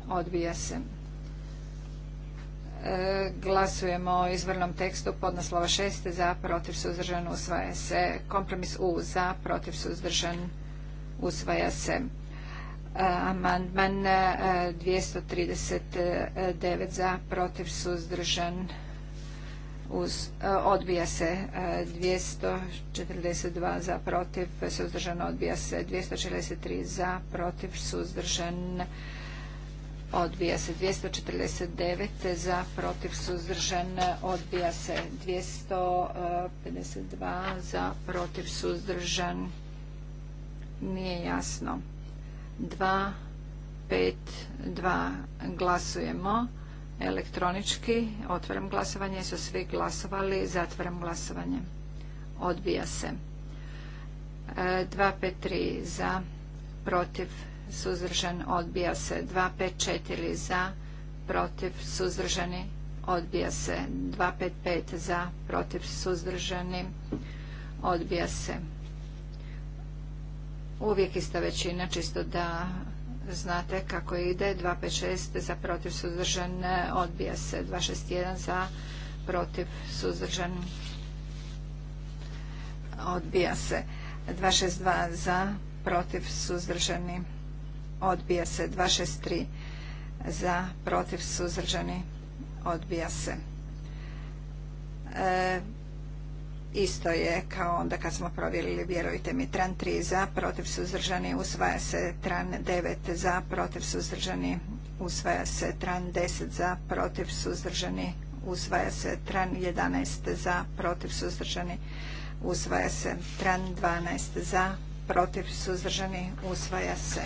Odbija se. E, glasujemo o izvrnom tekstu podnoslova šeste za, protiv suzdržan, usvaja se. Kompromis U za, protiv suzdržan, usvaja se. E, amandman 239 e, za, protiv suzdržan, E, odbija se 242 e, za protiv, suzdržan odbija se 243 za protiv, suzdržan odbija se 249 za protiv, suzdržan odbija se 252 e, za protiv, suzdržan nije jasno 2 5 2 glasujemo Elektronički otvaram glasovanje. Su svi glasovali? Zatvaram glasovanje. Odbija se. 253 e, za, protiv, suzdržan, odbija se. 254 za, protiv, suzdržani, odbija se. 255 za, protiv, suzdržani, odbija se. Uvijek ista većina, čisto da znate kako ide 256 za protiv suzdržan odbija se 261 za protiv suzdržan odbija se 262 za protiv suzdržani odbija se 263 za protiv suzdržani odbija se e, Isto je kao onda kad smo provjerili, vjerujte mi, tran tri za, protiv suzdržani, usvaja se tran devet za, protiv suzdržani, usvaja se tran deset za, protiv suzdržani, usvaja se tran jedanaest za, protiv suzdržani, usvaja se tran dvanaest za, protiv suzdržani, usvaja se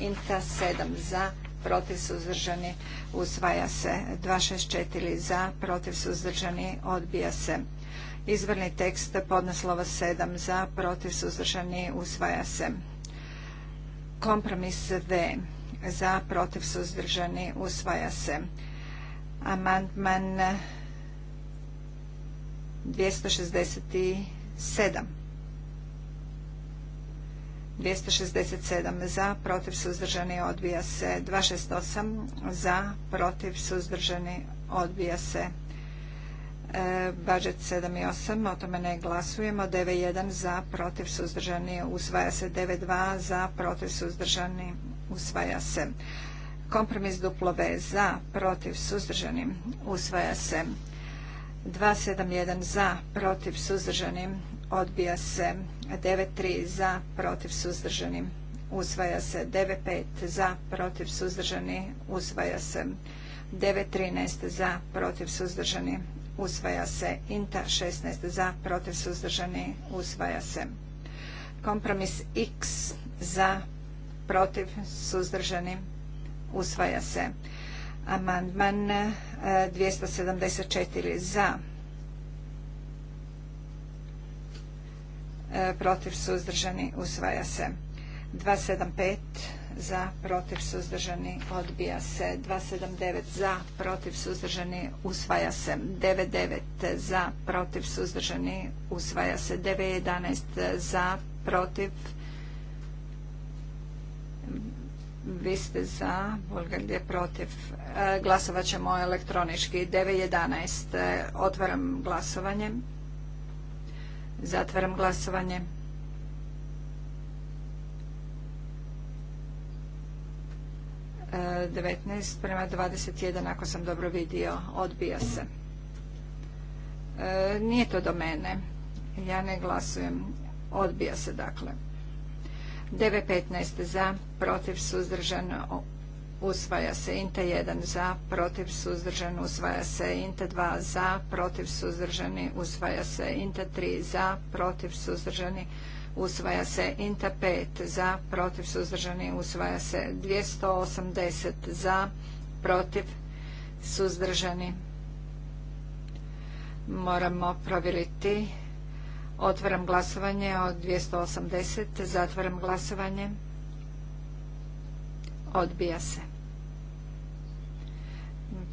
inta 7 za, protiv suzdržani, usvaja se Dva 264 za, protiv suzdržani, odbija se Izvrni tekst podnoslova 7 za, protiv, suzdržani, usvaja se. Kompromis D za, protiv, suzdržani, usvaja se. Amandman 267. 267 za, protiv suzdržani odbija se. 268 za, protiv suzdržani odbija se. E, budžet 7 i 8, o tome ne glasujemo. 9.1 za, protiv, suzdržani, usvaja se. 9.2 za, protiv, suzdržani, usvaja se. Kompromis duplo B za, protiv, suzdržani, usvaja se. 2.7.1 za, protiv, suzdržani, odbija se. 9.3 za, protiv, suzdržani, usvaja se. 9.5 za, protiv, suzdržani, usvaja se. 9.13 za, protiv, suzdržani, usvaja se. Inta 16 za, protiv suzdržani, usvaja se. Kompromis X za, protiv suzdržani, usvaja se. Amandman 274 e, za, e, protiv suzdržani, usvaja se. 275 za, protiv, suzdržani, odbija se. 279 za, protiv, suzdržani, usvaja se. 99 za, protiv, suzdržani, usvaja se. 911 za, protiv, vi ste za, Bulgar je protiv. E, glasovat ćemo elektronički. 911. Otvaram glasovanje. Zatvaram glasovanje. 19 prema 21, ako sam dobro vidio, odbija se. E, nije to do mene. Ja ne glasujem. Odbija se, dakle. 9.15 za, protiv, suzdržan, usvaja se. Inta 1 za, protiv, suzdržan, usvaja se. Inta 2 za, protiv, suzdržani, usvaja se. Inta 3 za, protiv, suzdržani, usvaja se usvaja se INTA 5 za, protiv suzdržani usvaja se 280 za, protiv suzdržani. Moramo provjeriti. Otvaram glasovanje od 280, zatvaram glasovanje. Odbija se.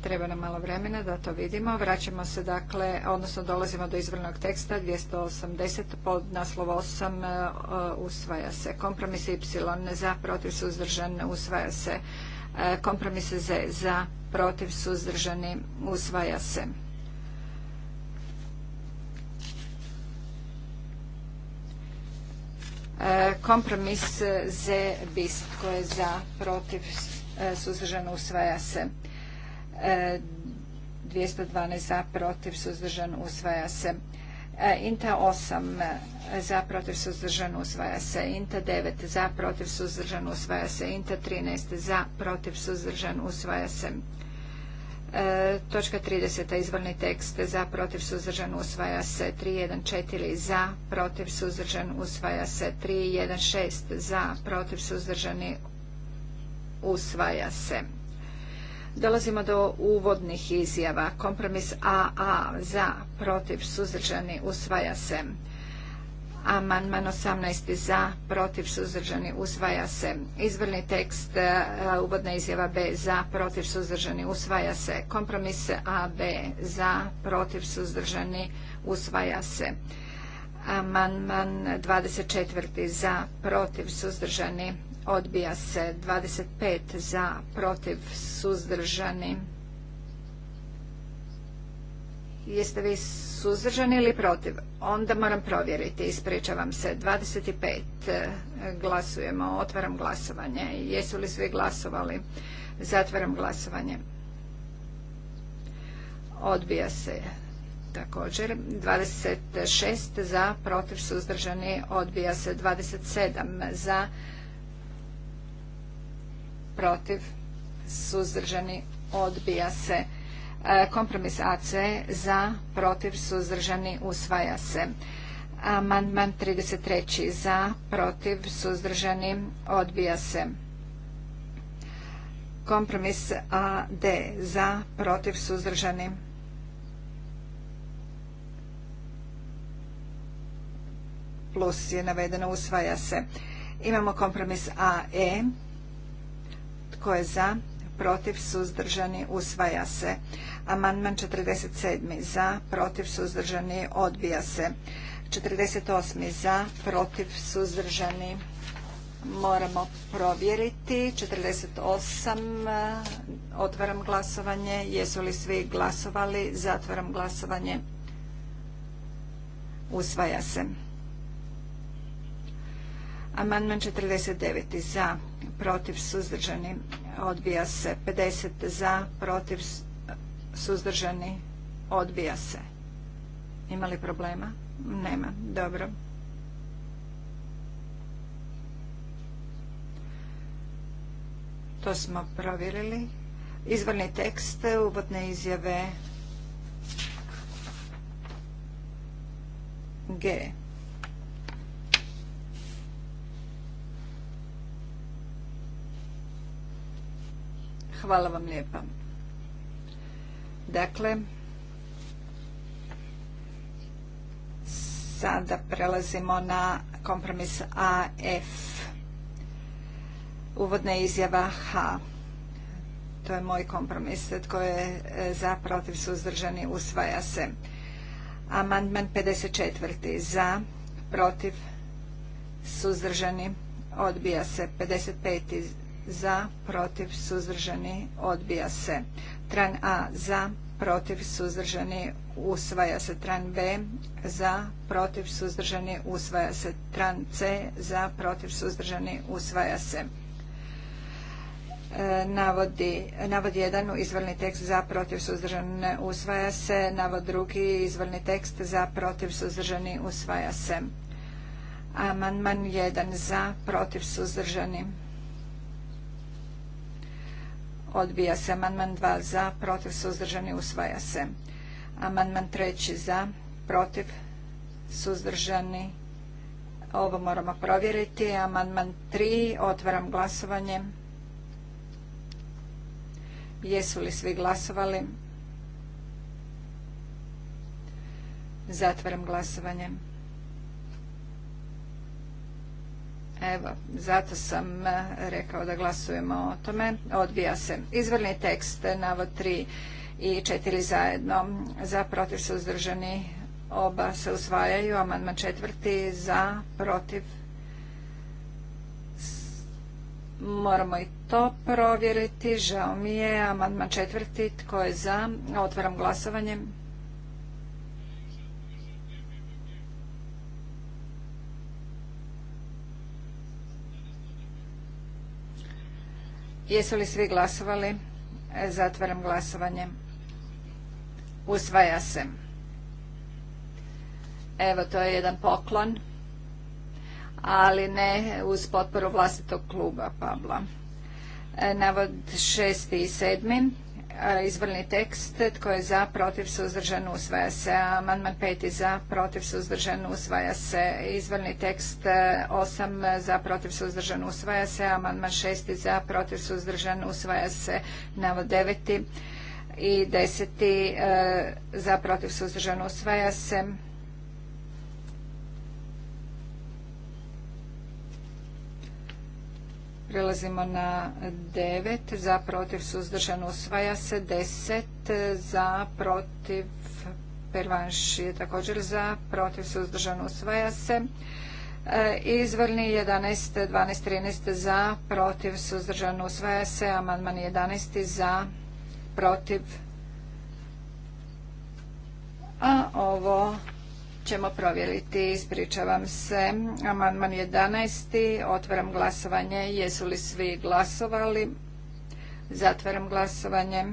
Treba nam malo vremena da to vidimo. Vraćamo se dakle, odnosno dolazimo do izvrnog teksta 280 pod naslov 8 e, e, usvaja se. Kompromis Y za protiv suzdržan usvaja se. E, kompromis Z za protiv suzdržani usvaja se. Kompromis Z bis koje je za protiv suzdržano usvaja se. 212 e, e, za, protiv, suzdržan, usvaja se. Inta 8 za, protiv, suzdržan, usvaja se. Inta 9 za, protiv, suzdržan, usvaja se. Inta 13 za, protiv, suzdržan, usvaja se. točka 30. izvorni tekst za protiv suzdržan usvaja se 314 za protiv suzdržan usvaja se 316 za protiv suzdržani usvaja se Dolazimo do uvodnih izjava. Kompromis AA za, protiv, suzdržani, usvaja se. Amandman 18. za, protiv, suzdržani, usvaja se. Izvrni tekst, e, uvodna izjava B za, protiv, suzdržani, usvaja se. Kompromis AB za, protiv, suzdržani, usvaja se. Amandman 24. za, protiv, suzdržani, odbija se 25 za protiv suzdržani jeste vi suzdržani ili protiv onda moram provjeriti ispričavam se 25 glasujemo otvaram glasovanje jesu li svi glasovali zatvaram glasovanje odbija se također 26 za protiv suzdržani odbija se 27 za protiv, suzdržani, odbija se. E, kompromis AC za, protiv, suzdržani, usvaja se. Amandman 33. za, protiv, suzdržani, odbija se. Kompromis AD za, protiv, suzdržani, plus je navedeno usvaja se. Imamo kompromis AE tko je za? Protiv? Suzdržani? Usvaja se. Amandman 47. Za? Protiv? Suzdržani? Odbija se. 48. Za? Protiv? Suzdržani? Moramo provjeriti. 48. Eh, otvaram glasovanje. Jesu li svi glasovali? Zatvaram glasovanje. Usvaja se. Amandman 49. Za? protiv, suzdržani, odbija se. 50 za, protiv, suzdržani, odbija se. Ima li problema? Nema. Dobro. To smo provjerili. Izvorni tekst, uvodne izjave G. Hvala vam lijepa. Dakle, sada prelazimo na kompromis AF. Uvodna izjava H. To je moj kompromis. Tko je e, za, protiv, suzdržani, usvaja se. Amandman 54. Za, protiv, suzdržani, odbija se. 55 za, protiv, suzdržani, odbija se. Tran A za, protiv, suzdržani, usvaja se. Tran B za, protiv, suzdržani, usvaja se. Tran C za, protiv, suzdržani, usvaja se. E, navodi, navod 1, izvrni tekst za, protiv, suzdržani usvaja se. Navod drugi izvrni tekst za, protiv, suzdržani, usvaja se. Amandman 1 za, protiv, suzdržani, Odbija se. Amandman 2 za, protiv, suzdržani, usvaja se. Amandman 3 za, protiv, suzdržani, ovo moramo provjeriti. Amandman 3, otvaram glasovanje. Jesu li svi glasovali? Zatvaram glasovanje. Evo, zato sam e, rekao da glasujemo o tome. Odbija se. Izvrni tekst, e, navod tri i 4 zajedno. Za protiv uzdržani, oba se usvajaju. Amandman četvrti za protiv Moramo i to provjeriti. Žao mi je. Amandman četvrti. Tko je za? Otvaram glasovanje. Jesu li svi glasovali? E, zatvaram glasovanje. Usvaja se. Evo, to je jedan poklon, ali ne uz potporu vlastitog kluba Pabla. E, navod šesti i sedmi. E, izvrni tekst. Tko je za, protiv, suzdržan, usvaja se. Amandman 5. za, protiv, suzdržan, usvaja se. Izvrni tekst 8. E, za, protiv, suzdržan, usvaja se. Amandman 6. za, protiv, suzdržan, usvaja se. Navod 9. i 10. E, za, protiv, suzdržan, usvaja se. Prelazimo na devet za protiv suzdržan usvaja se, deset za protiv pervanš je također za protiv suzdržan usvaja se. E, izvorni 11, 12, 13 za, protiv, suzdržan usvaja se, amandman 11 za, protiv, a ovo ćemo provjeriti. Ispričavam se. Amandman 11. Otvaram glasovanje. Jesu li svi glasovali? Zatvaram glasovanje.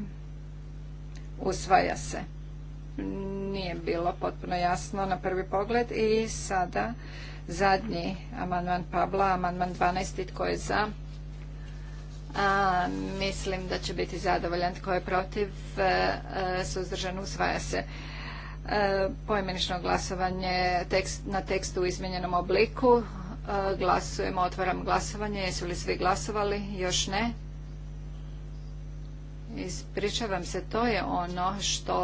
Usvaja se. Nije bilo potpuno jasno na prvi pogled. I sada zadnji amandman Pabla, amandman 12. Tko je za? A, mislim da će biti zadovoljan. Tko je protiv? E, e, suzdržan usvaja se. E, poimenično glasovanje na tekstu u izmijenjenom obliku. E, glasujemo, otvaram glasovanje. Jesu li svi glasovali? Još ne. Ispričavam se, to je ono što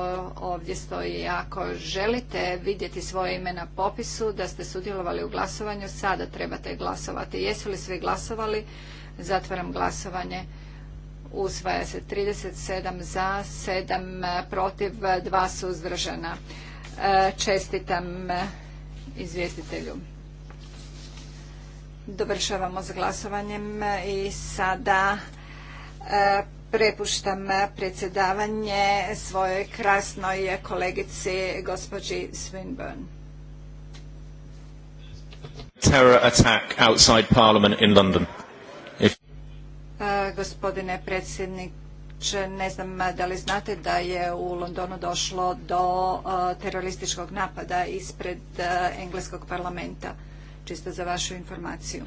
ovdje stoji. Ako želite vidjeti svoje ime na popisu, da ste sudjelovali u glasovanju, sada trebate glasovati. Jesu li svi glasovali? Zatvaram glasovanje usvaja se 37 za, 7 e, protiv, 2 suzdržana. E, čestitam e, izvjestitelju. Dovršavamo s glasovanjem i sada prepuštam predsjedavanje svojoj krasnoj kolegici gospođi Swinburne. Terror attack outside Parliament in London. E, gospodine predsjedniče, ne znam da li znate da je u Londonu došlo do e, terorističkog napada ispred e, engleskog parlamenta, čisto za vašu informaciju.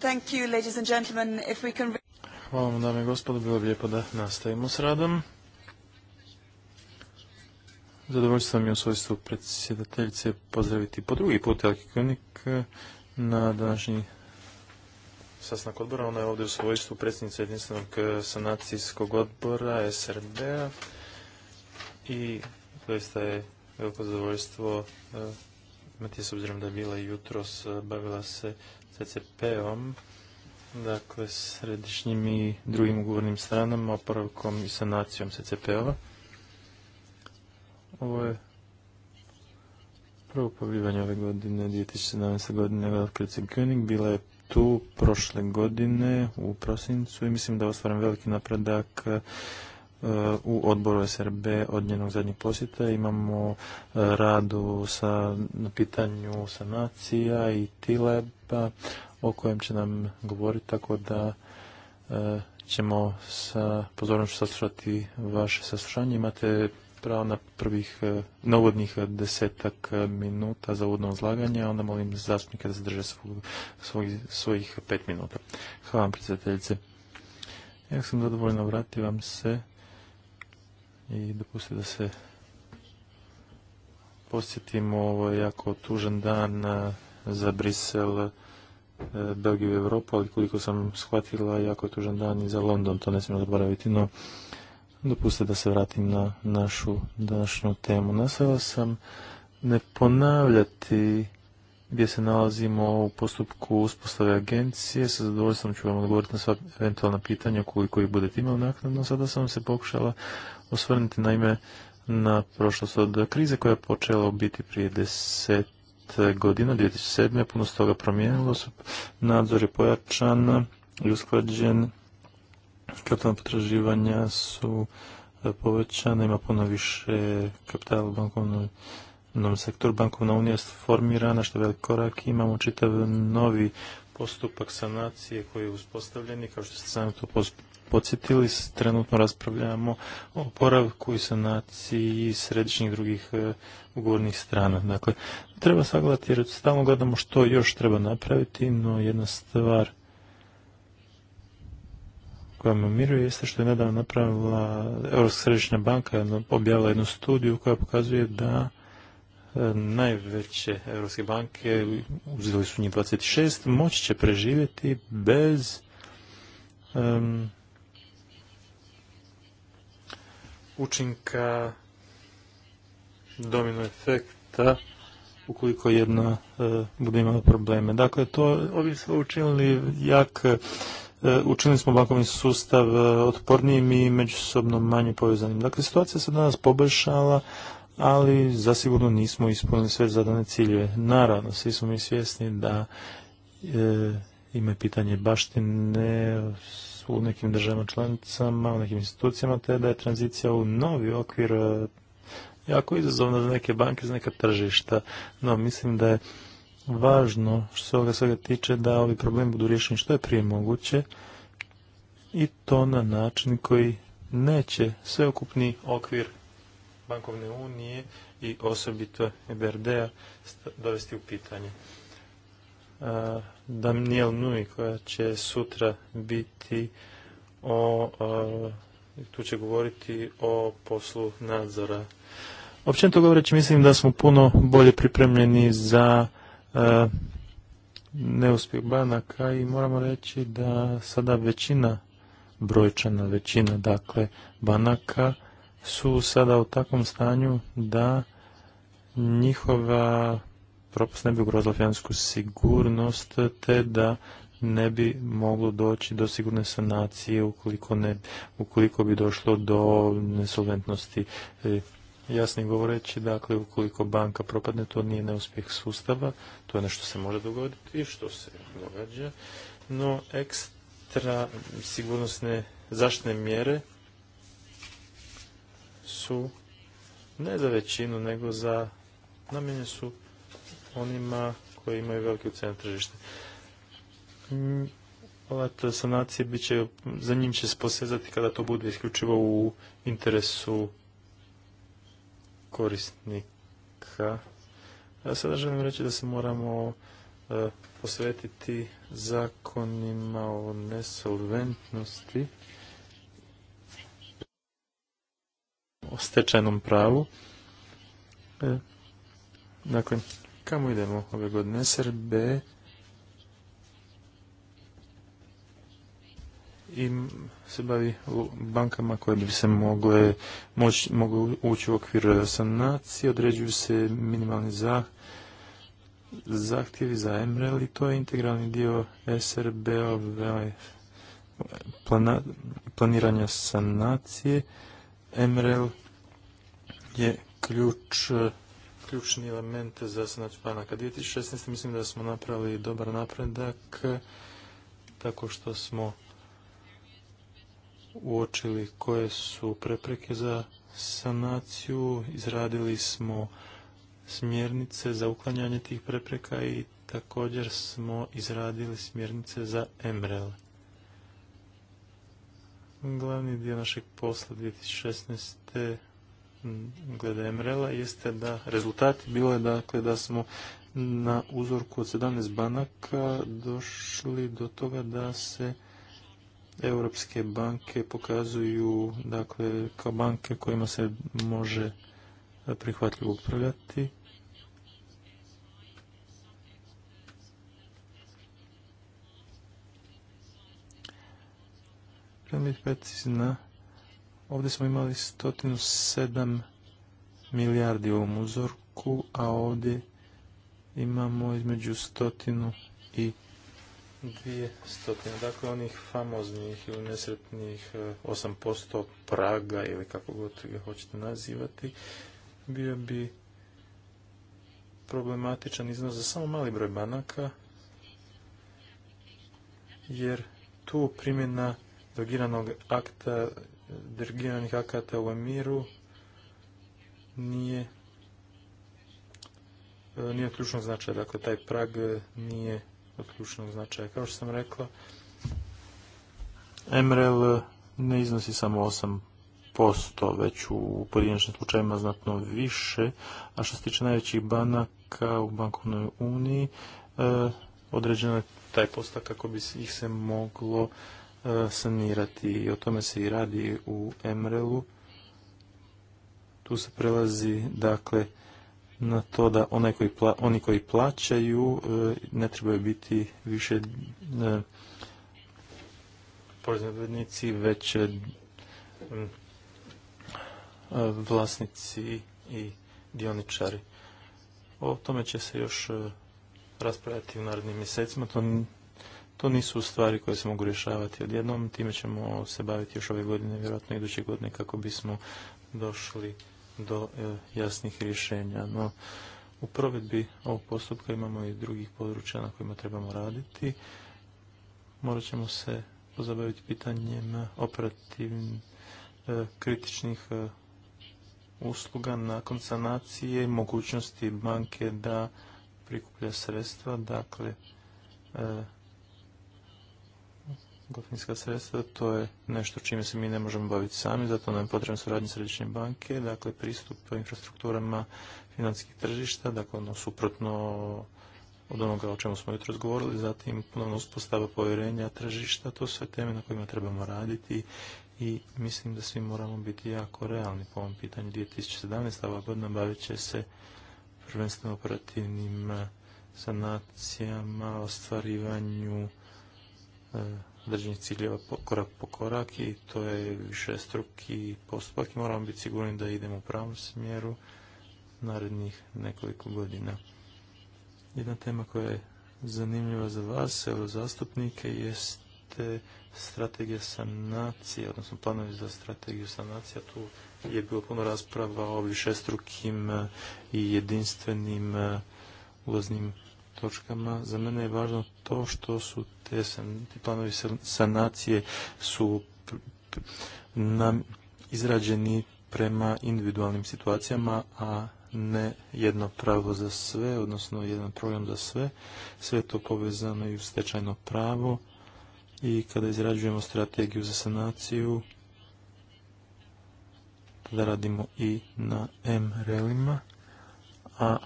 Thank you, ladies Hvala vam, dame i gospodo, bilo bi lijepo da nastavimo s radom. Zadovoljstvo mi je u svojstvu predsjedateljice pozdraviti po drugi put Elke Klinik eh, na današnji sastanak odbora. Ona je ovdje u svojstvu predsjednica jedinstvenog eh, sanacijskog odbora SRD-a i doista je veliko zadovoljstvo eh, imati s obzirom da je bila jutros bavila se TCP-om, dakle središnjim i drugim ugovornim stranama, oporavkom i sanacijom CCP-ova. Ovo je prvo pobivanje ove godine, 2017. godine, Velkrice König bila je tu prošle godine u prosincu i mislim da ostvaram veliki napredak u odboru SRB od njenog zadnjeg posjeta. Imamo e, radu sa, na pitanju sanacija i tileba o kojem će nam govoriti, tako da e, ćemo sa pozornošću saslušati vaše saslušanje. Imate pravo na prvih e, novodnih desetak minuta za uvodno izlaganje, onda molim zastupnike da zadrže drže svojih pet minuta. Hvala vam, predsjedateljice. Ja sam zadovoljno vratio vam se i dopustite da se posjetimo ovo jako tužan dan e, za Brisel, e, Belgiju i Europu, ali koliko sam shvatila jako tužan dan i za London, to ne smijemo zaboraviti, no dopustite da se vratim na našu današnju temu. Nasao sam ne ponavljati gdje se nalazimo u postupku uspostave agencije. Sa zadovoljstvom ću vam odgovoriti na sva eventualna pitanja koliko ih budete imali naknadno. Sada sam se pokušala osvrnuti naime na prošlost od krize koja je počela biti prije deset godina, 2007. puno se toga promijenilo, nadzor je pojačan i usklađen, kapitalna potraživanja su e, povećana, ima puno više kapitala u bankovnom sektoru, sektor bankovna unija je formirana, što je velik korak, imamo čitav novi postupak sanacije koji je uspostavljen i kao što ste sami to podsjetili, trenutno raspravljamo o poravku i sanaciji središnjih drugih e, ugovornih strana. Dakle, treba sagledati jer stalno gledamo što još treba napraviti, no jedna stvar koja me umiruje jeste što je nedavno napravila Europska središnja banka, objavila jednu studiju koja pokazuje da e, najveće europske banke, uzeli su njih 26, moći će preživjeti bez učinka domino efekta ukoliko jedna e, bude imala probleme. Dakle, to ovdje smo učinili jak, e, učinili smo bankovni sustav e, otpornijim i međusobno manje povezanim. Dakle, situacija se danas poboljšala, ali zasigurno nismo ispunili sve zadane ciljeve. Naravno, svi smo mi svjesni da ima pitanje baštine, u nekim državama članicama, u nekim institucijama, te da je tranzicija u novi okvir e, jako izazovna za neke banke, za neka tržišta. No, mislim da je važno što se ovoga svega tiče da ovi problemi budu rješeni što je prije moguće i to na način koji neće sveukupni okvir bankovne unije i osobito EBRD-a dovesti u pitanje. E, Daniel Nui koja će sutra biti o, tu će govoriti o poslu nadzora. Općenito govoreći mislim da smo puno bolje pripremljeni za e, neuspjeh banaka i moramo reći da sada većina brojčana, većina dakle banaka su sada u takvom stanju da njihova propast ne bi ugrozila financijsku sigurnost, te da ne bi moglo doći do sigurne sanacije ukoliko, ne, ukoliko bi došlo do nesolventnosti. E, jasni govoreći, dakle, ukoliko banka propadne, to nije neuspjeh sustava, to je nešto se može dogoditi i što se događa, no ekstra sigurnosne zaštitne mjere su ne za većinu, nego za namjenje su onima koji imaju velike ucijene tržište. Mm, Ove sanacije bit će, za njim će se posezati kada to bude isključivo u interesu korisnika. Ja sada želim reći da se moramo e, posvetiti zakonima o nesolventnosti o stečajnom pravu. dakle, Kamo idemo ove godine? SRB i se bavi bankama koje bi se mogle, moć, mogu ući u okvir sanacije, određuju se minimalni zahtjevi za MRL i to je integralni dio srb ovaj, planiranja sanacije. MRL je ključ ključni element za sanac banaka. 2016. mislim da smo napravili dobar napredak tako što smo uočili koje su prepreke za sanaciju, izradili smo smjernice za uklanjanje tih prepreka i također smo izradili smjernice za MRL. Glavni dio našeg posla 2016 glede mrl jeste da rezultati bilo je dakle da smo na uzorku od 17 banaka došli do toga da se europske banke pokazuju dakle kao banke kojima se može prihvatljivo upravljati. biti na Ovdje smo imali 107 milijardi u ovom uzorku, a ovdje imamo između stotinu i dvije stotine. Dakle, onih famoznih ili nesretnih 8% e, praga ili kako god ga hoćete nazivati, bio bi problematičan iznos za samo mali broj banaka, jer tu primjena dogiranog akta delegiranih akata u Emiru nije e, nije od ključnog značaja, dakle taj prag nije od ključnog značaja. Kao što sam rekla, MRL ne iznosi samo 8%, već u pojedinačnim slučajevima znatno više, a što se tiče najvećih banaka u bankovnoj uniji, e, određeno je taj postak kako bi ih se moglo E, sanirati i o tome se i radi u Emrelu. Tu se prelazi dakle na to da koji oni koji plaćaju e, ne trebaju biti više e, poreznovednici, već vlasnici i dioničari. O tome će se još raspravljati u narednim mjesecima, to to nisu stvari koje se mogu rješavati odjednom, time ćemo se baviti još ove godine, vjerojatno iduće godine, kako bismo došli do e, jasnih rješenja. No, u provedbi ovog postupka imamo i drugih područja na kojima trebamo raditi. Morat ćemo se pozabaviti pitanjem operativnih e, kritičnih e, usluga nakon sanacije i mogućnosti banke da prikuplja sredstva, dakle Gotovinska sredstva, to je nešto čime se mi ne možemo baviti sami, zato nam je potrebna suradnja središnje banke, dakle pristup infrastrukturama financijskih tržišta, dakle ono suprotno od onoga o čemu smo jutro govorili, zatim ponovno uspostava povjerenja tržišta, to su sve teme na kojima trebamo raditi i mislim da svi moramo biti jako realni po ovom pitanju. 2017. ova godina bavit će se prvenstveno operativnim sanacijama, ostvarivanju eh, određenih ciljeva korak po korak i to je više struki postupak i moramo biti sigurni da idemo u pravom smjeru narednih nekoliko godina. Jedna tema koja je zanimljiva za vas, evo zastupnike, jeste strategija sanacije, odnosno planovi za strategiju sanacije. Tu je bilo puno rasprava o višestrukim e, i jedinstvenim e, ulaznim točkama. Za mene je važno to što su te planovi sanacije su izrađeni prema individualnim situacijama, a ne jedno pravo za sve, odnosno jedan program za sve. Sve je to povezano i u stečajno pravo i kada izrađujemo strategiju za sanaciju, da radimo i na MRL-ima, a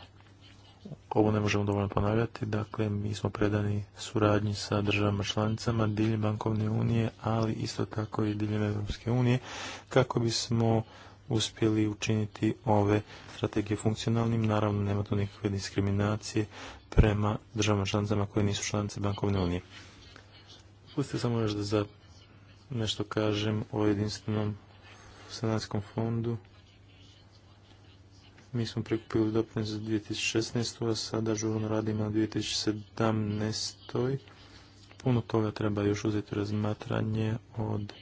ovo ne možemo dovoljno ponavljati, dakle mi smo predani suradnji sa državama članicama diljem bankovne unije, ali isto tako i diljem Europske unije, kako bismo uspjeli učiniti ove strategije funkcionalnim. Naravno, nema tu nikakve diskriminacije prema državama članicama koje nisu članice bankovne unije. Pustite samo još da za nešto kažem o jedinstvenom sanacijskom fondu mi smo prikupili dopune za 2016. a sada žurno radimo na 2017. Puno toga treba još uzeti razmatranje od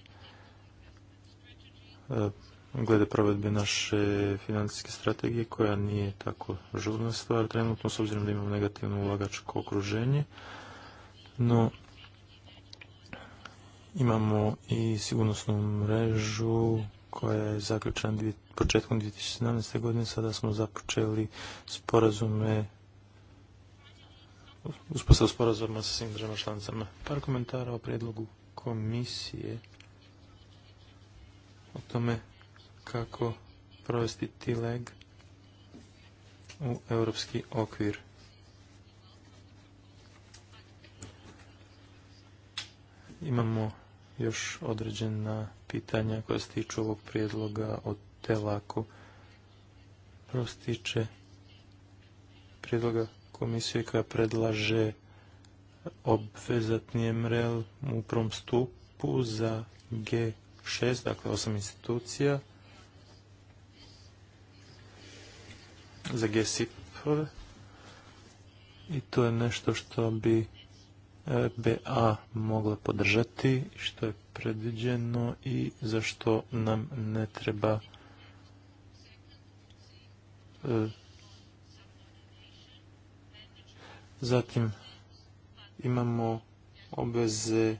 e, glede provedbe naše financijske strategije koja nije tako žurna stvar trenutno s obzirom da imamo negativno ulagačko okruženje no imamo i sigurnosnu mrežu koja je zaključena početkom 2017. godine sada smo započeli sporazume uspostav sporazuma sa svim državama članicama. Par komentara o predlogu komisije o tome kako provesti TILEG u europski okvir. Imamo još određena pitanja koja se tiču ovog prijedloga od te lako. prostiče prijedloga komisije koja predlaže obvezatni MREL u prvom stupu za G6, dakle osam institucija, za g i to je nešto što bi e, BA mogla podržati, što je predviđeno i za što nam ne treba E, zatim imamo obveze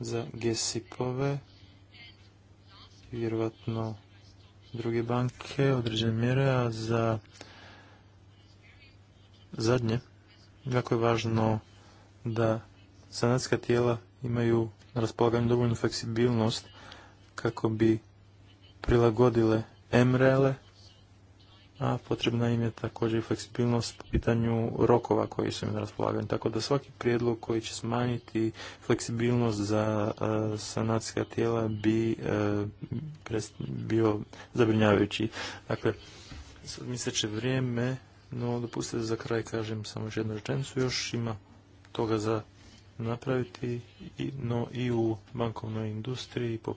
za GESIP-ove, vjerovatno druge banke, određene mjere, a za zadnje, jako je važno da sanatska tijela imaju na raspolaganju dovoljnu fleksibilnost kako bi prilagodile MRL-e a potrebna im je također i fleksibilnost po pitanju rokova koji su im na raspolaganju. Tako da svaki prijedlog koji će smanjiti fleksibilnost za e, sanacijska tijela bi e, bio zabrinjavajući. Dakle, sad mi vrijeme, no dopustite da za kraj kažem samo još jednu rečenicu, još ima toga za napraviti, no i u bankovnoj industriji po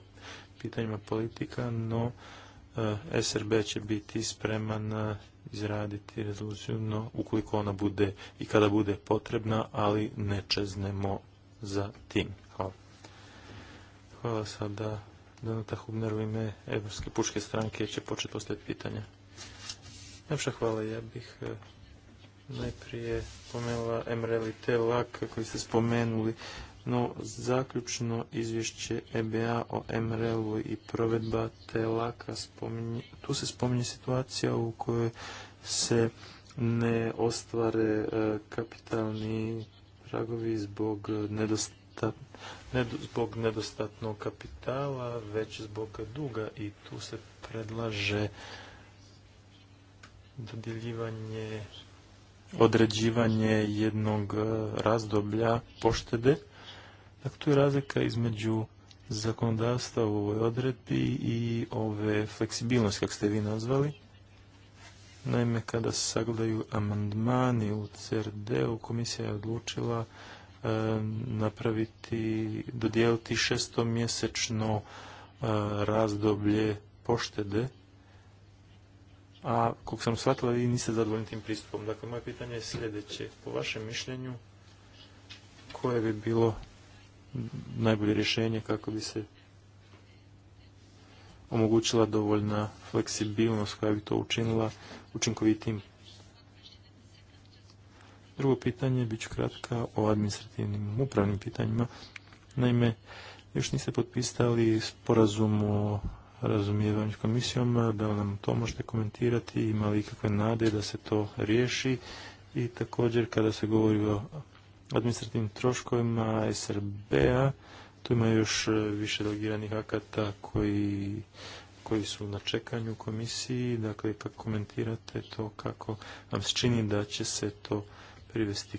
pitanjima politika, no E, SRB će biti spreman e, izraditi rezoluciju, no ukoliko ona bude i kada bude potrebna, ali ne čeznemo za tim. Hvala. Hvala sada. Danuta Hubner u ime Evropske pučke stranke će početi postaviti pitanja. Najpša hvala, ja bih e, najprije pomenula Emreli Telak koji ste spomenuli no, zaključno izvješće EBA o MRL-u i provedba telaka, spominje, tu se spominje situacija u kojoj se ne ostvare e, kapitalni pragovi zbog nedostatnog zbog nedostatnog kapitala, već zbog duga i tu se predlaže dodjeljivanje, određivanje jednog e, razdoblja poštede Dakle, tu je razlika između zakonodavstva u ovoj odredbi i ove fleksibilnosti, kako ste vi nazvali. Naime, kada se sagledaju amandmani u CRD-u, komisija je odlučila e, napraviti, dodijeliti šestomjesečno e, razdoblje poštede, a koliko sam shvatila, vi niste zadovoljni tim pristupom. Dakle, moje pitanje je sljedeće. Po vašem mišljenju, koje bi bilo najbolje rješenje kako bi se omogućila dovoljna fleksibilnost koja bi to učinila učinkovitim. Drugo pitanje, bit ću kratka o administrativnim upravnim pitanjima. Naime, još niste potpisali sporazum o razumijevanju s komisijom, da li nam to možete komentirati, imali li ikakve nade da se to riješi i također kada se govori o administrativnim troškovima SRB-a. Tu ima još e, više delegiranih akata koji, su na čekanju u komisiji. Dakle, kako komentirate to, kako vam se čini da će se to privesti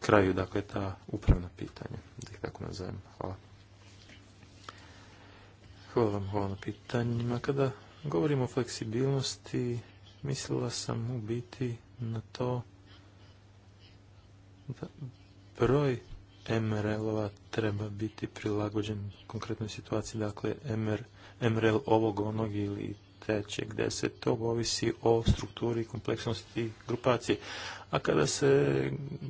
kraju, dakle, ta upravna pitanja, da ih tako Hvala. Hvala vam, hvala na pitanjima. Kada govorimo o fleksibilnosti, mislila sam u biti na to broj MRL-ova treba biti prilagođen konkretnoj situaciji, dakle MR, MRL ovog, onog ili trećeg, desetog, ovisi o strukturi i kompleksnosti grupacije. A kada se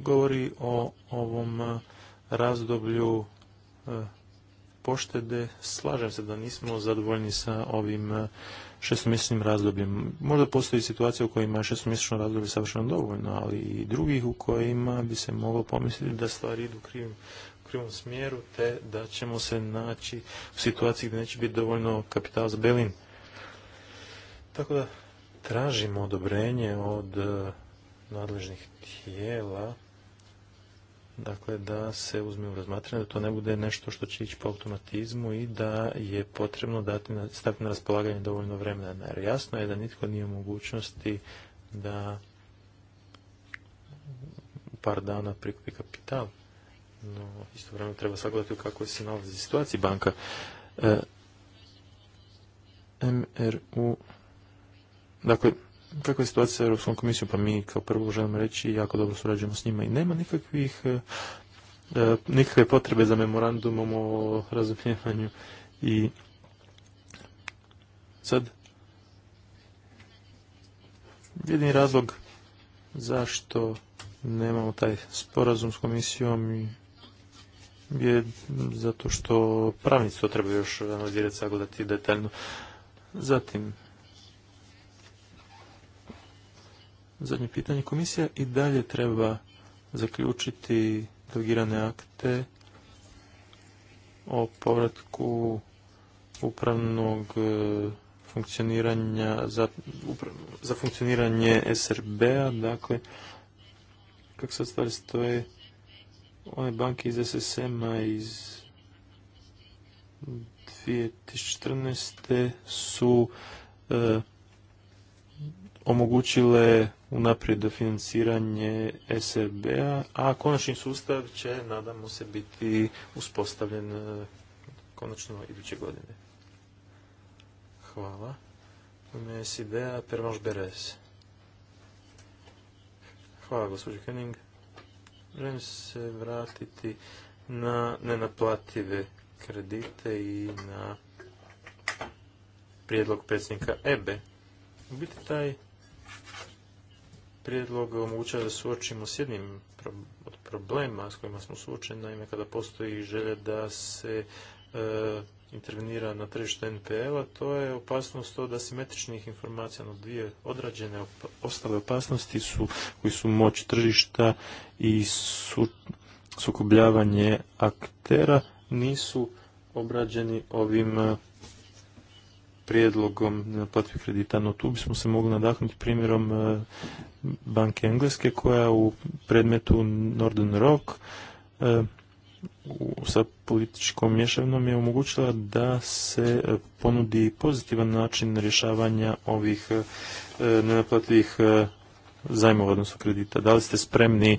govori o ovom razdoblju eh, poštede, slažem se da nismo zadovoljni sa ovim eh, šestomjesečnim razdobljem. Možda postoji situacija u kojima je šestomjesečno razdoblje savršeno dovoljno, ali i drugih u kojima bi se moglo pomisliti da stvari idu krivim u krivom smjeru, te da ćemo se naći u situaciji gdje neće biti dovoljno kapital za Belin. Tako da tražimo odobrenje od eh, nadležnih tijela dakle da se uzme u razmatranje, da to ne bude nešto što će ići po automatizmu i da je potrebno dati na, staviti na raspolaganje dovoljno vremena. Jer jasno je da nitko nije u mogućnosti da par dana prikupi kapital. No, isto vremeno treba sagledati u kakvoj se nalazi situaciji banka. E, MRU, dakle, kakva je situacija sa Europskom komisijom, pa mi kao prvo želimo reći jako dobro surađujemo s njima i nema nikakvih e, e, nikakve potrebe za memorandumom o razumijevanju i sad jedini razlog zašto nemamo taj sporazum s komisijom je zato što pravnici to treba još analizirati, sagledati detaljno. Zatim, zadnje pitanje. Komisija i dalje treba zaključiti delegirane akte o povratku upravnog e, funkcioniranja za, funkcioniranje SRB-a, dakle kako sad stvari stoje one banke iz SSM-a iz 2014. su e, omogućile unaprijed financiranje SRB-a, a konačni sustav će, nadamo se, biti uspostavljen e, konačno iduće godine. Hvala. U ime SID-a Pervanš Beres. Hvala, gospođo Henning. Želim se vratiti na nenaplative kredite i na prijedlog predsjednika EBE. U biti taj prijedlog omogućava da suočimo s jednim od problema s kojima smo suočeni, naime kada postoji želja da se e, intervenira na tržište NPL-a, to je opasnost od asimetričnih informacija, no dvije odrađene ostale opasnosti su koji su moć tržišta i su sukobljavanje aktera nisu obrađeni ovim prijedlogom platvih kredita, no tu bismo se mogli nadahnuti primjerom e, banke Engleske koja u predmetu Northern Rock e, sa političkom mješavnom je omogućila da se e, ponudi pozitivan način rješavanja ovih nenaplativih zajmova, odnosno kredita. Da li ste spremni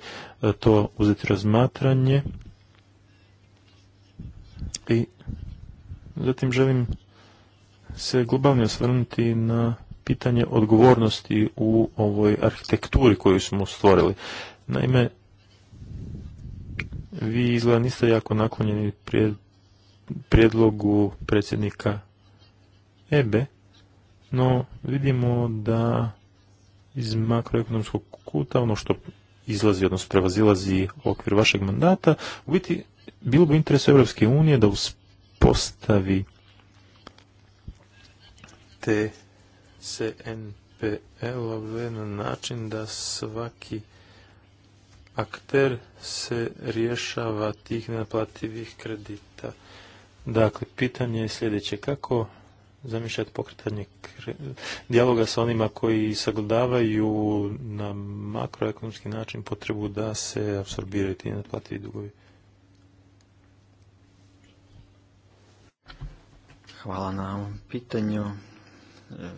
to uzeti razmatranje? I zatim želim se globalno osvrnuti na pitanje odgovornosti u ovoj arhitekturi koju smo stvorili. Naime, vi izgleda niste jako naklonjeni prijedlogu predsjednika EBE, no vidimo da iz makroekonomskog kuta, ono što izlazi, odnosno prevazilazi okvir vašeg mandata, u biti bilo bi interes Europske unije da uspostavi te cnpl na način da svaki akter se rješava tih nenaplativih kredita. Dakle, pitanje je sljedeće. Kako zamišljati pokretanje dijaloga sa onima koji sagledavaju na makroekonomski način potrebu da se absorbiraju ti nenaplativi dugovi? Hvala na ovom pitanju. E,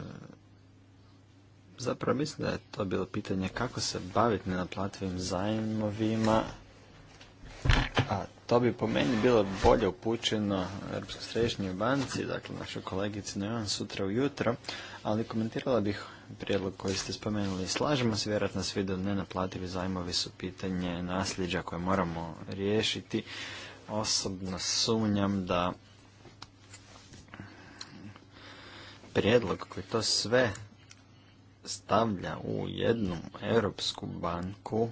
zapravo mislim da je to bilo pitanje kako se baviti nenaplativim zajmovima, a to bi po meni bilo bolje upućeno Europskoj središnjoj banci, dakle našoj kolegici jedan sutra ujutro, ali komentirala bih prijedlog koji ste spomenuli. Slažemo se vjerojatno svi da nenaplativi zajmovi su pitanje nasljeđa koje moramo riješiti. Osobno sumnjam da prijedlog koji to sve stavlja u jednu europsku banku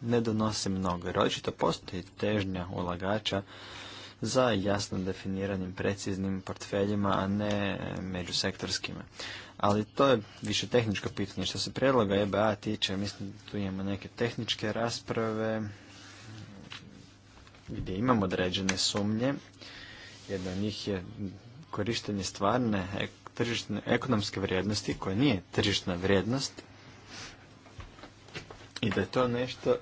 ne donosi mnogo. Očito postoji težnja ulagača za jasno definiranim preciznim portfeljima, a ne međusektorskima. Ali to je više tehničko pitanje. Što se prijedloga EBA tiče, mislim da tu imamo neke tehničke rasprave gdje imamo određene sumnje. Jedna od njih je korištenje stvarne tržišne, ekonomske vrijednosti koja nije tržišna vrijednost i da je to nešto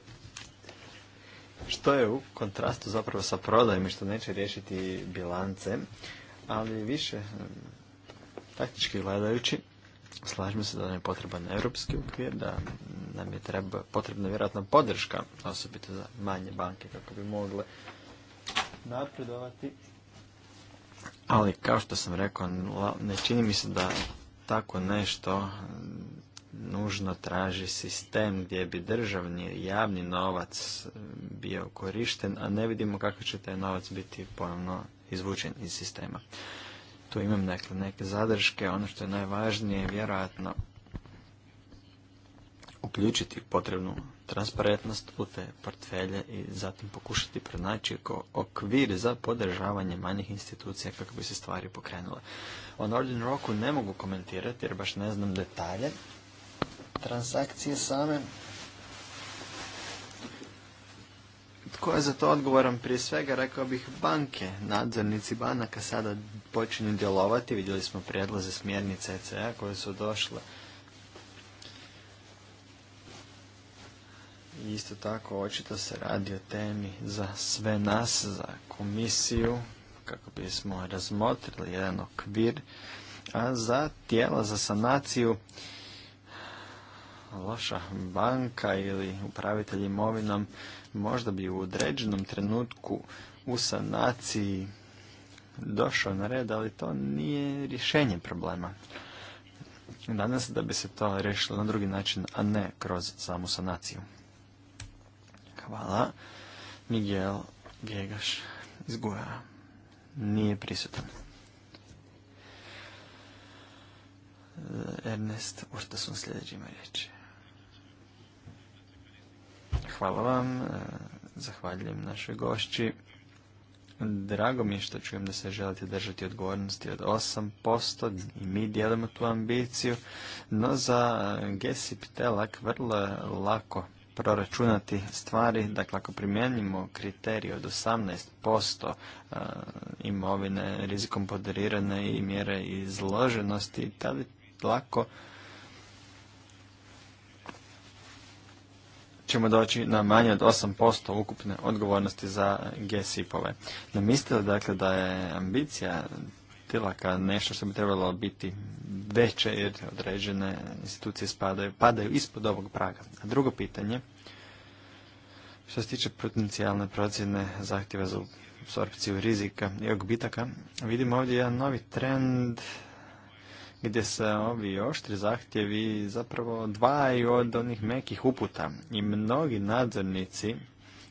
što je u kontrastu zapravo sa prodajem i što neće riješiti bilance, ali više taktički gledajući slažemo se da nam je potreban europski okvir, da nam je treba, potrebna vjerojatno podrška, osobito za manje banke kako bi mogle napredovati ali kao što sam rekao, ne čini mi se da tako nešto nužno traži sistem gdje bi državni javni novac eh, bio korišten, a ne vidimo kako će taj novac biti ponovno izvučen iz sistema. Tu imam dakle neke zadrške, ono što je najvažnije je vjerojatno uključiti potrebnu transparentnost u te portfelje i zatim pokušati pronaći okvir za podržavanje manjih institucija kako bi se stvari pokrenule. O Northern roku ne mogu komentirati jer baš ne znam detalje transakcije same. Tko je za to odgovoran? Prije svega rekao bih banke. Nadzornici banaka sada počinju djelovati. Vidjeli smo prijedloze smjernice ECA koje su došle I isto tako očito se radi o temi za sve nas, za komisiju, kako bismo razmotrili jedan okvir, a za tijela za sanaciju loša banka ili upravitelj imovinom možda bi u određenom trenutku u sanaciji došao na red, ali to nije rješenje problema. Danas da bi se to riješilo na drugi način, a ne kroz samu sanaciju. Hvala. Miguel Gegaš iz Nije prisutan. Ernest Urtasun sljedeći ima riječ. Hvala vam. Zahvaljujem našoj gošći. Drago mi je što čujem da se želite držati odgovornosti od 8% i mi dijelimo tu ambiciju, no za Gesip Telak vrlo lako proračunati stvari, dakle ako primjenimo kriterij od 18% e, imovine rizikom poderirane i mjere izloženosti, tada lako ćemo doći na manje od 8% ukupne odgovornosti za G-SIP-ove. dakle da je ambicija tilaka nešto što bi trebalo biti veće jer određene institucije spadaju, padaju ispod ovog praga. A drugo pitanje, što se tiče potencijalne procjene zahtjeva za absorpciju rizika i gubitaka, vidimo ovdje jedan novi trend gdje se ovi oštri zahtjevi zapravo dvaju od onih mekih uputa i mnogi nadzornici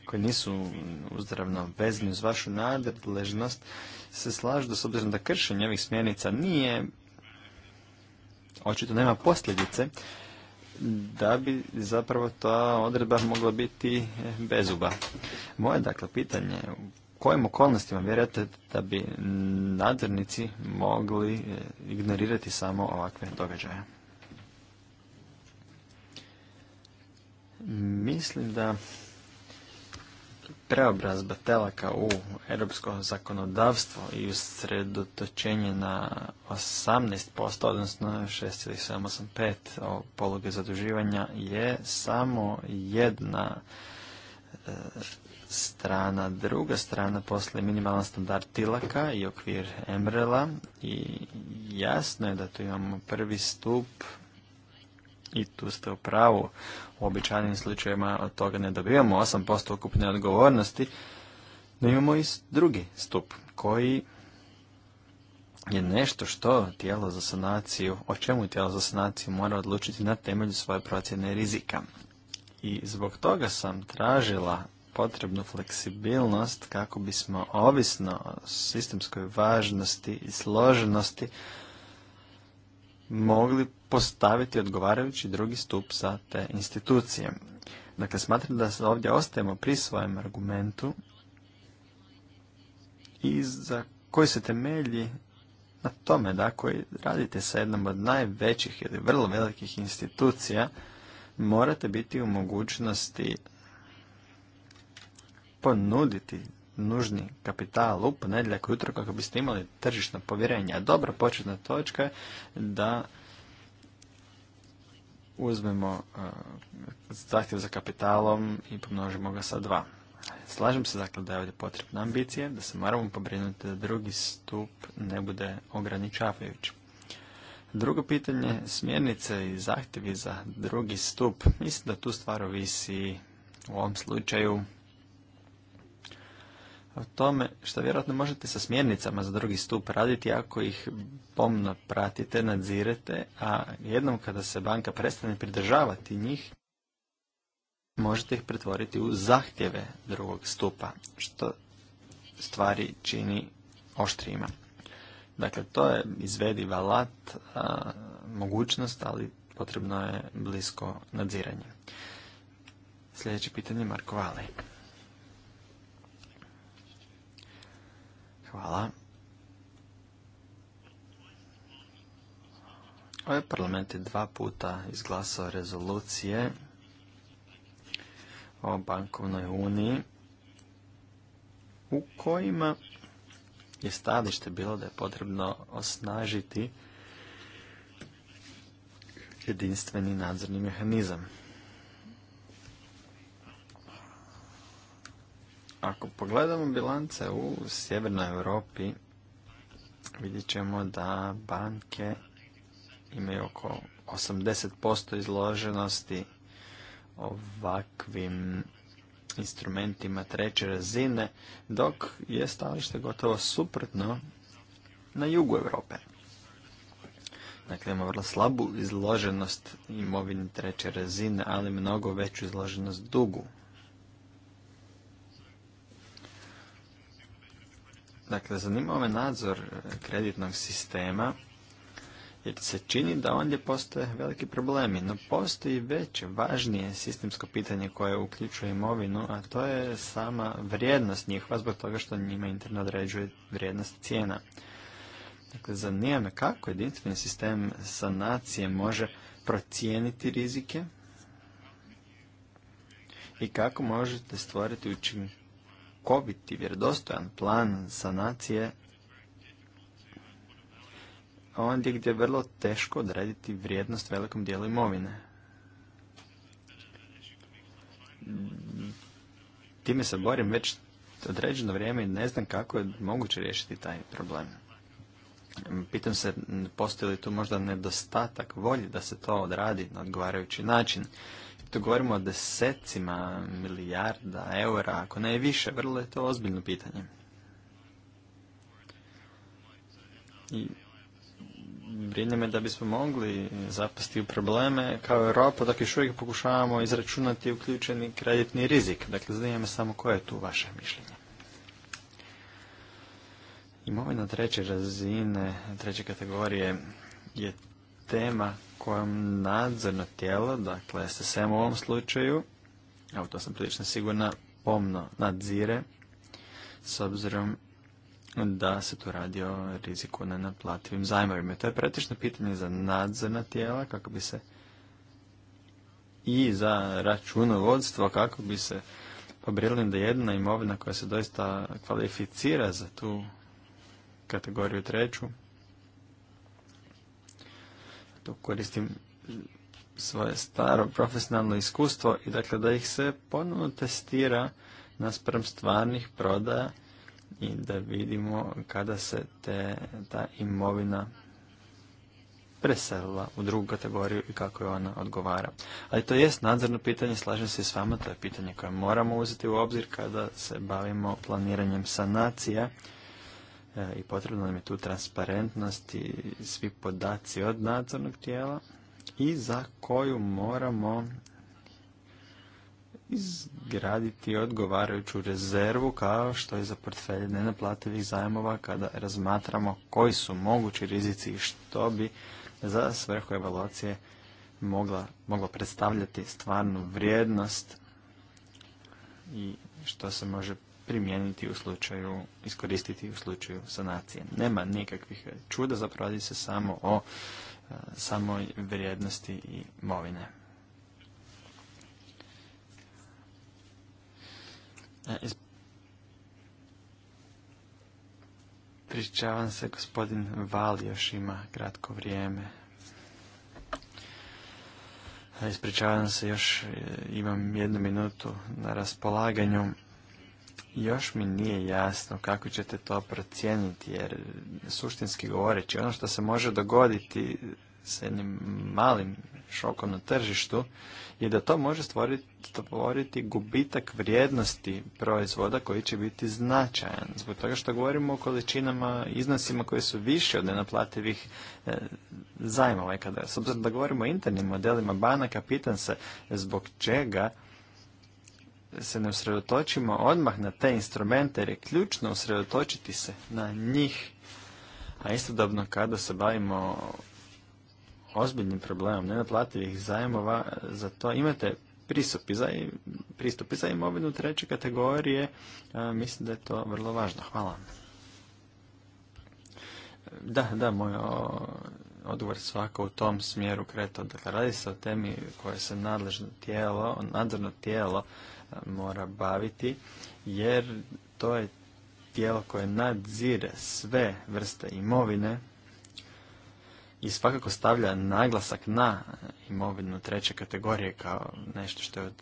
koji nisu uzdravno vezni uz vašu nadležnost se slažu da s obzirom da kršenje ovih smjernica nije očito nema posljedice da bi zapravo ta odredba mogla biti eh, bezuba. Moje dakle pitanje u kojim okolnostima vjerujete da bi nadzornici mogli eh, ignorirati samo ovakve događaje? Mislim da preobrazba telaka u europsko zakonodavstvo i usredotočenje na 18%, odnosno 6,785 poluge zaduživanja je samo jedna e, strana. Druga strana posle minimalan standard tilaka i okvir Emrela i jasno je da tu imamo prvi stup i tu ste u pravu u običajnim slučajevima od toga ne dobivamo 8% ukupne odgovornosti, no imamo i drugi stup koji je nešto što tijelo za sanaciju, o čemu tijelo za sanaciju mora odlučiti na temelju svoje procjene rizika. I zbog toga sam tražila potrebnu fleksibilnost kako bismo ovisno o sistemskoj važnosti i složenosti mogli postaviti odgovarajući drugi stup za te institucije. Dakle, smatram da se ovdje ostajemo pri svojem argumentu i za koji se temelji na tome da ako radite sa jednom od najvećih ili vrlo velikih institucija, morate biti u mogućnosti ponuditi nužni kapital u ponedjeljak ujutro kako biste imali tržišno povjerenje. A dobra početna točka je da uzmemo e, zahtjev za kapitalom i pomnožimo ga sa dva. Slažem se dakle da je ovdje potrebna ambicija, da se moramo pobrinuti da drugi stup ne bude ograničavajući. Drugo pitanje, smjernice i zahtjevi za drugi stup. Mislim da tu stvar ovisi u ovom slučaju o tome što vjerojatno možete sa smjernicama za drugi stup raditi ako ih pomno pratite, nadzirete, a jednom kada se banka prestane pridržavati njih, možete ih pretvoriti u zahtjeve drugog stupa, što stvari čini oštrijima. Dakle, to je izvediv alat, mogućnost, ali potrebno je blisko nadziranje. Sljedeće pitanje Marko Hvala. Ovaj parlament je dva puta izglasao rezolucije o bankovnoj uniji u kojima je stadište bilo da je potrebno osnažiti jedinstveni nadzorni mehanizam. Ako pogledamo bilance u Sjevernoj Europi, vidjet ćemo da banke imaju oko 80% izloženosti ovakvim instrumentima treće razine, dok je stalište gotovo suprotno na jugu Europe. Dakle, imamo vrlo slabu izloženost imovini treće razine, ali mnogo veću izloženost dugu. Dakle, zanima me nadzor e, kreditnog sistema, jer se čini da ondje postoje veliki problemi, no postoji već važnije sistemsko pitanje koje uključuje imovinu, a to je sama vrijednost njihova zbog toga što njima interno određuje vrijednost cijena. Dakle, zanima me kako jedinstveni sistem sanacije može procijeniti rizike i kako možete stvoriti učinkovitost kobiti i vjerodostojan plan sanacije ondje gdje je vrlo teško odrediti vrijednost velikom dijelu imovine. Time se borim već određeno vrijeme i ne znam kako je moguće riješiti taj problem. Pitam se, postoji li tu možda nedostatak volje da se to odradi na odgovarajući način govorimo o desecima milijarda eura, ako ne više, vrlo je to ozbiljno pitanje. I brine me da bismo mogli zapasti u probleme kao Europa, dok još uvijek pokušavamo izračunati uključeni kreditni rizik. Dakle, zanima me samo koje je tu vaše mišljenje. Imovina treće razine, treće kategorije je tema kojom nadzorno tijelo, dakle SSM u ovom slučaju, evo to sam prilično sigurna, pomno nadzire s obzirom da se tu radi o riziku na naplativim zajmovima. To je pretično pitanje za nadzorna tijela kako bi se i za računovodstvo kako bi se pobrinuli da jedna imovina koja se doista kvalificira za tu kategoriju treću tu koristim svoje staro profesionalno iskustvo i dakle da ih se ponovno testira naspram stvarnih prodaja i da vidimo kada se ta imovina preselila u drugu kategoriju i kako je ona odgovara. Ali to jest nadzorno pitanje, slažem se s vama, to je pitanje koje moramo uzeti u obzir kada se bavimo planiranjem sanacija E, i potrebno nam je tu transparentnost i svi podaci od nadzornog tijela i za koju moramo izgraditi odgovarajuću rezervu kao što je za portfelje nenaplativih zajmova kada razmatramo koji su mogući rizici i što bi za svrhu evaluacije mogla, moglo predstavljati stvarnu vrijednost i što se može primijeniti u slučaju, iskoristiti u slučaju sanacije. Nema nikakvih čuda, zapravo radi se samo o e, samoj vrijednosti i imovine. E, Pričavam se, gospodin Val još ima kratko vrijeme. E, ispričavam se, još imam jednu minutu na raspolaganju još mi nije jasno kako ćete to procijeniti, jer suštinski govoreći, ono što se može dogoditi s jednim malim šokom na tržištu je da to može stvoriti, gubitak vrijednosti proizvoda koji će biti značajan. Zbog toga što govorimo o količinama, iznosima koji su više od nenaplativih e, zajmova. s obzirom da govorimo o internim modelima banaka, pitan se zbog čega se ne usredotočimo odmah na te instrumente jer je ključno usredotočiti se na njih. A istodobno kada se bavimo ozbiljnim problemom nenaplativih zajmova, za to imate pristupi za, imovinu treće kategorije. mislim da je to vrlo važno. Hvala. Da, da, moj odgovor svako u tom smjeru kretao. Dakle, radi se o temi koje se nadležno tijelo, nadzorno tijelo mora baviti jer to je tijelo koje nadzire sve vrste imovine i svakako stavlja naglasak na imovinu treće kategorije kao nešto što je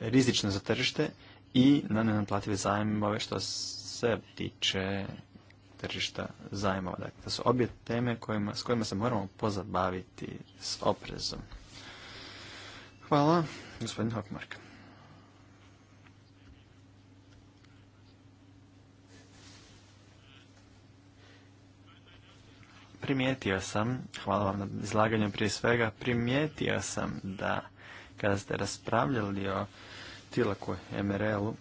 rizično za tržište i na nenaplative zajmove što se tiče tržišta zajmova. Dakle, to su obje teme kojima, s kojima se moramo pozabaviti s oprezom. Hvala, gospodin Hokmark. primijetio sam, hvala vam na izlaganju prije svega, primijetio sam da kada ste raspravljali o tilaku MRL-u,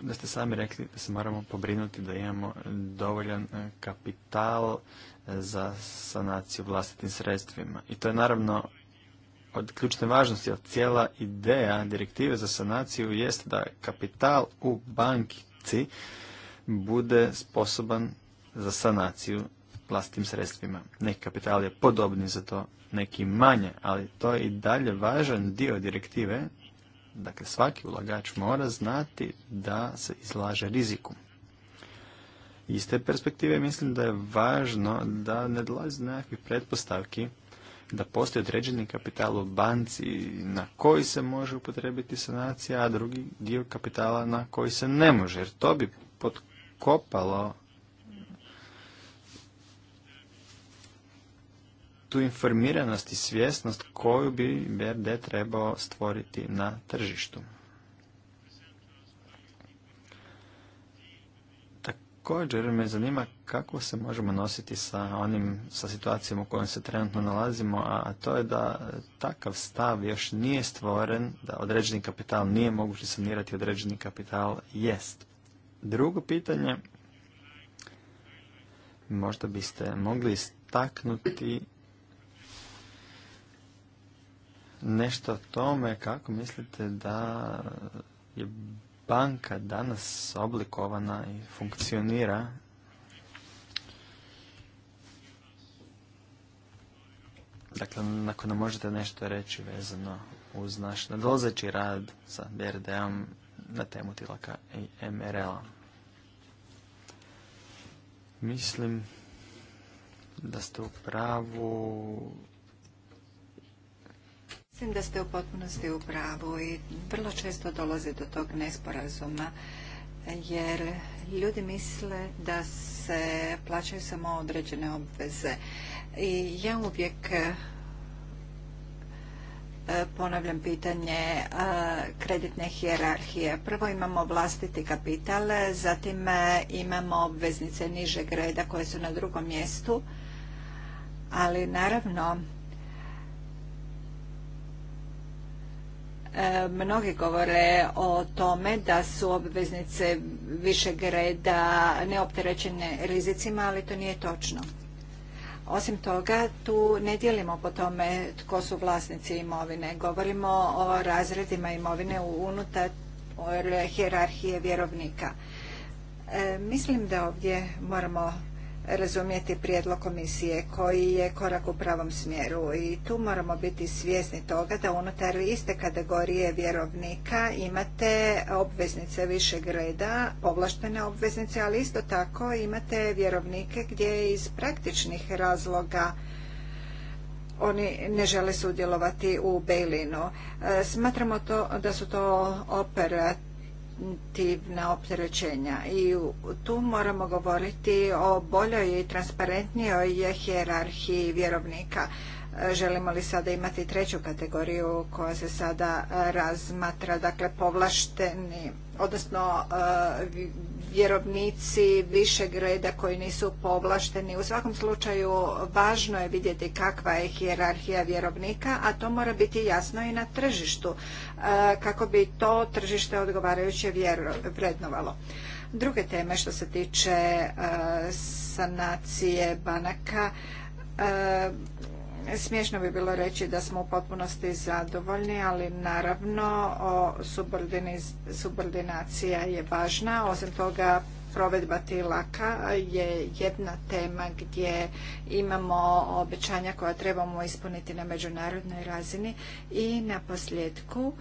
da ste sami rekli da se moramo pobrinuti da imamo dovoljan e, kapital e, za sanaciju vlastitim sredstvima. I to je naravno od ključne važnosti, od cijela ideja direktive za sanaciju jest da kapital u bankici bude sposoban za sanaciju vlastitim sredstvima. Neki kapital je podobni za to, neki manje, ali to je i dalje važan dio direktive. Dakle, svaki ulagač mora znati da se izlaže riziku. Iz te perspektive mislim da je važno da ne dolazi do nekakvih pretpostavki da postoji određeni kapital u banci na koji se može upotrebiti sanacija, a drugi dio kapitala na koji se ne može, jer to bi potkopalo tu informiranost i svjesnost koju bi BRD trebao stvoriti na tržištu. Također me zanima kako se možemo nositi sa onim, sa situacijom u kojoj se trenutno nalazimo, a to je da takav stav još nije stvoren, da određeni kapital nije moguće sanirati, određeni kapital jest. Drugo pitanje, možda biste mogli istaknuti nešto o tome kako mislite da je banka danas oblikovana i funkcionira Dakle, ako nam možete nešto reći vezano uz naš nadolazeći rad sa BRD-om na temu tilaka i MRL-a. Mislim da ste u pravu Mislim da ste u potpunosti u pravu i vrlo često dolazi do tog nesporazuma jer ljudi misle da se plaćaju samo određene obveze. I ja uvijek e, ponavljam pitanje e, kreditne hijerarhije. Prvo imamo vlastiti kapital, zatim e, imamo obveznice nižeg reda koje su na drugom mjestu, ali naravno E, mnogi govore o tome da su obveznice višeg reda neopterećene rizicima, ali to nije točno. Osim toga, tu ne dijelimo po tome tko su vlasnici imovine. Govorimo o razredima imovine unutar hjerarhije vjerovnika. E, mislim da ovdje moramo razumjeti prijedlog komisije koji je korak u pravom smjeru i tu moramo biti svjesni toga da unutar iste kategorije vjerovnika imate obveznice višeg reda, povlaštene obveznice, ali isto tako imate vjerovnike gdje iz praktičnih razloga oni ne žele sudjelovati u Bejlinu. E, smatramo to, da su to operat, administrativna opterećenja i tu moramo govoriti o boljoj i transparentnijoj hijerarhiji vjerovnika Želimo li sada imati treću kategoriju koja se sada e, razmatra, dakle povlašteni, odnosno e, vjerovnici višeg reda koji nisu povlašteni. U svakom slučaju važno je vidjeti kakva je hijerarhija vjerovnika, a to mora biti jasno i na tržištu e, kako bi to tržište odgovarajuće vrednovalo. Druge teme što se tiče sanacije banaka, Smiješno bi bilo reći da smo u potpunosti zadovoljni, ali naravno subordinacija je važna. Osim toga, provedba tilaka je jedna tema gdje imamo obećanja koja trebamo ispuniti na međunarodnoj razini i na posljedku,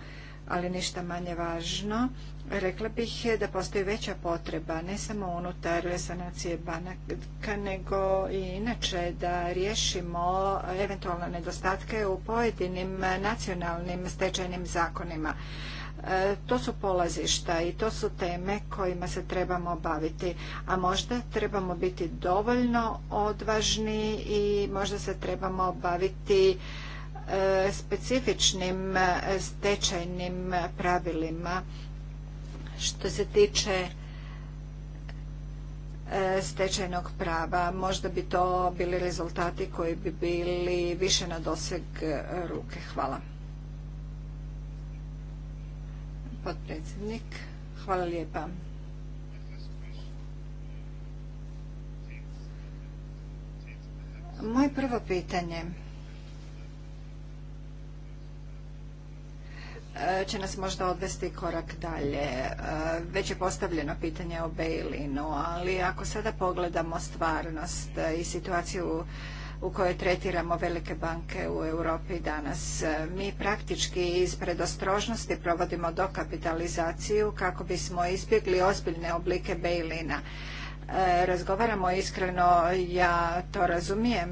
ali ništa manje važno, Rekla bih da postoji veća potreba, ne samo unutar sanacije banaka, nego i inače da riješimo eventualne nedostatke u pojedinim nacionalnim stečajnim zakonima. E, to su polazišta i to su teme kojima se trebamo baviti, a možda trebamo biti dovoljno odvažni i možda se trebamo baviti e, specifičnim stečajnim pravilima što se tiče e, stečajnog prava, možda bi to bili rezultati koji bi bili više na doseg e, ruke. Hvala. Potpredsjednik, hvala lijepa. Moje prvo pitanje E, će nas možda odvesti korak dalje. E, već je postavljeno pitanje o Bejlinu, ali ako sada pogledamo stvarnost i situaciju u kojoj tretiramo velike banke u Europi danas. E, mi praktički iz predostrožnosti provodimo dokapitalizaciju kako bismo izbjegli ozbiljne oblike bailina. razgovaramo iskreno, ja to razumijem,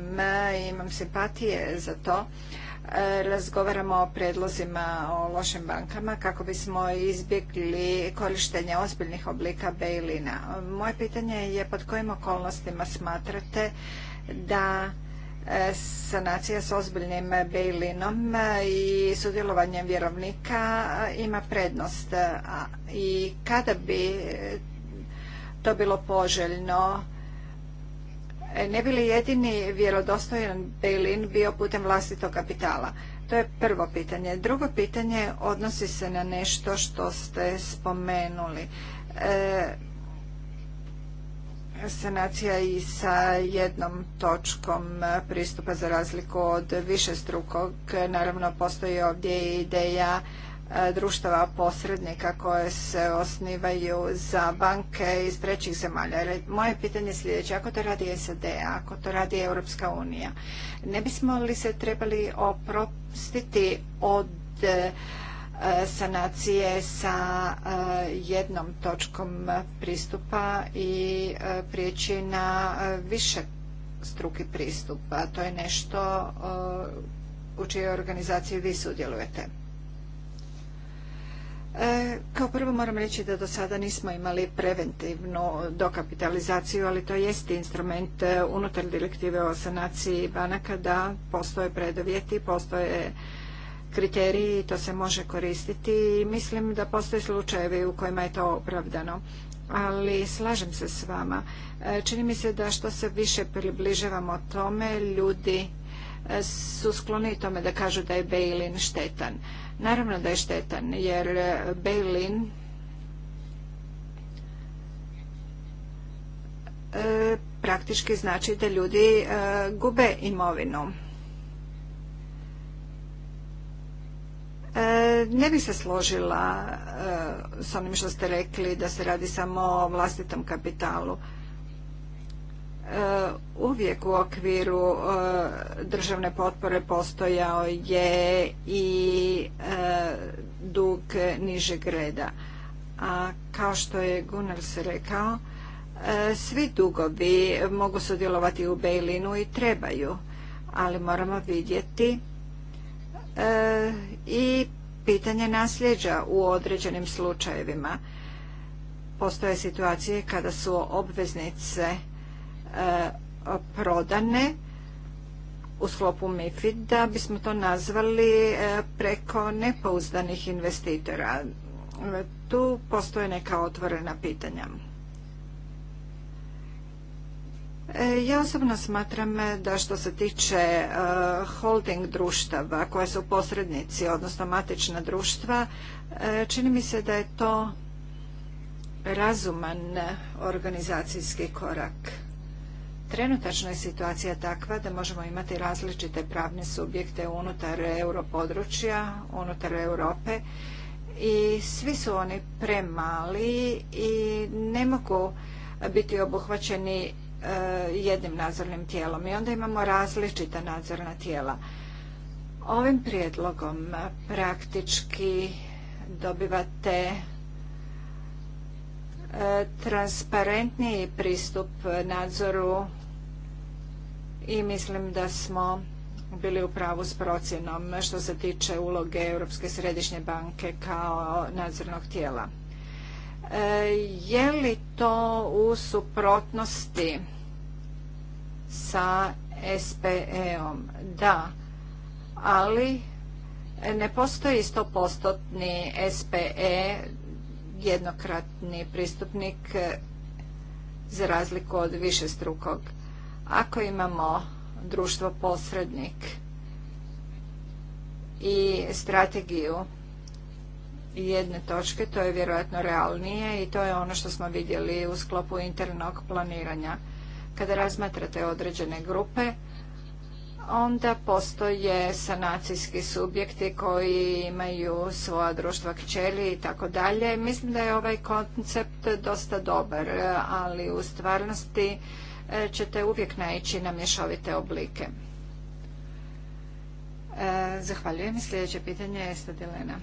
imam simpatije za to, E, razgovaramo o predlozima o lošim bankama kako bismo izbjegli korištenje ozbiljnih oblika bailina. Moje pitanje je pod kojim okolnostima smatrate da e, sanacija s ozbiljnim bailinom i sudjelovanjem vjerovnika e, ima prednost i kada bi to bilo poželjno ne bi li jedini vjerodostojan bail bio putem vlastitog kapitala? To je prvo pitanje. Drugo pitanje odnosi se na nešto što ste spomenuli. E, sanacija i sa jednom točkom pristupa za razliku od višestrukog. Naravno, postoji ovdje i ideja E, društava posrednika koje se osnivaju za banke iz trećih zemalja. Moje pitanje je sljedeće, ako to radi SAD, ako to radi Europska unija, ne bismo li se trebali oprostiti od e, sanacije sa e, jednom točkom pristupa i prijeći na više struki pristup, to je nešto u čijoj organizaciji vi sudjelujete. E, kao prvo moram reći da do sada nismo imali preventivnu dokapitalizaciju, ali to jest instrument e, unutar direktive o sanaciji banaka da postoje predovjeti, postoje kriteriji i to se može koristiti i mislim da postoje slučajevi u kojima je to opravdano. Ali slažem se s vama. E, čini mi se da što se više približavamo tome, ljudi su skloni tome da kažu da je Bejlin štetan. Naravno da je štetan jer e, Bejlin e, praktički znači da ljudi e, gube imovinu. Ne bi se složila s onim što ste rekli da se radi samo o vlastitom kapitalu. E, uvijek u okviru e, državne potpore postojao je i e, dug nižeg reda. A kao što je Gunnars rekao, svi dugovi mogu sudjelovati u Bejlinu i trebaju, ali moramo vidjeti i pitanje nasljeđa u određenim slučajevima. Postoje situacije kada su obveznice E, prodane u sklopu MIFID da bismo to nazvali e, preko nepouzdanih investitora. Tu postoje neka otvorena pitanja. E, ja osobno smatram da što se tiče holding društava koja su posrednici, odnosno matična društva, čini mi se da je to razuman organizacijski korak. Trenutačno je situacija takva da možemo imati različite pravne subjekte unutar europodručja, unutar Europe i svi su oni premali i ne mogu biti obuhvaćeni e, jednim nadzornim tijelom i onda imamo različita nadzorna tijela. Ovim prijedlogom praktički dobivate e, transparentniji pristup nadzoru i mislim da smo bili u pravu s procjenom što se tiče uloge Europske središnje banke kao nadzornog tijela. E, je li to u suprotnosti sa SPE-om? Da, ali ne postoji stopostotni SPE, jednokratni pristupnik, e, za razliku od višestrukog ako imamo društvo posrednik i strategiju jedne točke, to je vjerojatno realnije i to je ono što smo vidjeli u sklopu internog planiranja. Kada razmatrate određene grupe, onda postoje sanacijski subjekti koji imaju svoja društva kćeli i tako dalje. Mislim da je ovaj koncept dosta dobar, ali u stvarnosti ćete uvijek naići na mješovite oblike. E, zahvaljujem. Sljedeće pitanje je Stadilena.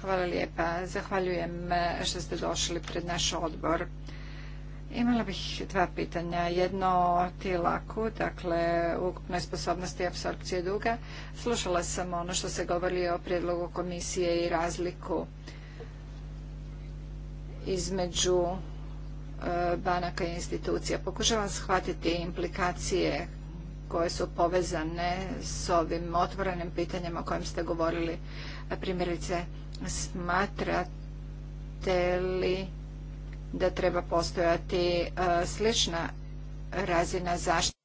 Hvala lijepa. Zahvaljujem e, što ste došli pred naš odbor. Imala bih dva pitanja. Jedno o tilak dakle ukupnoj sposobnosti apsorpcije duga. Slušala sam ono što se govori o prijedlogu komisije i razliku između E, banaka i institucija. Pokušavam shvatiti implikacije koje su povezane s ovim otvorenim pitanjem o kojem ste govorili. E, primjerice, smatrate li da treba postojati e, slična razina zaštite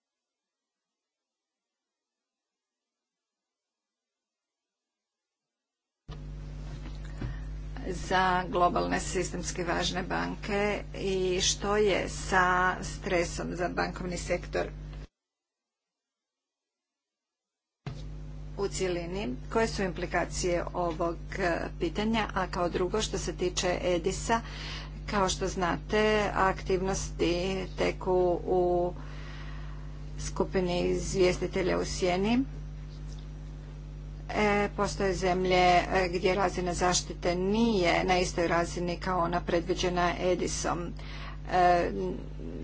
za globalne sistemski važne banke i što je sa stresom za bankovni sektor u cjelini, koje su implikacije ovog e, pitanja, a kao drugo što se tiče Edisa, kao što znate, aktivnosti teku u skupini izvjestitelja u Sjeni E, postoje zemlje e, gdje razina zaštite nije na istoj razini kao ona predviđena Edisom. E,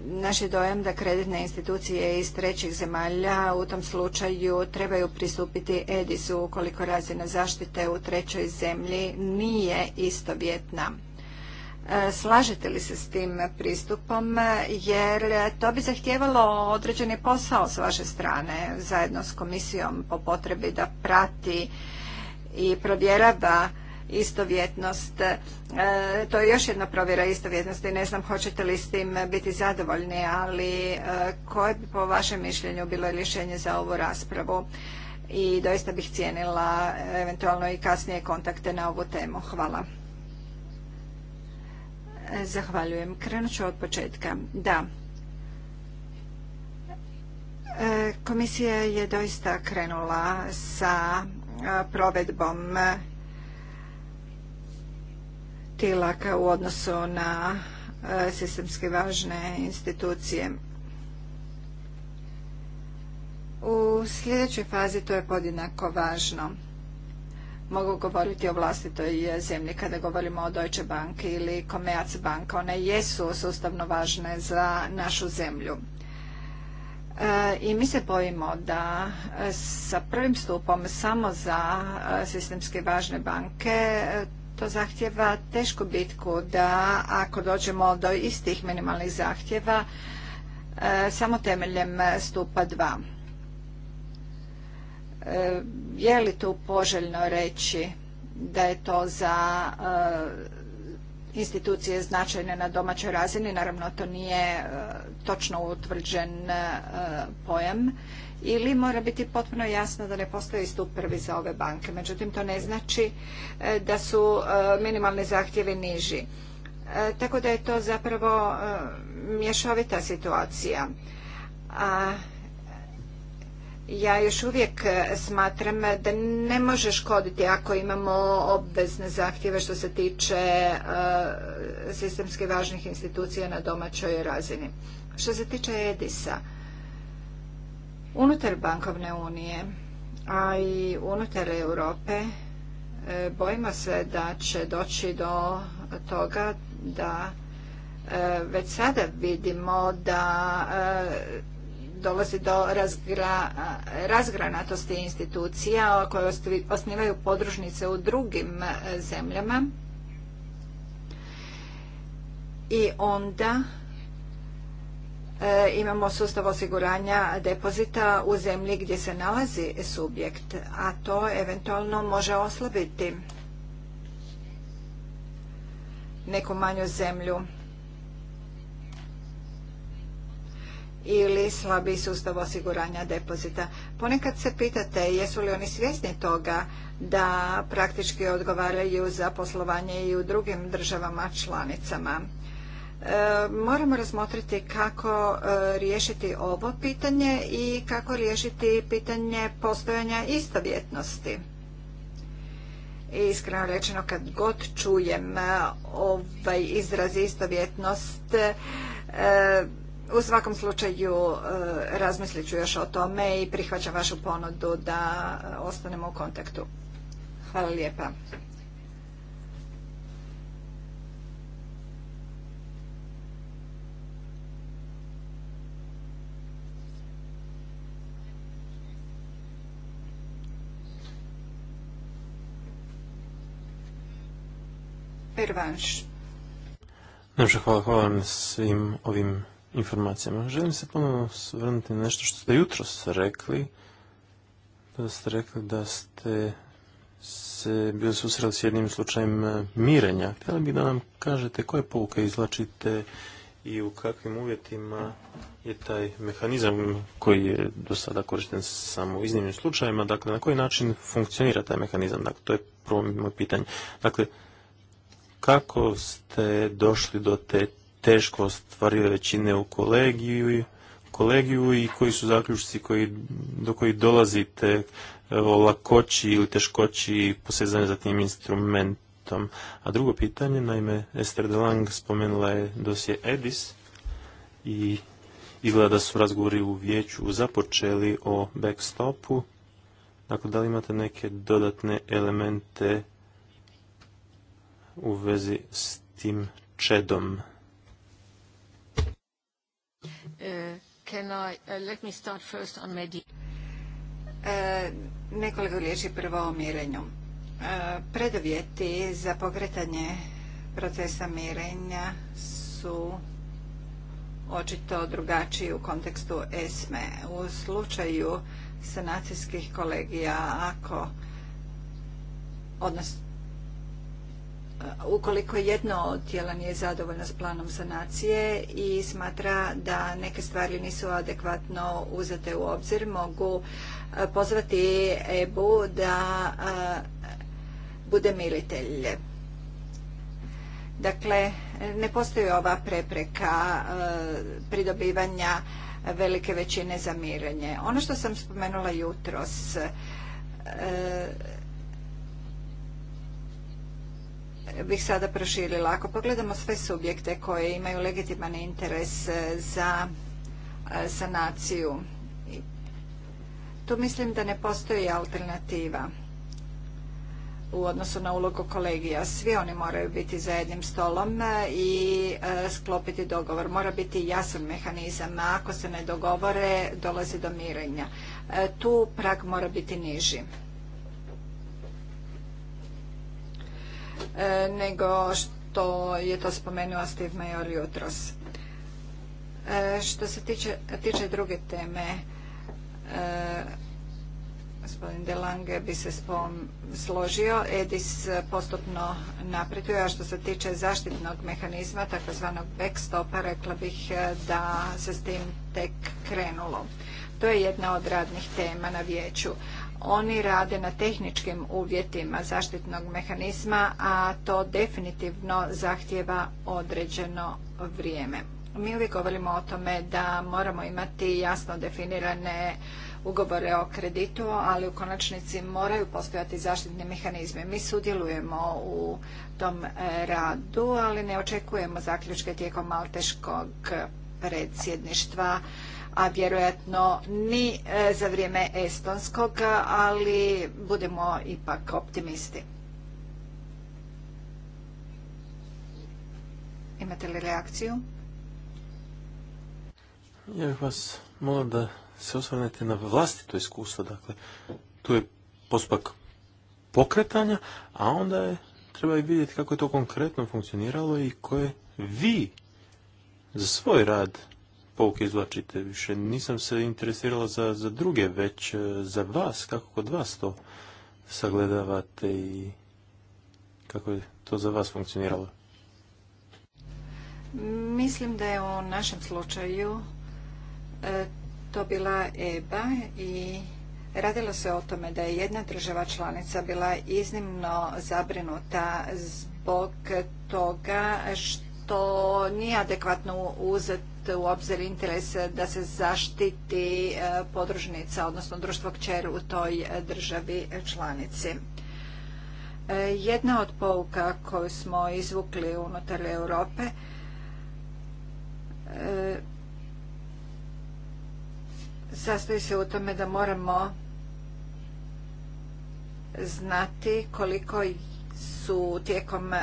naš je dojam da kreditne institucije iz trećih zemalja u tom slučaju trebaju pristupiti Edisu ukoliko razina zaštite u trećoj zemlji nije istovjetna E, slažete li se s tim pristupom jer to bi zahtijevalo određeni posao s vaše strane zajedno s komisijom po potrebi da prati i provjerava istovjetnost. E, to je još jedna provjera istovjetnosti. Ne znam hoćete li s tim biti zadovoljni, ali e, koje bi po vašem mišljenju bilo rješenje za ovu raspravu? I doista bih cijenila eventualno i kasnije kontakte na ovu temu. Hvala. Zahvaljujem. Krenut ću od početka. Da. E, komisija je doista krenula sa provedbom e, tilaka u odnosu na e, sistemske važne institucije. U sljedećoj fazi to je podjednako važno mogu govoriti o vlastitoj zemlji kada govorimo o Deutsche Bank ili Komeac banka One jesu sustavno važne za našu zemlju. E, I mi se bojimo da e, sa prvim stupom samo za e, sistemske važne banke to zahtjeva tešku bitku da ako dođemo do istih minimalnih zahtjeva samo temeljem stupa 2. E, je li tu poželjno reći da je to za e, institucije značajne na domaćoj razini, naravno to nije e, točno utvrđen pojam, ili mora biti potpuno jasno da ne postoji stup prvi za ove banke. Međutim, to ne znači da su minimalni zahtjevi niži. Tako da je to zapravo mješovita situacija. A ja još uvijek e, smatram da ne može škoditi ako imamo obvezne zahtjeve što se tiče e, sistemski važnih institucija na domaćoj razini. Što se tiče EDISA, unutar bankovne unije, a i unutar Europe, e, bojimo se da će doći do toga da već sada vidimo da dolazi do razgranatosti institucija koje osnivaju podružnice u drugim e, zemljama i onda e, imamo sustav osiguranja depozita u zemlji gdje se nalazi subjekt, a to eventualno može oslabiti neku manju zemlju ili slabi sustav osiguranja depozita. Ponekad se pitate jesu li oni svjesni toga da praktički odgovaraju za poslovanje i u drugim državama članicama. E, moramo razmotriti kako e, riješiti ovo pitanje i kako riješiti pitanje postojanja istovjetnosti. iskreno rečeno kad god čujem e, ovaj izraz istovjetnost u svakom slučaju e, razmislit ću još o tome i prihvaćam vašu ponudu da e, ostanemo u kontaktu. Hvala lijepa. hvala svim ovim informacijama. Želim se ponovno svrnuti na nešto što ste jutro rekli. Da ste rekli da ste se bili susreli s jednim slučajem e, mirenja. Htjeli bih da nam kažete koje pouke izlačite i u kakvim uvjetima je taj mehanizam koji je do sada korišten samo u iznimnim slučajevima, dakle na koji način funkcionira taj mehanizam, dakle to je prvo moje pitanje. Dakle, kako ste došli do te teško ostvarile većine u kolegiju, kolegiju i koji su zaključci koji, do koji dolazite o e, lakoći ili teškoći posezanja za tim instrumentom. A drugo pitanje, naime, Esther de spomenula je dosje Edis i izgleda da su razgovori u vijeću započeli o backstopu. Dakle, da li imate neke dodatne elemente u vezi s tim čedom? nekoliko riječi prvo o mirenju. Uh, predovjeti za pokretanje procesa mirenja su očito drugačiji u kontekstu ESME. U slučaju sanacijskih kolegija, ako odnosno ukoliko jedno od tijela nije zadovoljno s planom sanacije i smatra da neke stvari nisu adekvatno uzete u obzir, mogu e, pozvati EBU da e, bude militelj. Dakle, ne postoji ova prepreka e, pridobivanja velike većine za mirenje. Ono što sam spomenula jutros, bih sada proširila. Ako pogledamo sve subjekte koje imaju legitiman interes e, za e, sanaciju, tu mislim da ne postoji alternativa u odnosu na ulogu kolegija. Svi oni moraju biti za jednim stolom e, i sklopiti dogovor. Mora biti jasan mehanizam, a ako se ne dogovore, dolazi do mirenja. Tu prag mora biti niži. E, nego što je to spomenuo Steve Major jutros. E, što se tiče, tiče druge teme, e, gospodin Delange bi se spom složio. EDIS postupno napreduje, a što se tiče zaštitnog mehanizma, takozvanog backstopa, rekla bih da se s tim tek krenulo. To je jedna od radnih tema na vijeću. Oni rade na tehničkim uvjetima zaštitnog mehanizma, a to definitivno zahtjeva određeno vrijeme. Mi uvijek govorimo o tome da moramo imati jasno definirane ugovore o kreditu, ali u konačnici moraju postojati zaštitni mehanizme. Mi sudjelujemo u tom e, radu, ali ne očekujemo zaključke tijekom malteškog predsjedništva a vjerojatno ni e, za vrijeme estonskog, ali budemo ipak optimisti. Imate li reakciju? Ja bih vas molim da se osvrnete na vlastito iskustvo. Dakle, tu je postupak pokretanja, a onda je treba i vidjeti kako je to konkretno funkcioniralo i koje vi za svoj rad pouke izvlačite. Više nisam se interesirala za, druge, već e, za vas, kako kod vas to sagledavate i kako je to za vas funkcioniralo. Mislim da je u našem slučaju e, to bila EBA i radilo se o tome da je jedna država članica bila iznimno zabrinuta zbog toga što nije adekvatno uzet u obzir interes da se zaštiti e, podružnica, odnosno društvo kćer u toj e, državi članici. E, jedna od pouka koju smo izvukli unutar Europe sastoji se u tome da moramo znati koliko su tijekom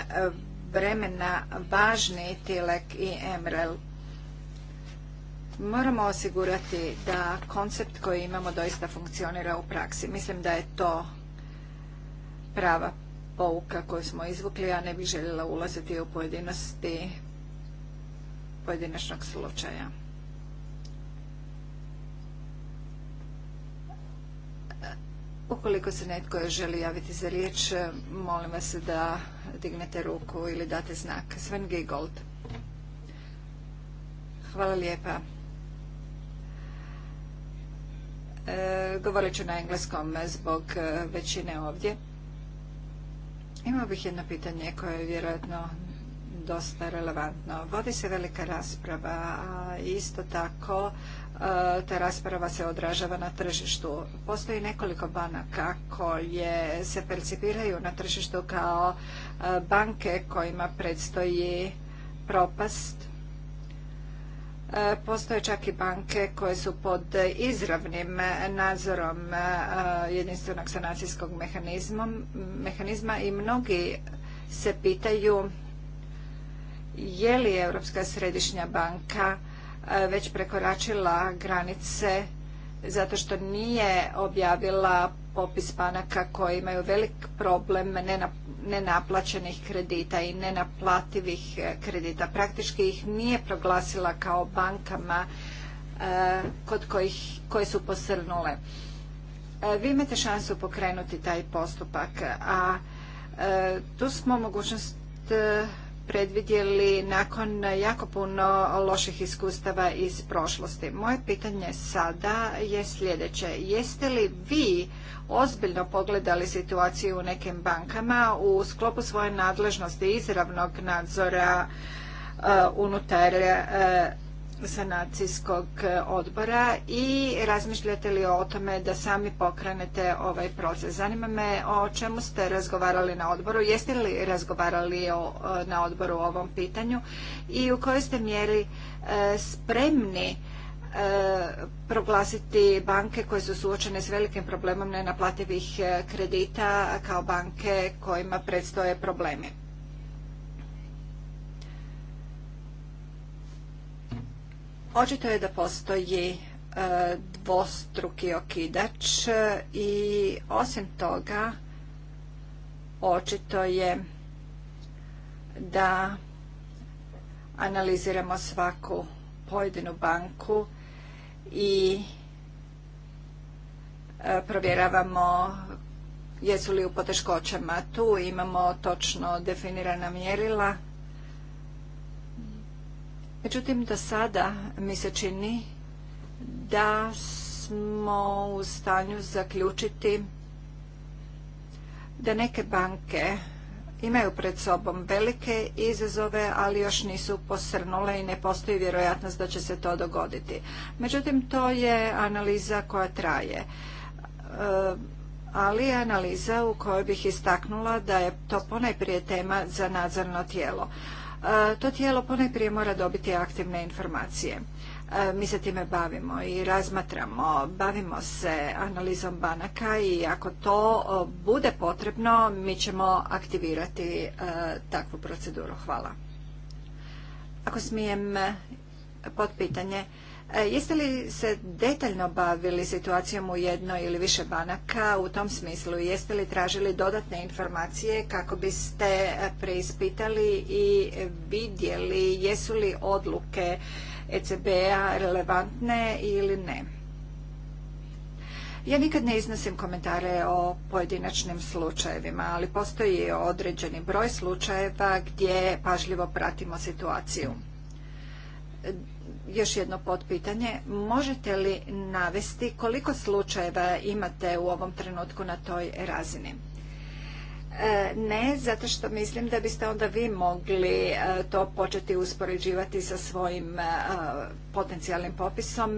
vremena važni TILEK i EMREL Moramo osigurati da koncept koji imamo doista funkcionira u praksi. Mislim da je to prava pouka koju smo izvukli. Ja ne bih željela ulaziti u pojedinosti pojedinačnog slučaja. Ukoliko se netko želi javiti za riječ, molim vas da dignete ruku ili date znak. Sven Giegold. Hvala lijepa. E, govorit ću na engleskom zbog e, većine ovdje. Imao bih jedno pitanje koje je vjerojatno dosta relevantno. Vodi se velika rasprava, a isto tako e, ta rasprava se odražava na tržištu. Postoji nekoliko banaka koje se percipiraju na tržištu kao banke kojima predstoji propast Postoje čak i banke koje su pod izravnim nadzorom e, jedinstvenog sanacijskog mehanizma i mnogi se pitaju je li Europska središnja banka e, već prekoračila granice zato što nije objavila popis banaka koji imaju velik problem nenaplaćenih kredita i nenaplativih e, kredita. Praktički ih nije proglasila kao bankama e, kod kojih, koje su posrnule. E, vi imate šansu pokrenuti taj postupak, a tu smo mogućnost predvidjeli nakon jako puno loših iskustava iz prošlosti. Moje pitanje sada je sljedeće. Jeste li vi ozbiljno pogledali situaciju u nekim bankama u sklopu svoje nadležnosti izravnog nadzora e, unutar e, sanacijskog e, odbora i razmišljate li o tome da sami pokrenete ovaj proces? Zanima me o čemu ste razgovarali na odboru, jeste li razgovarali e, na odboru o ovom pitanju i u kojoj ste mjeri e, spremni proglasiti banke koje su suočene s velikim problemom nenaplativih kredita kao banke kojima predstoje problemi. Očito je da postoji e, dvostruki okidač e, i osim toga očito je da analiziramo svaku pojedinu banku i e, provjeravamo jesu li u poteškoćama. Tu imamo točno definirana mjerila Međutim, do sada mi se čini da smo u stanju zaključiti da neke banke imaju pred sobom velike izazove, ali još nisu posrnule i ne postoji vjerojatnost da će se to dogoditi. Međutim, to je analiza koja traje. E, ali je analiza u kojoj bih istaknula da je to ponajprije tema za nadzorno tijelo to tijelo ponajprije mora dobiti aktivne informacije. Mi se time bavimo i razmatramo, bavimo se analizom banaka i ako to bude potrebno, mi ćemo aktivirati e, takvu proceduru. Hvala. Ako smijem e, pod pitanje, E, jeste li se detaljno bavili situacijom u jednoj ili više banaka u tom smislu? Jeste li tražili dodatne informacije kako biste e, preispitali i vidjeli jesu li odluke ECB-a relevantne ili ne? Ja nikad ne iznosim komentare o pojedinačnim slučajevima, ali postoji određeni broj slučajeva gdje pažljivo pratimo situaciju još jedno potpitanje. Možete li navesti koliko slučajeva imate u ovom trenutku na toj razini? E, ne, zato što mislim da biste onda vi mogli e, to početi uspoređivati sa svojim e, potencijalnim popisom.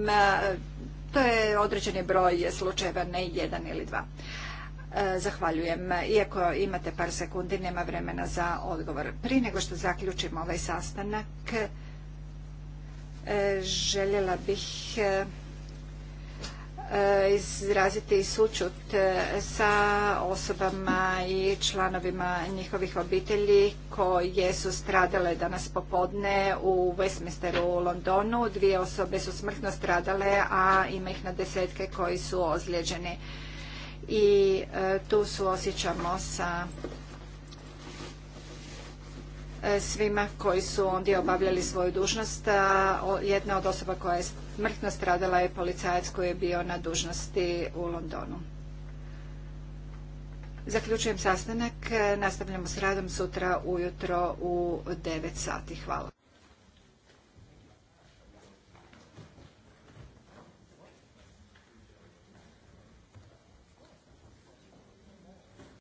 To je određeni broj slučajeva, ne jedan ili dva. Zahvaljujem. Iako imate par sekundi, nema vremena za odgovor. Prije nego što zaključim ovaj sastanak, E, željela bih e, e, izraziti sučut sa osobama i članovima njihovih obitelji koje su stradale danas popodne u Westminsteru u Londonu. Dvije osobe su smrtno stradale, a ima ih na desetke koji su ozlijeđeni. I tu su osjećamo sa E, svima koji su ondje obavljali svoju dužnost. Jedna od osoba koja je smrtno stradala je policajac koji je bio na dužnosti u Londonu. Zaključujem sastanak. E, nastavljamo s radom sutra ujutro u 9 sati. Hvala.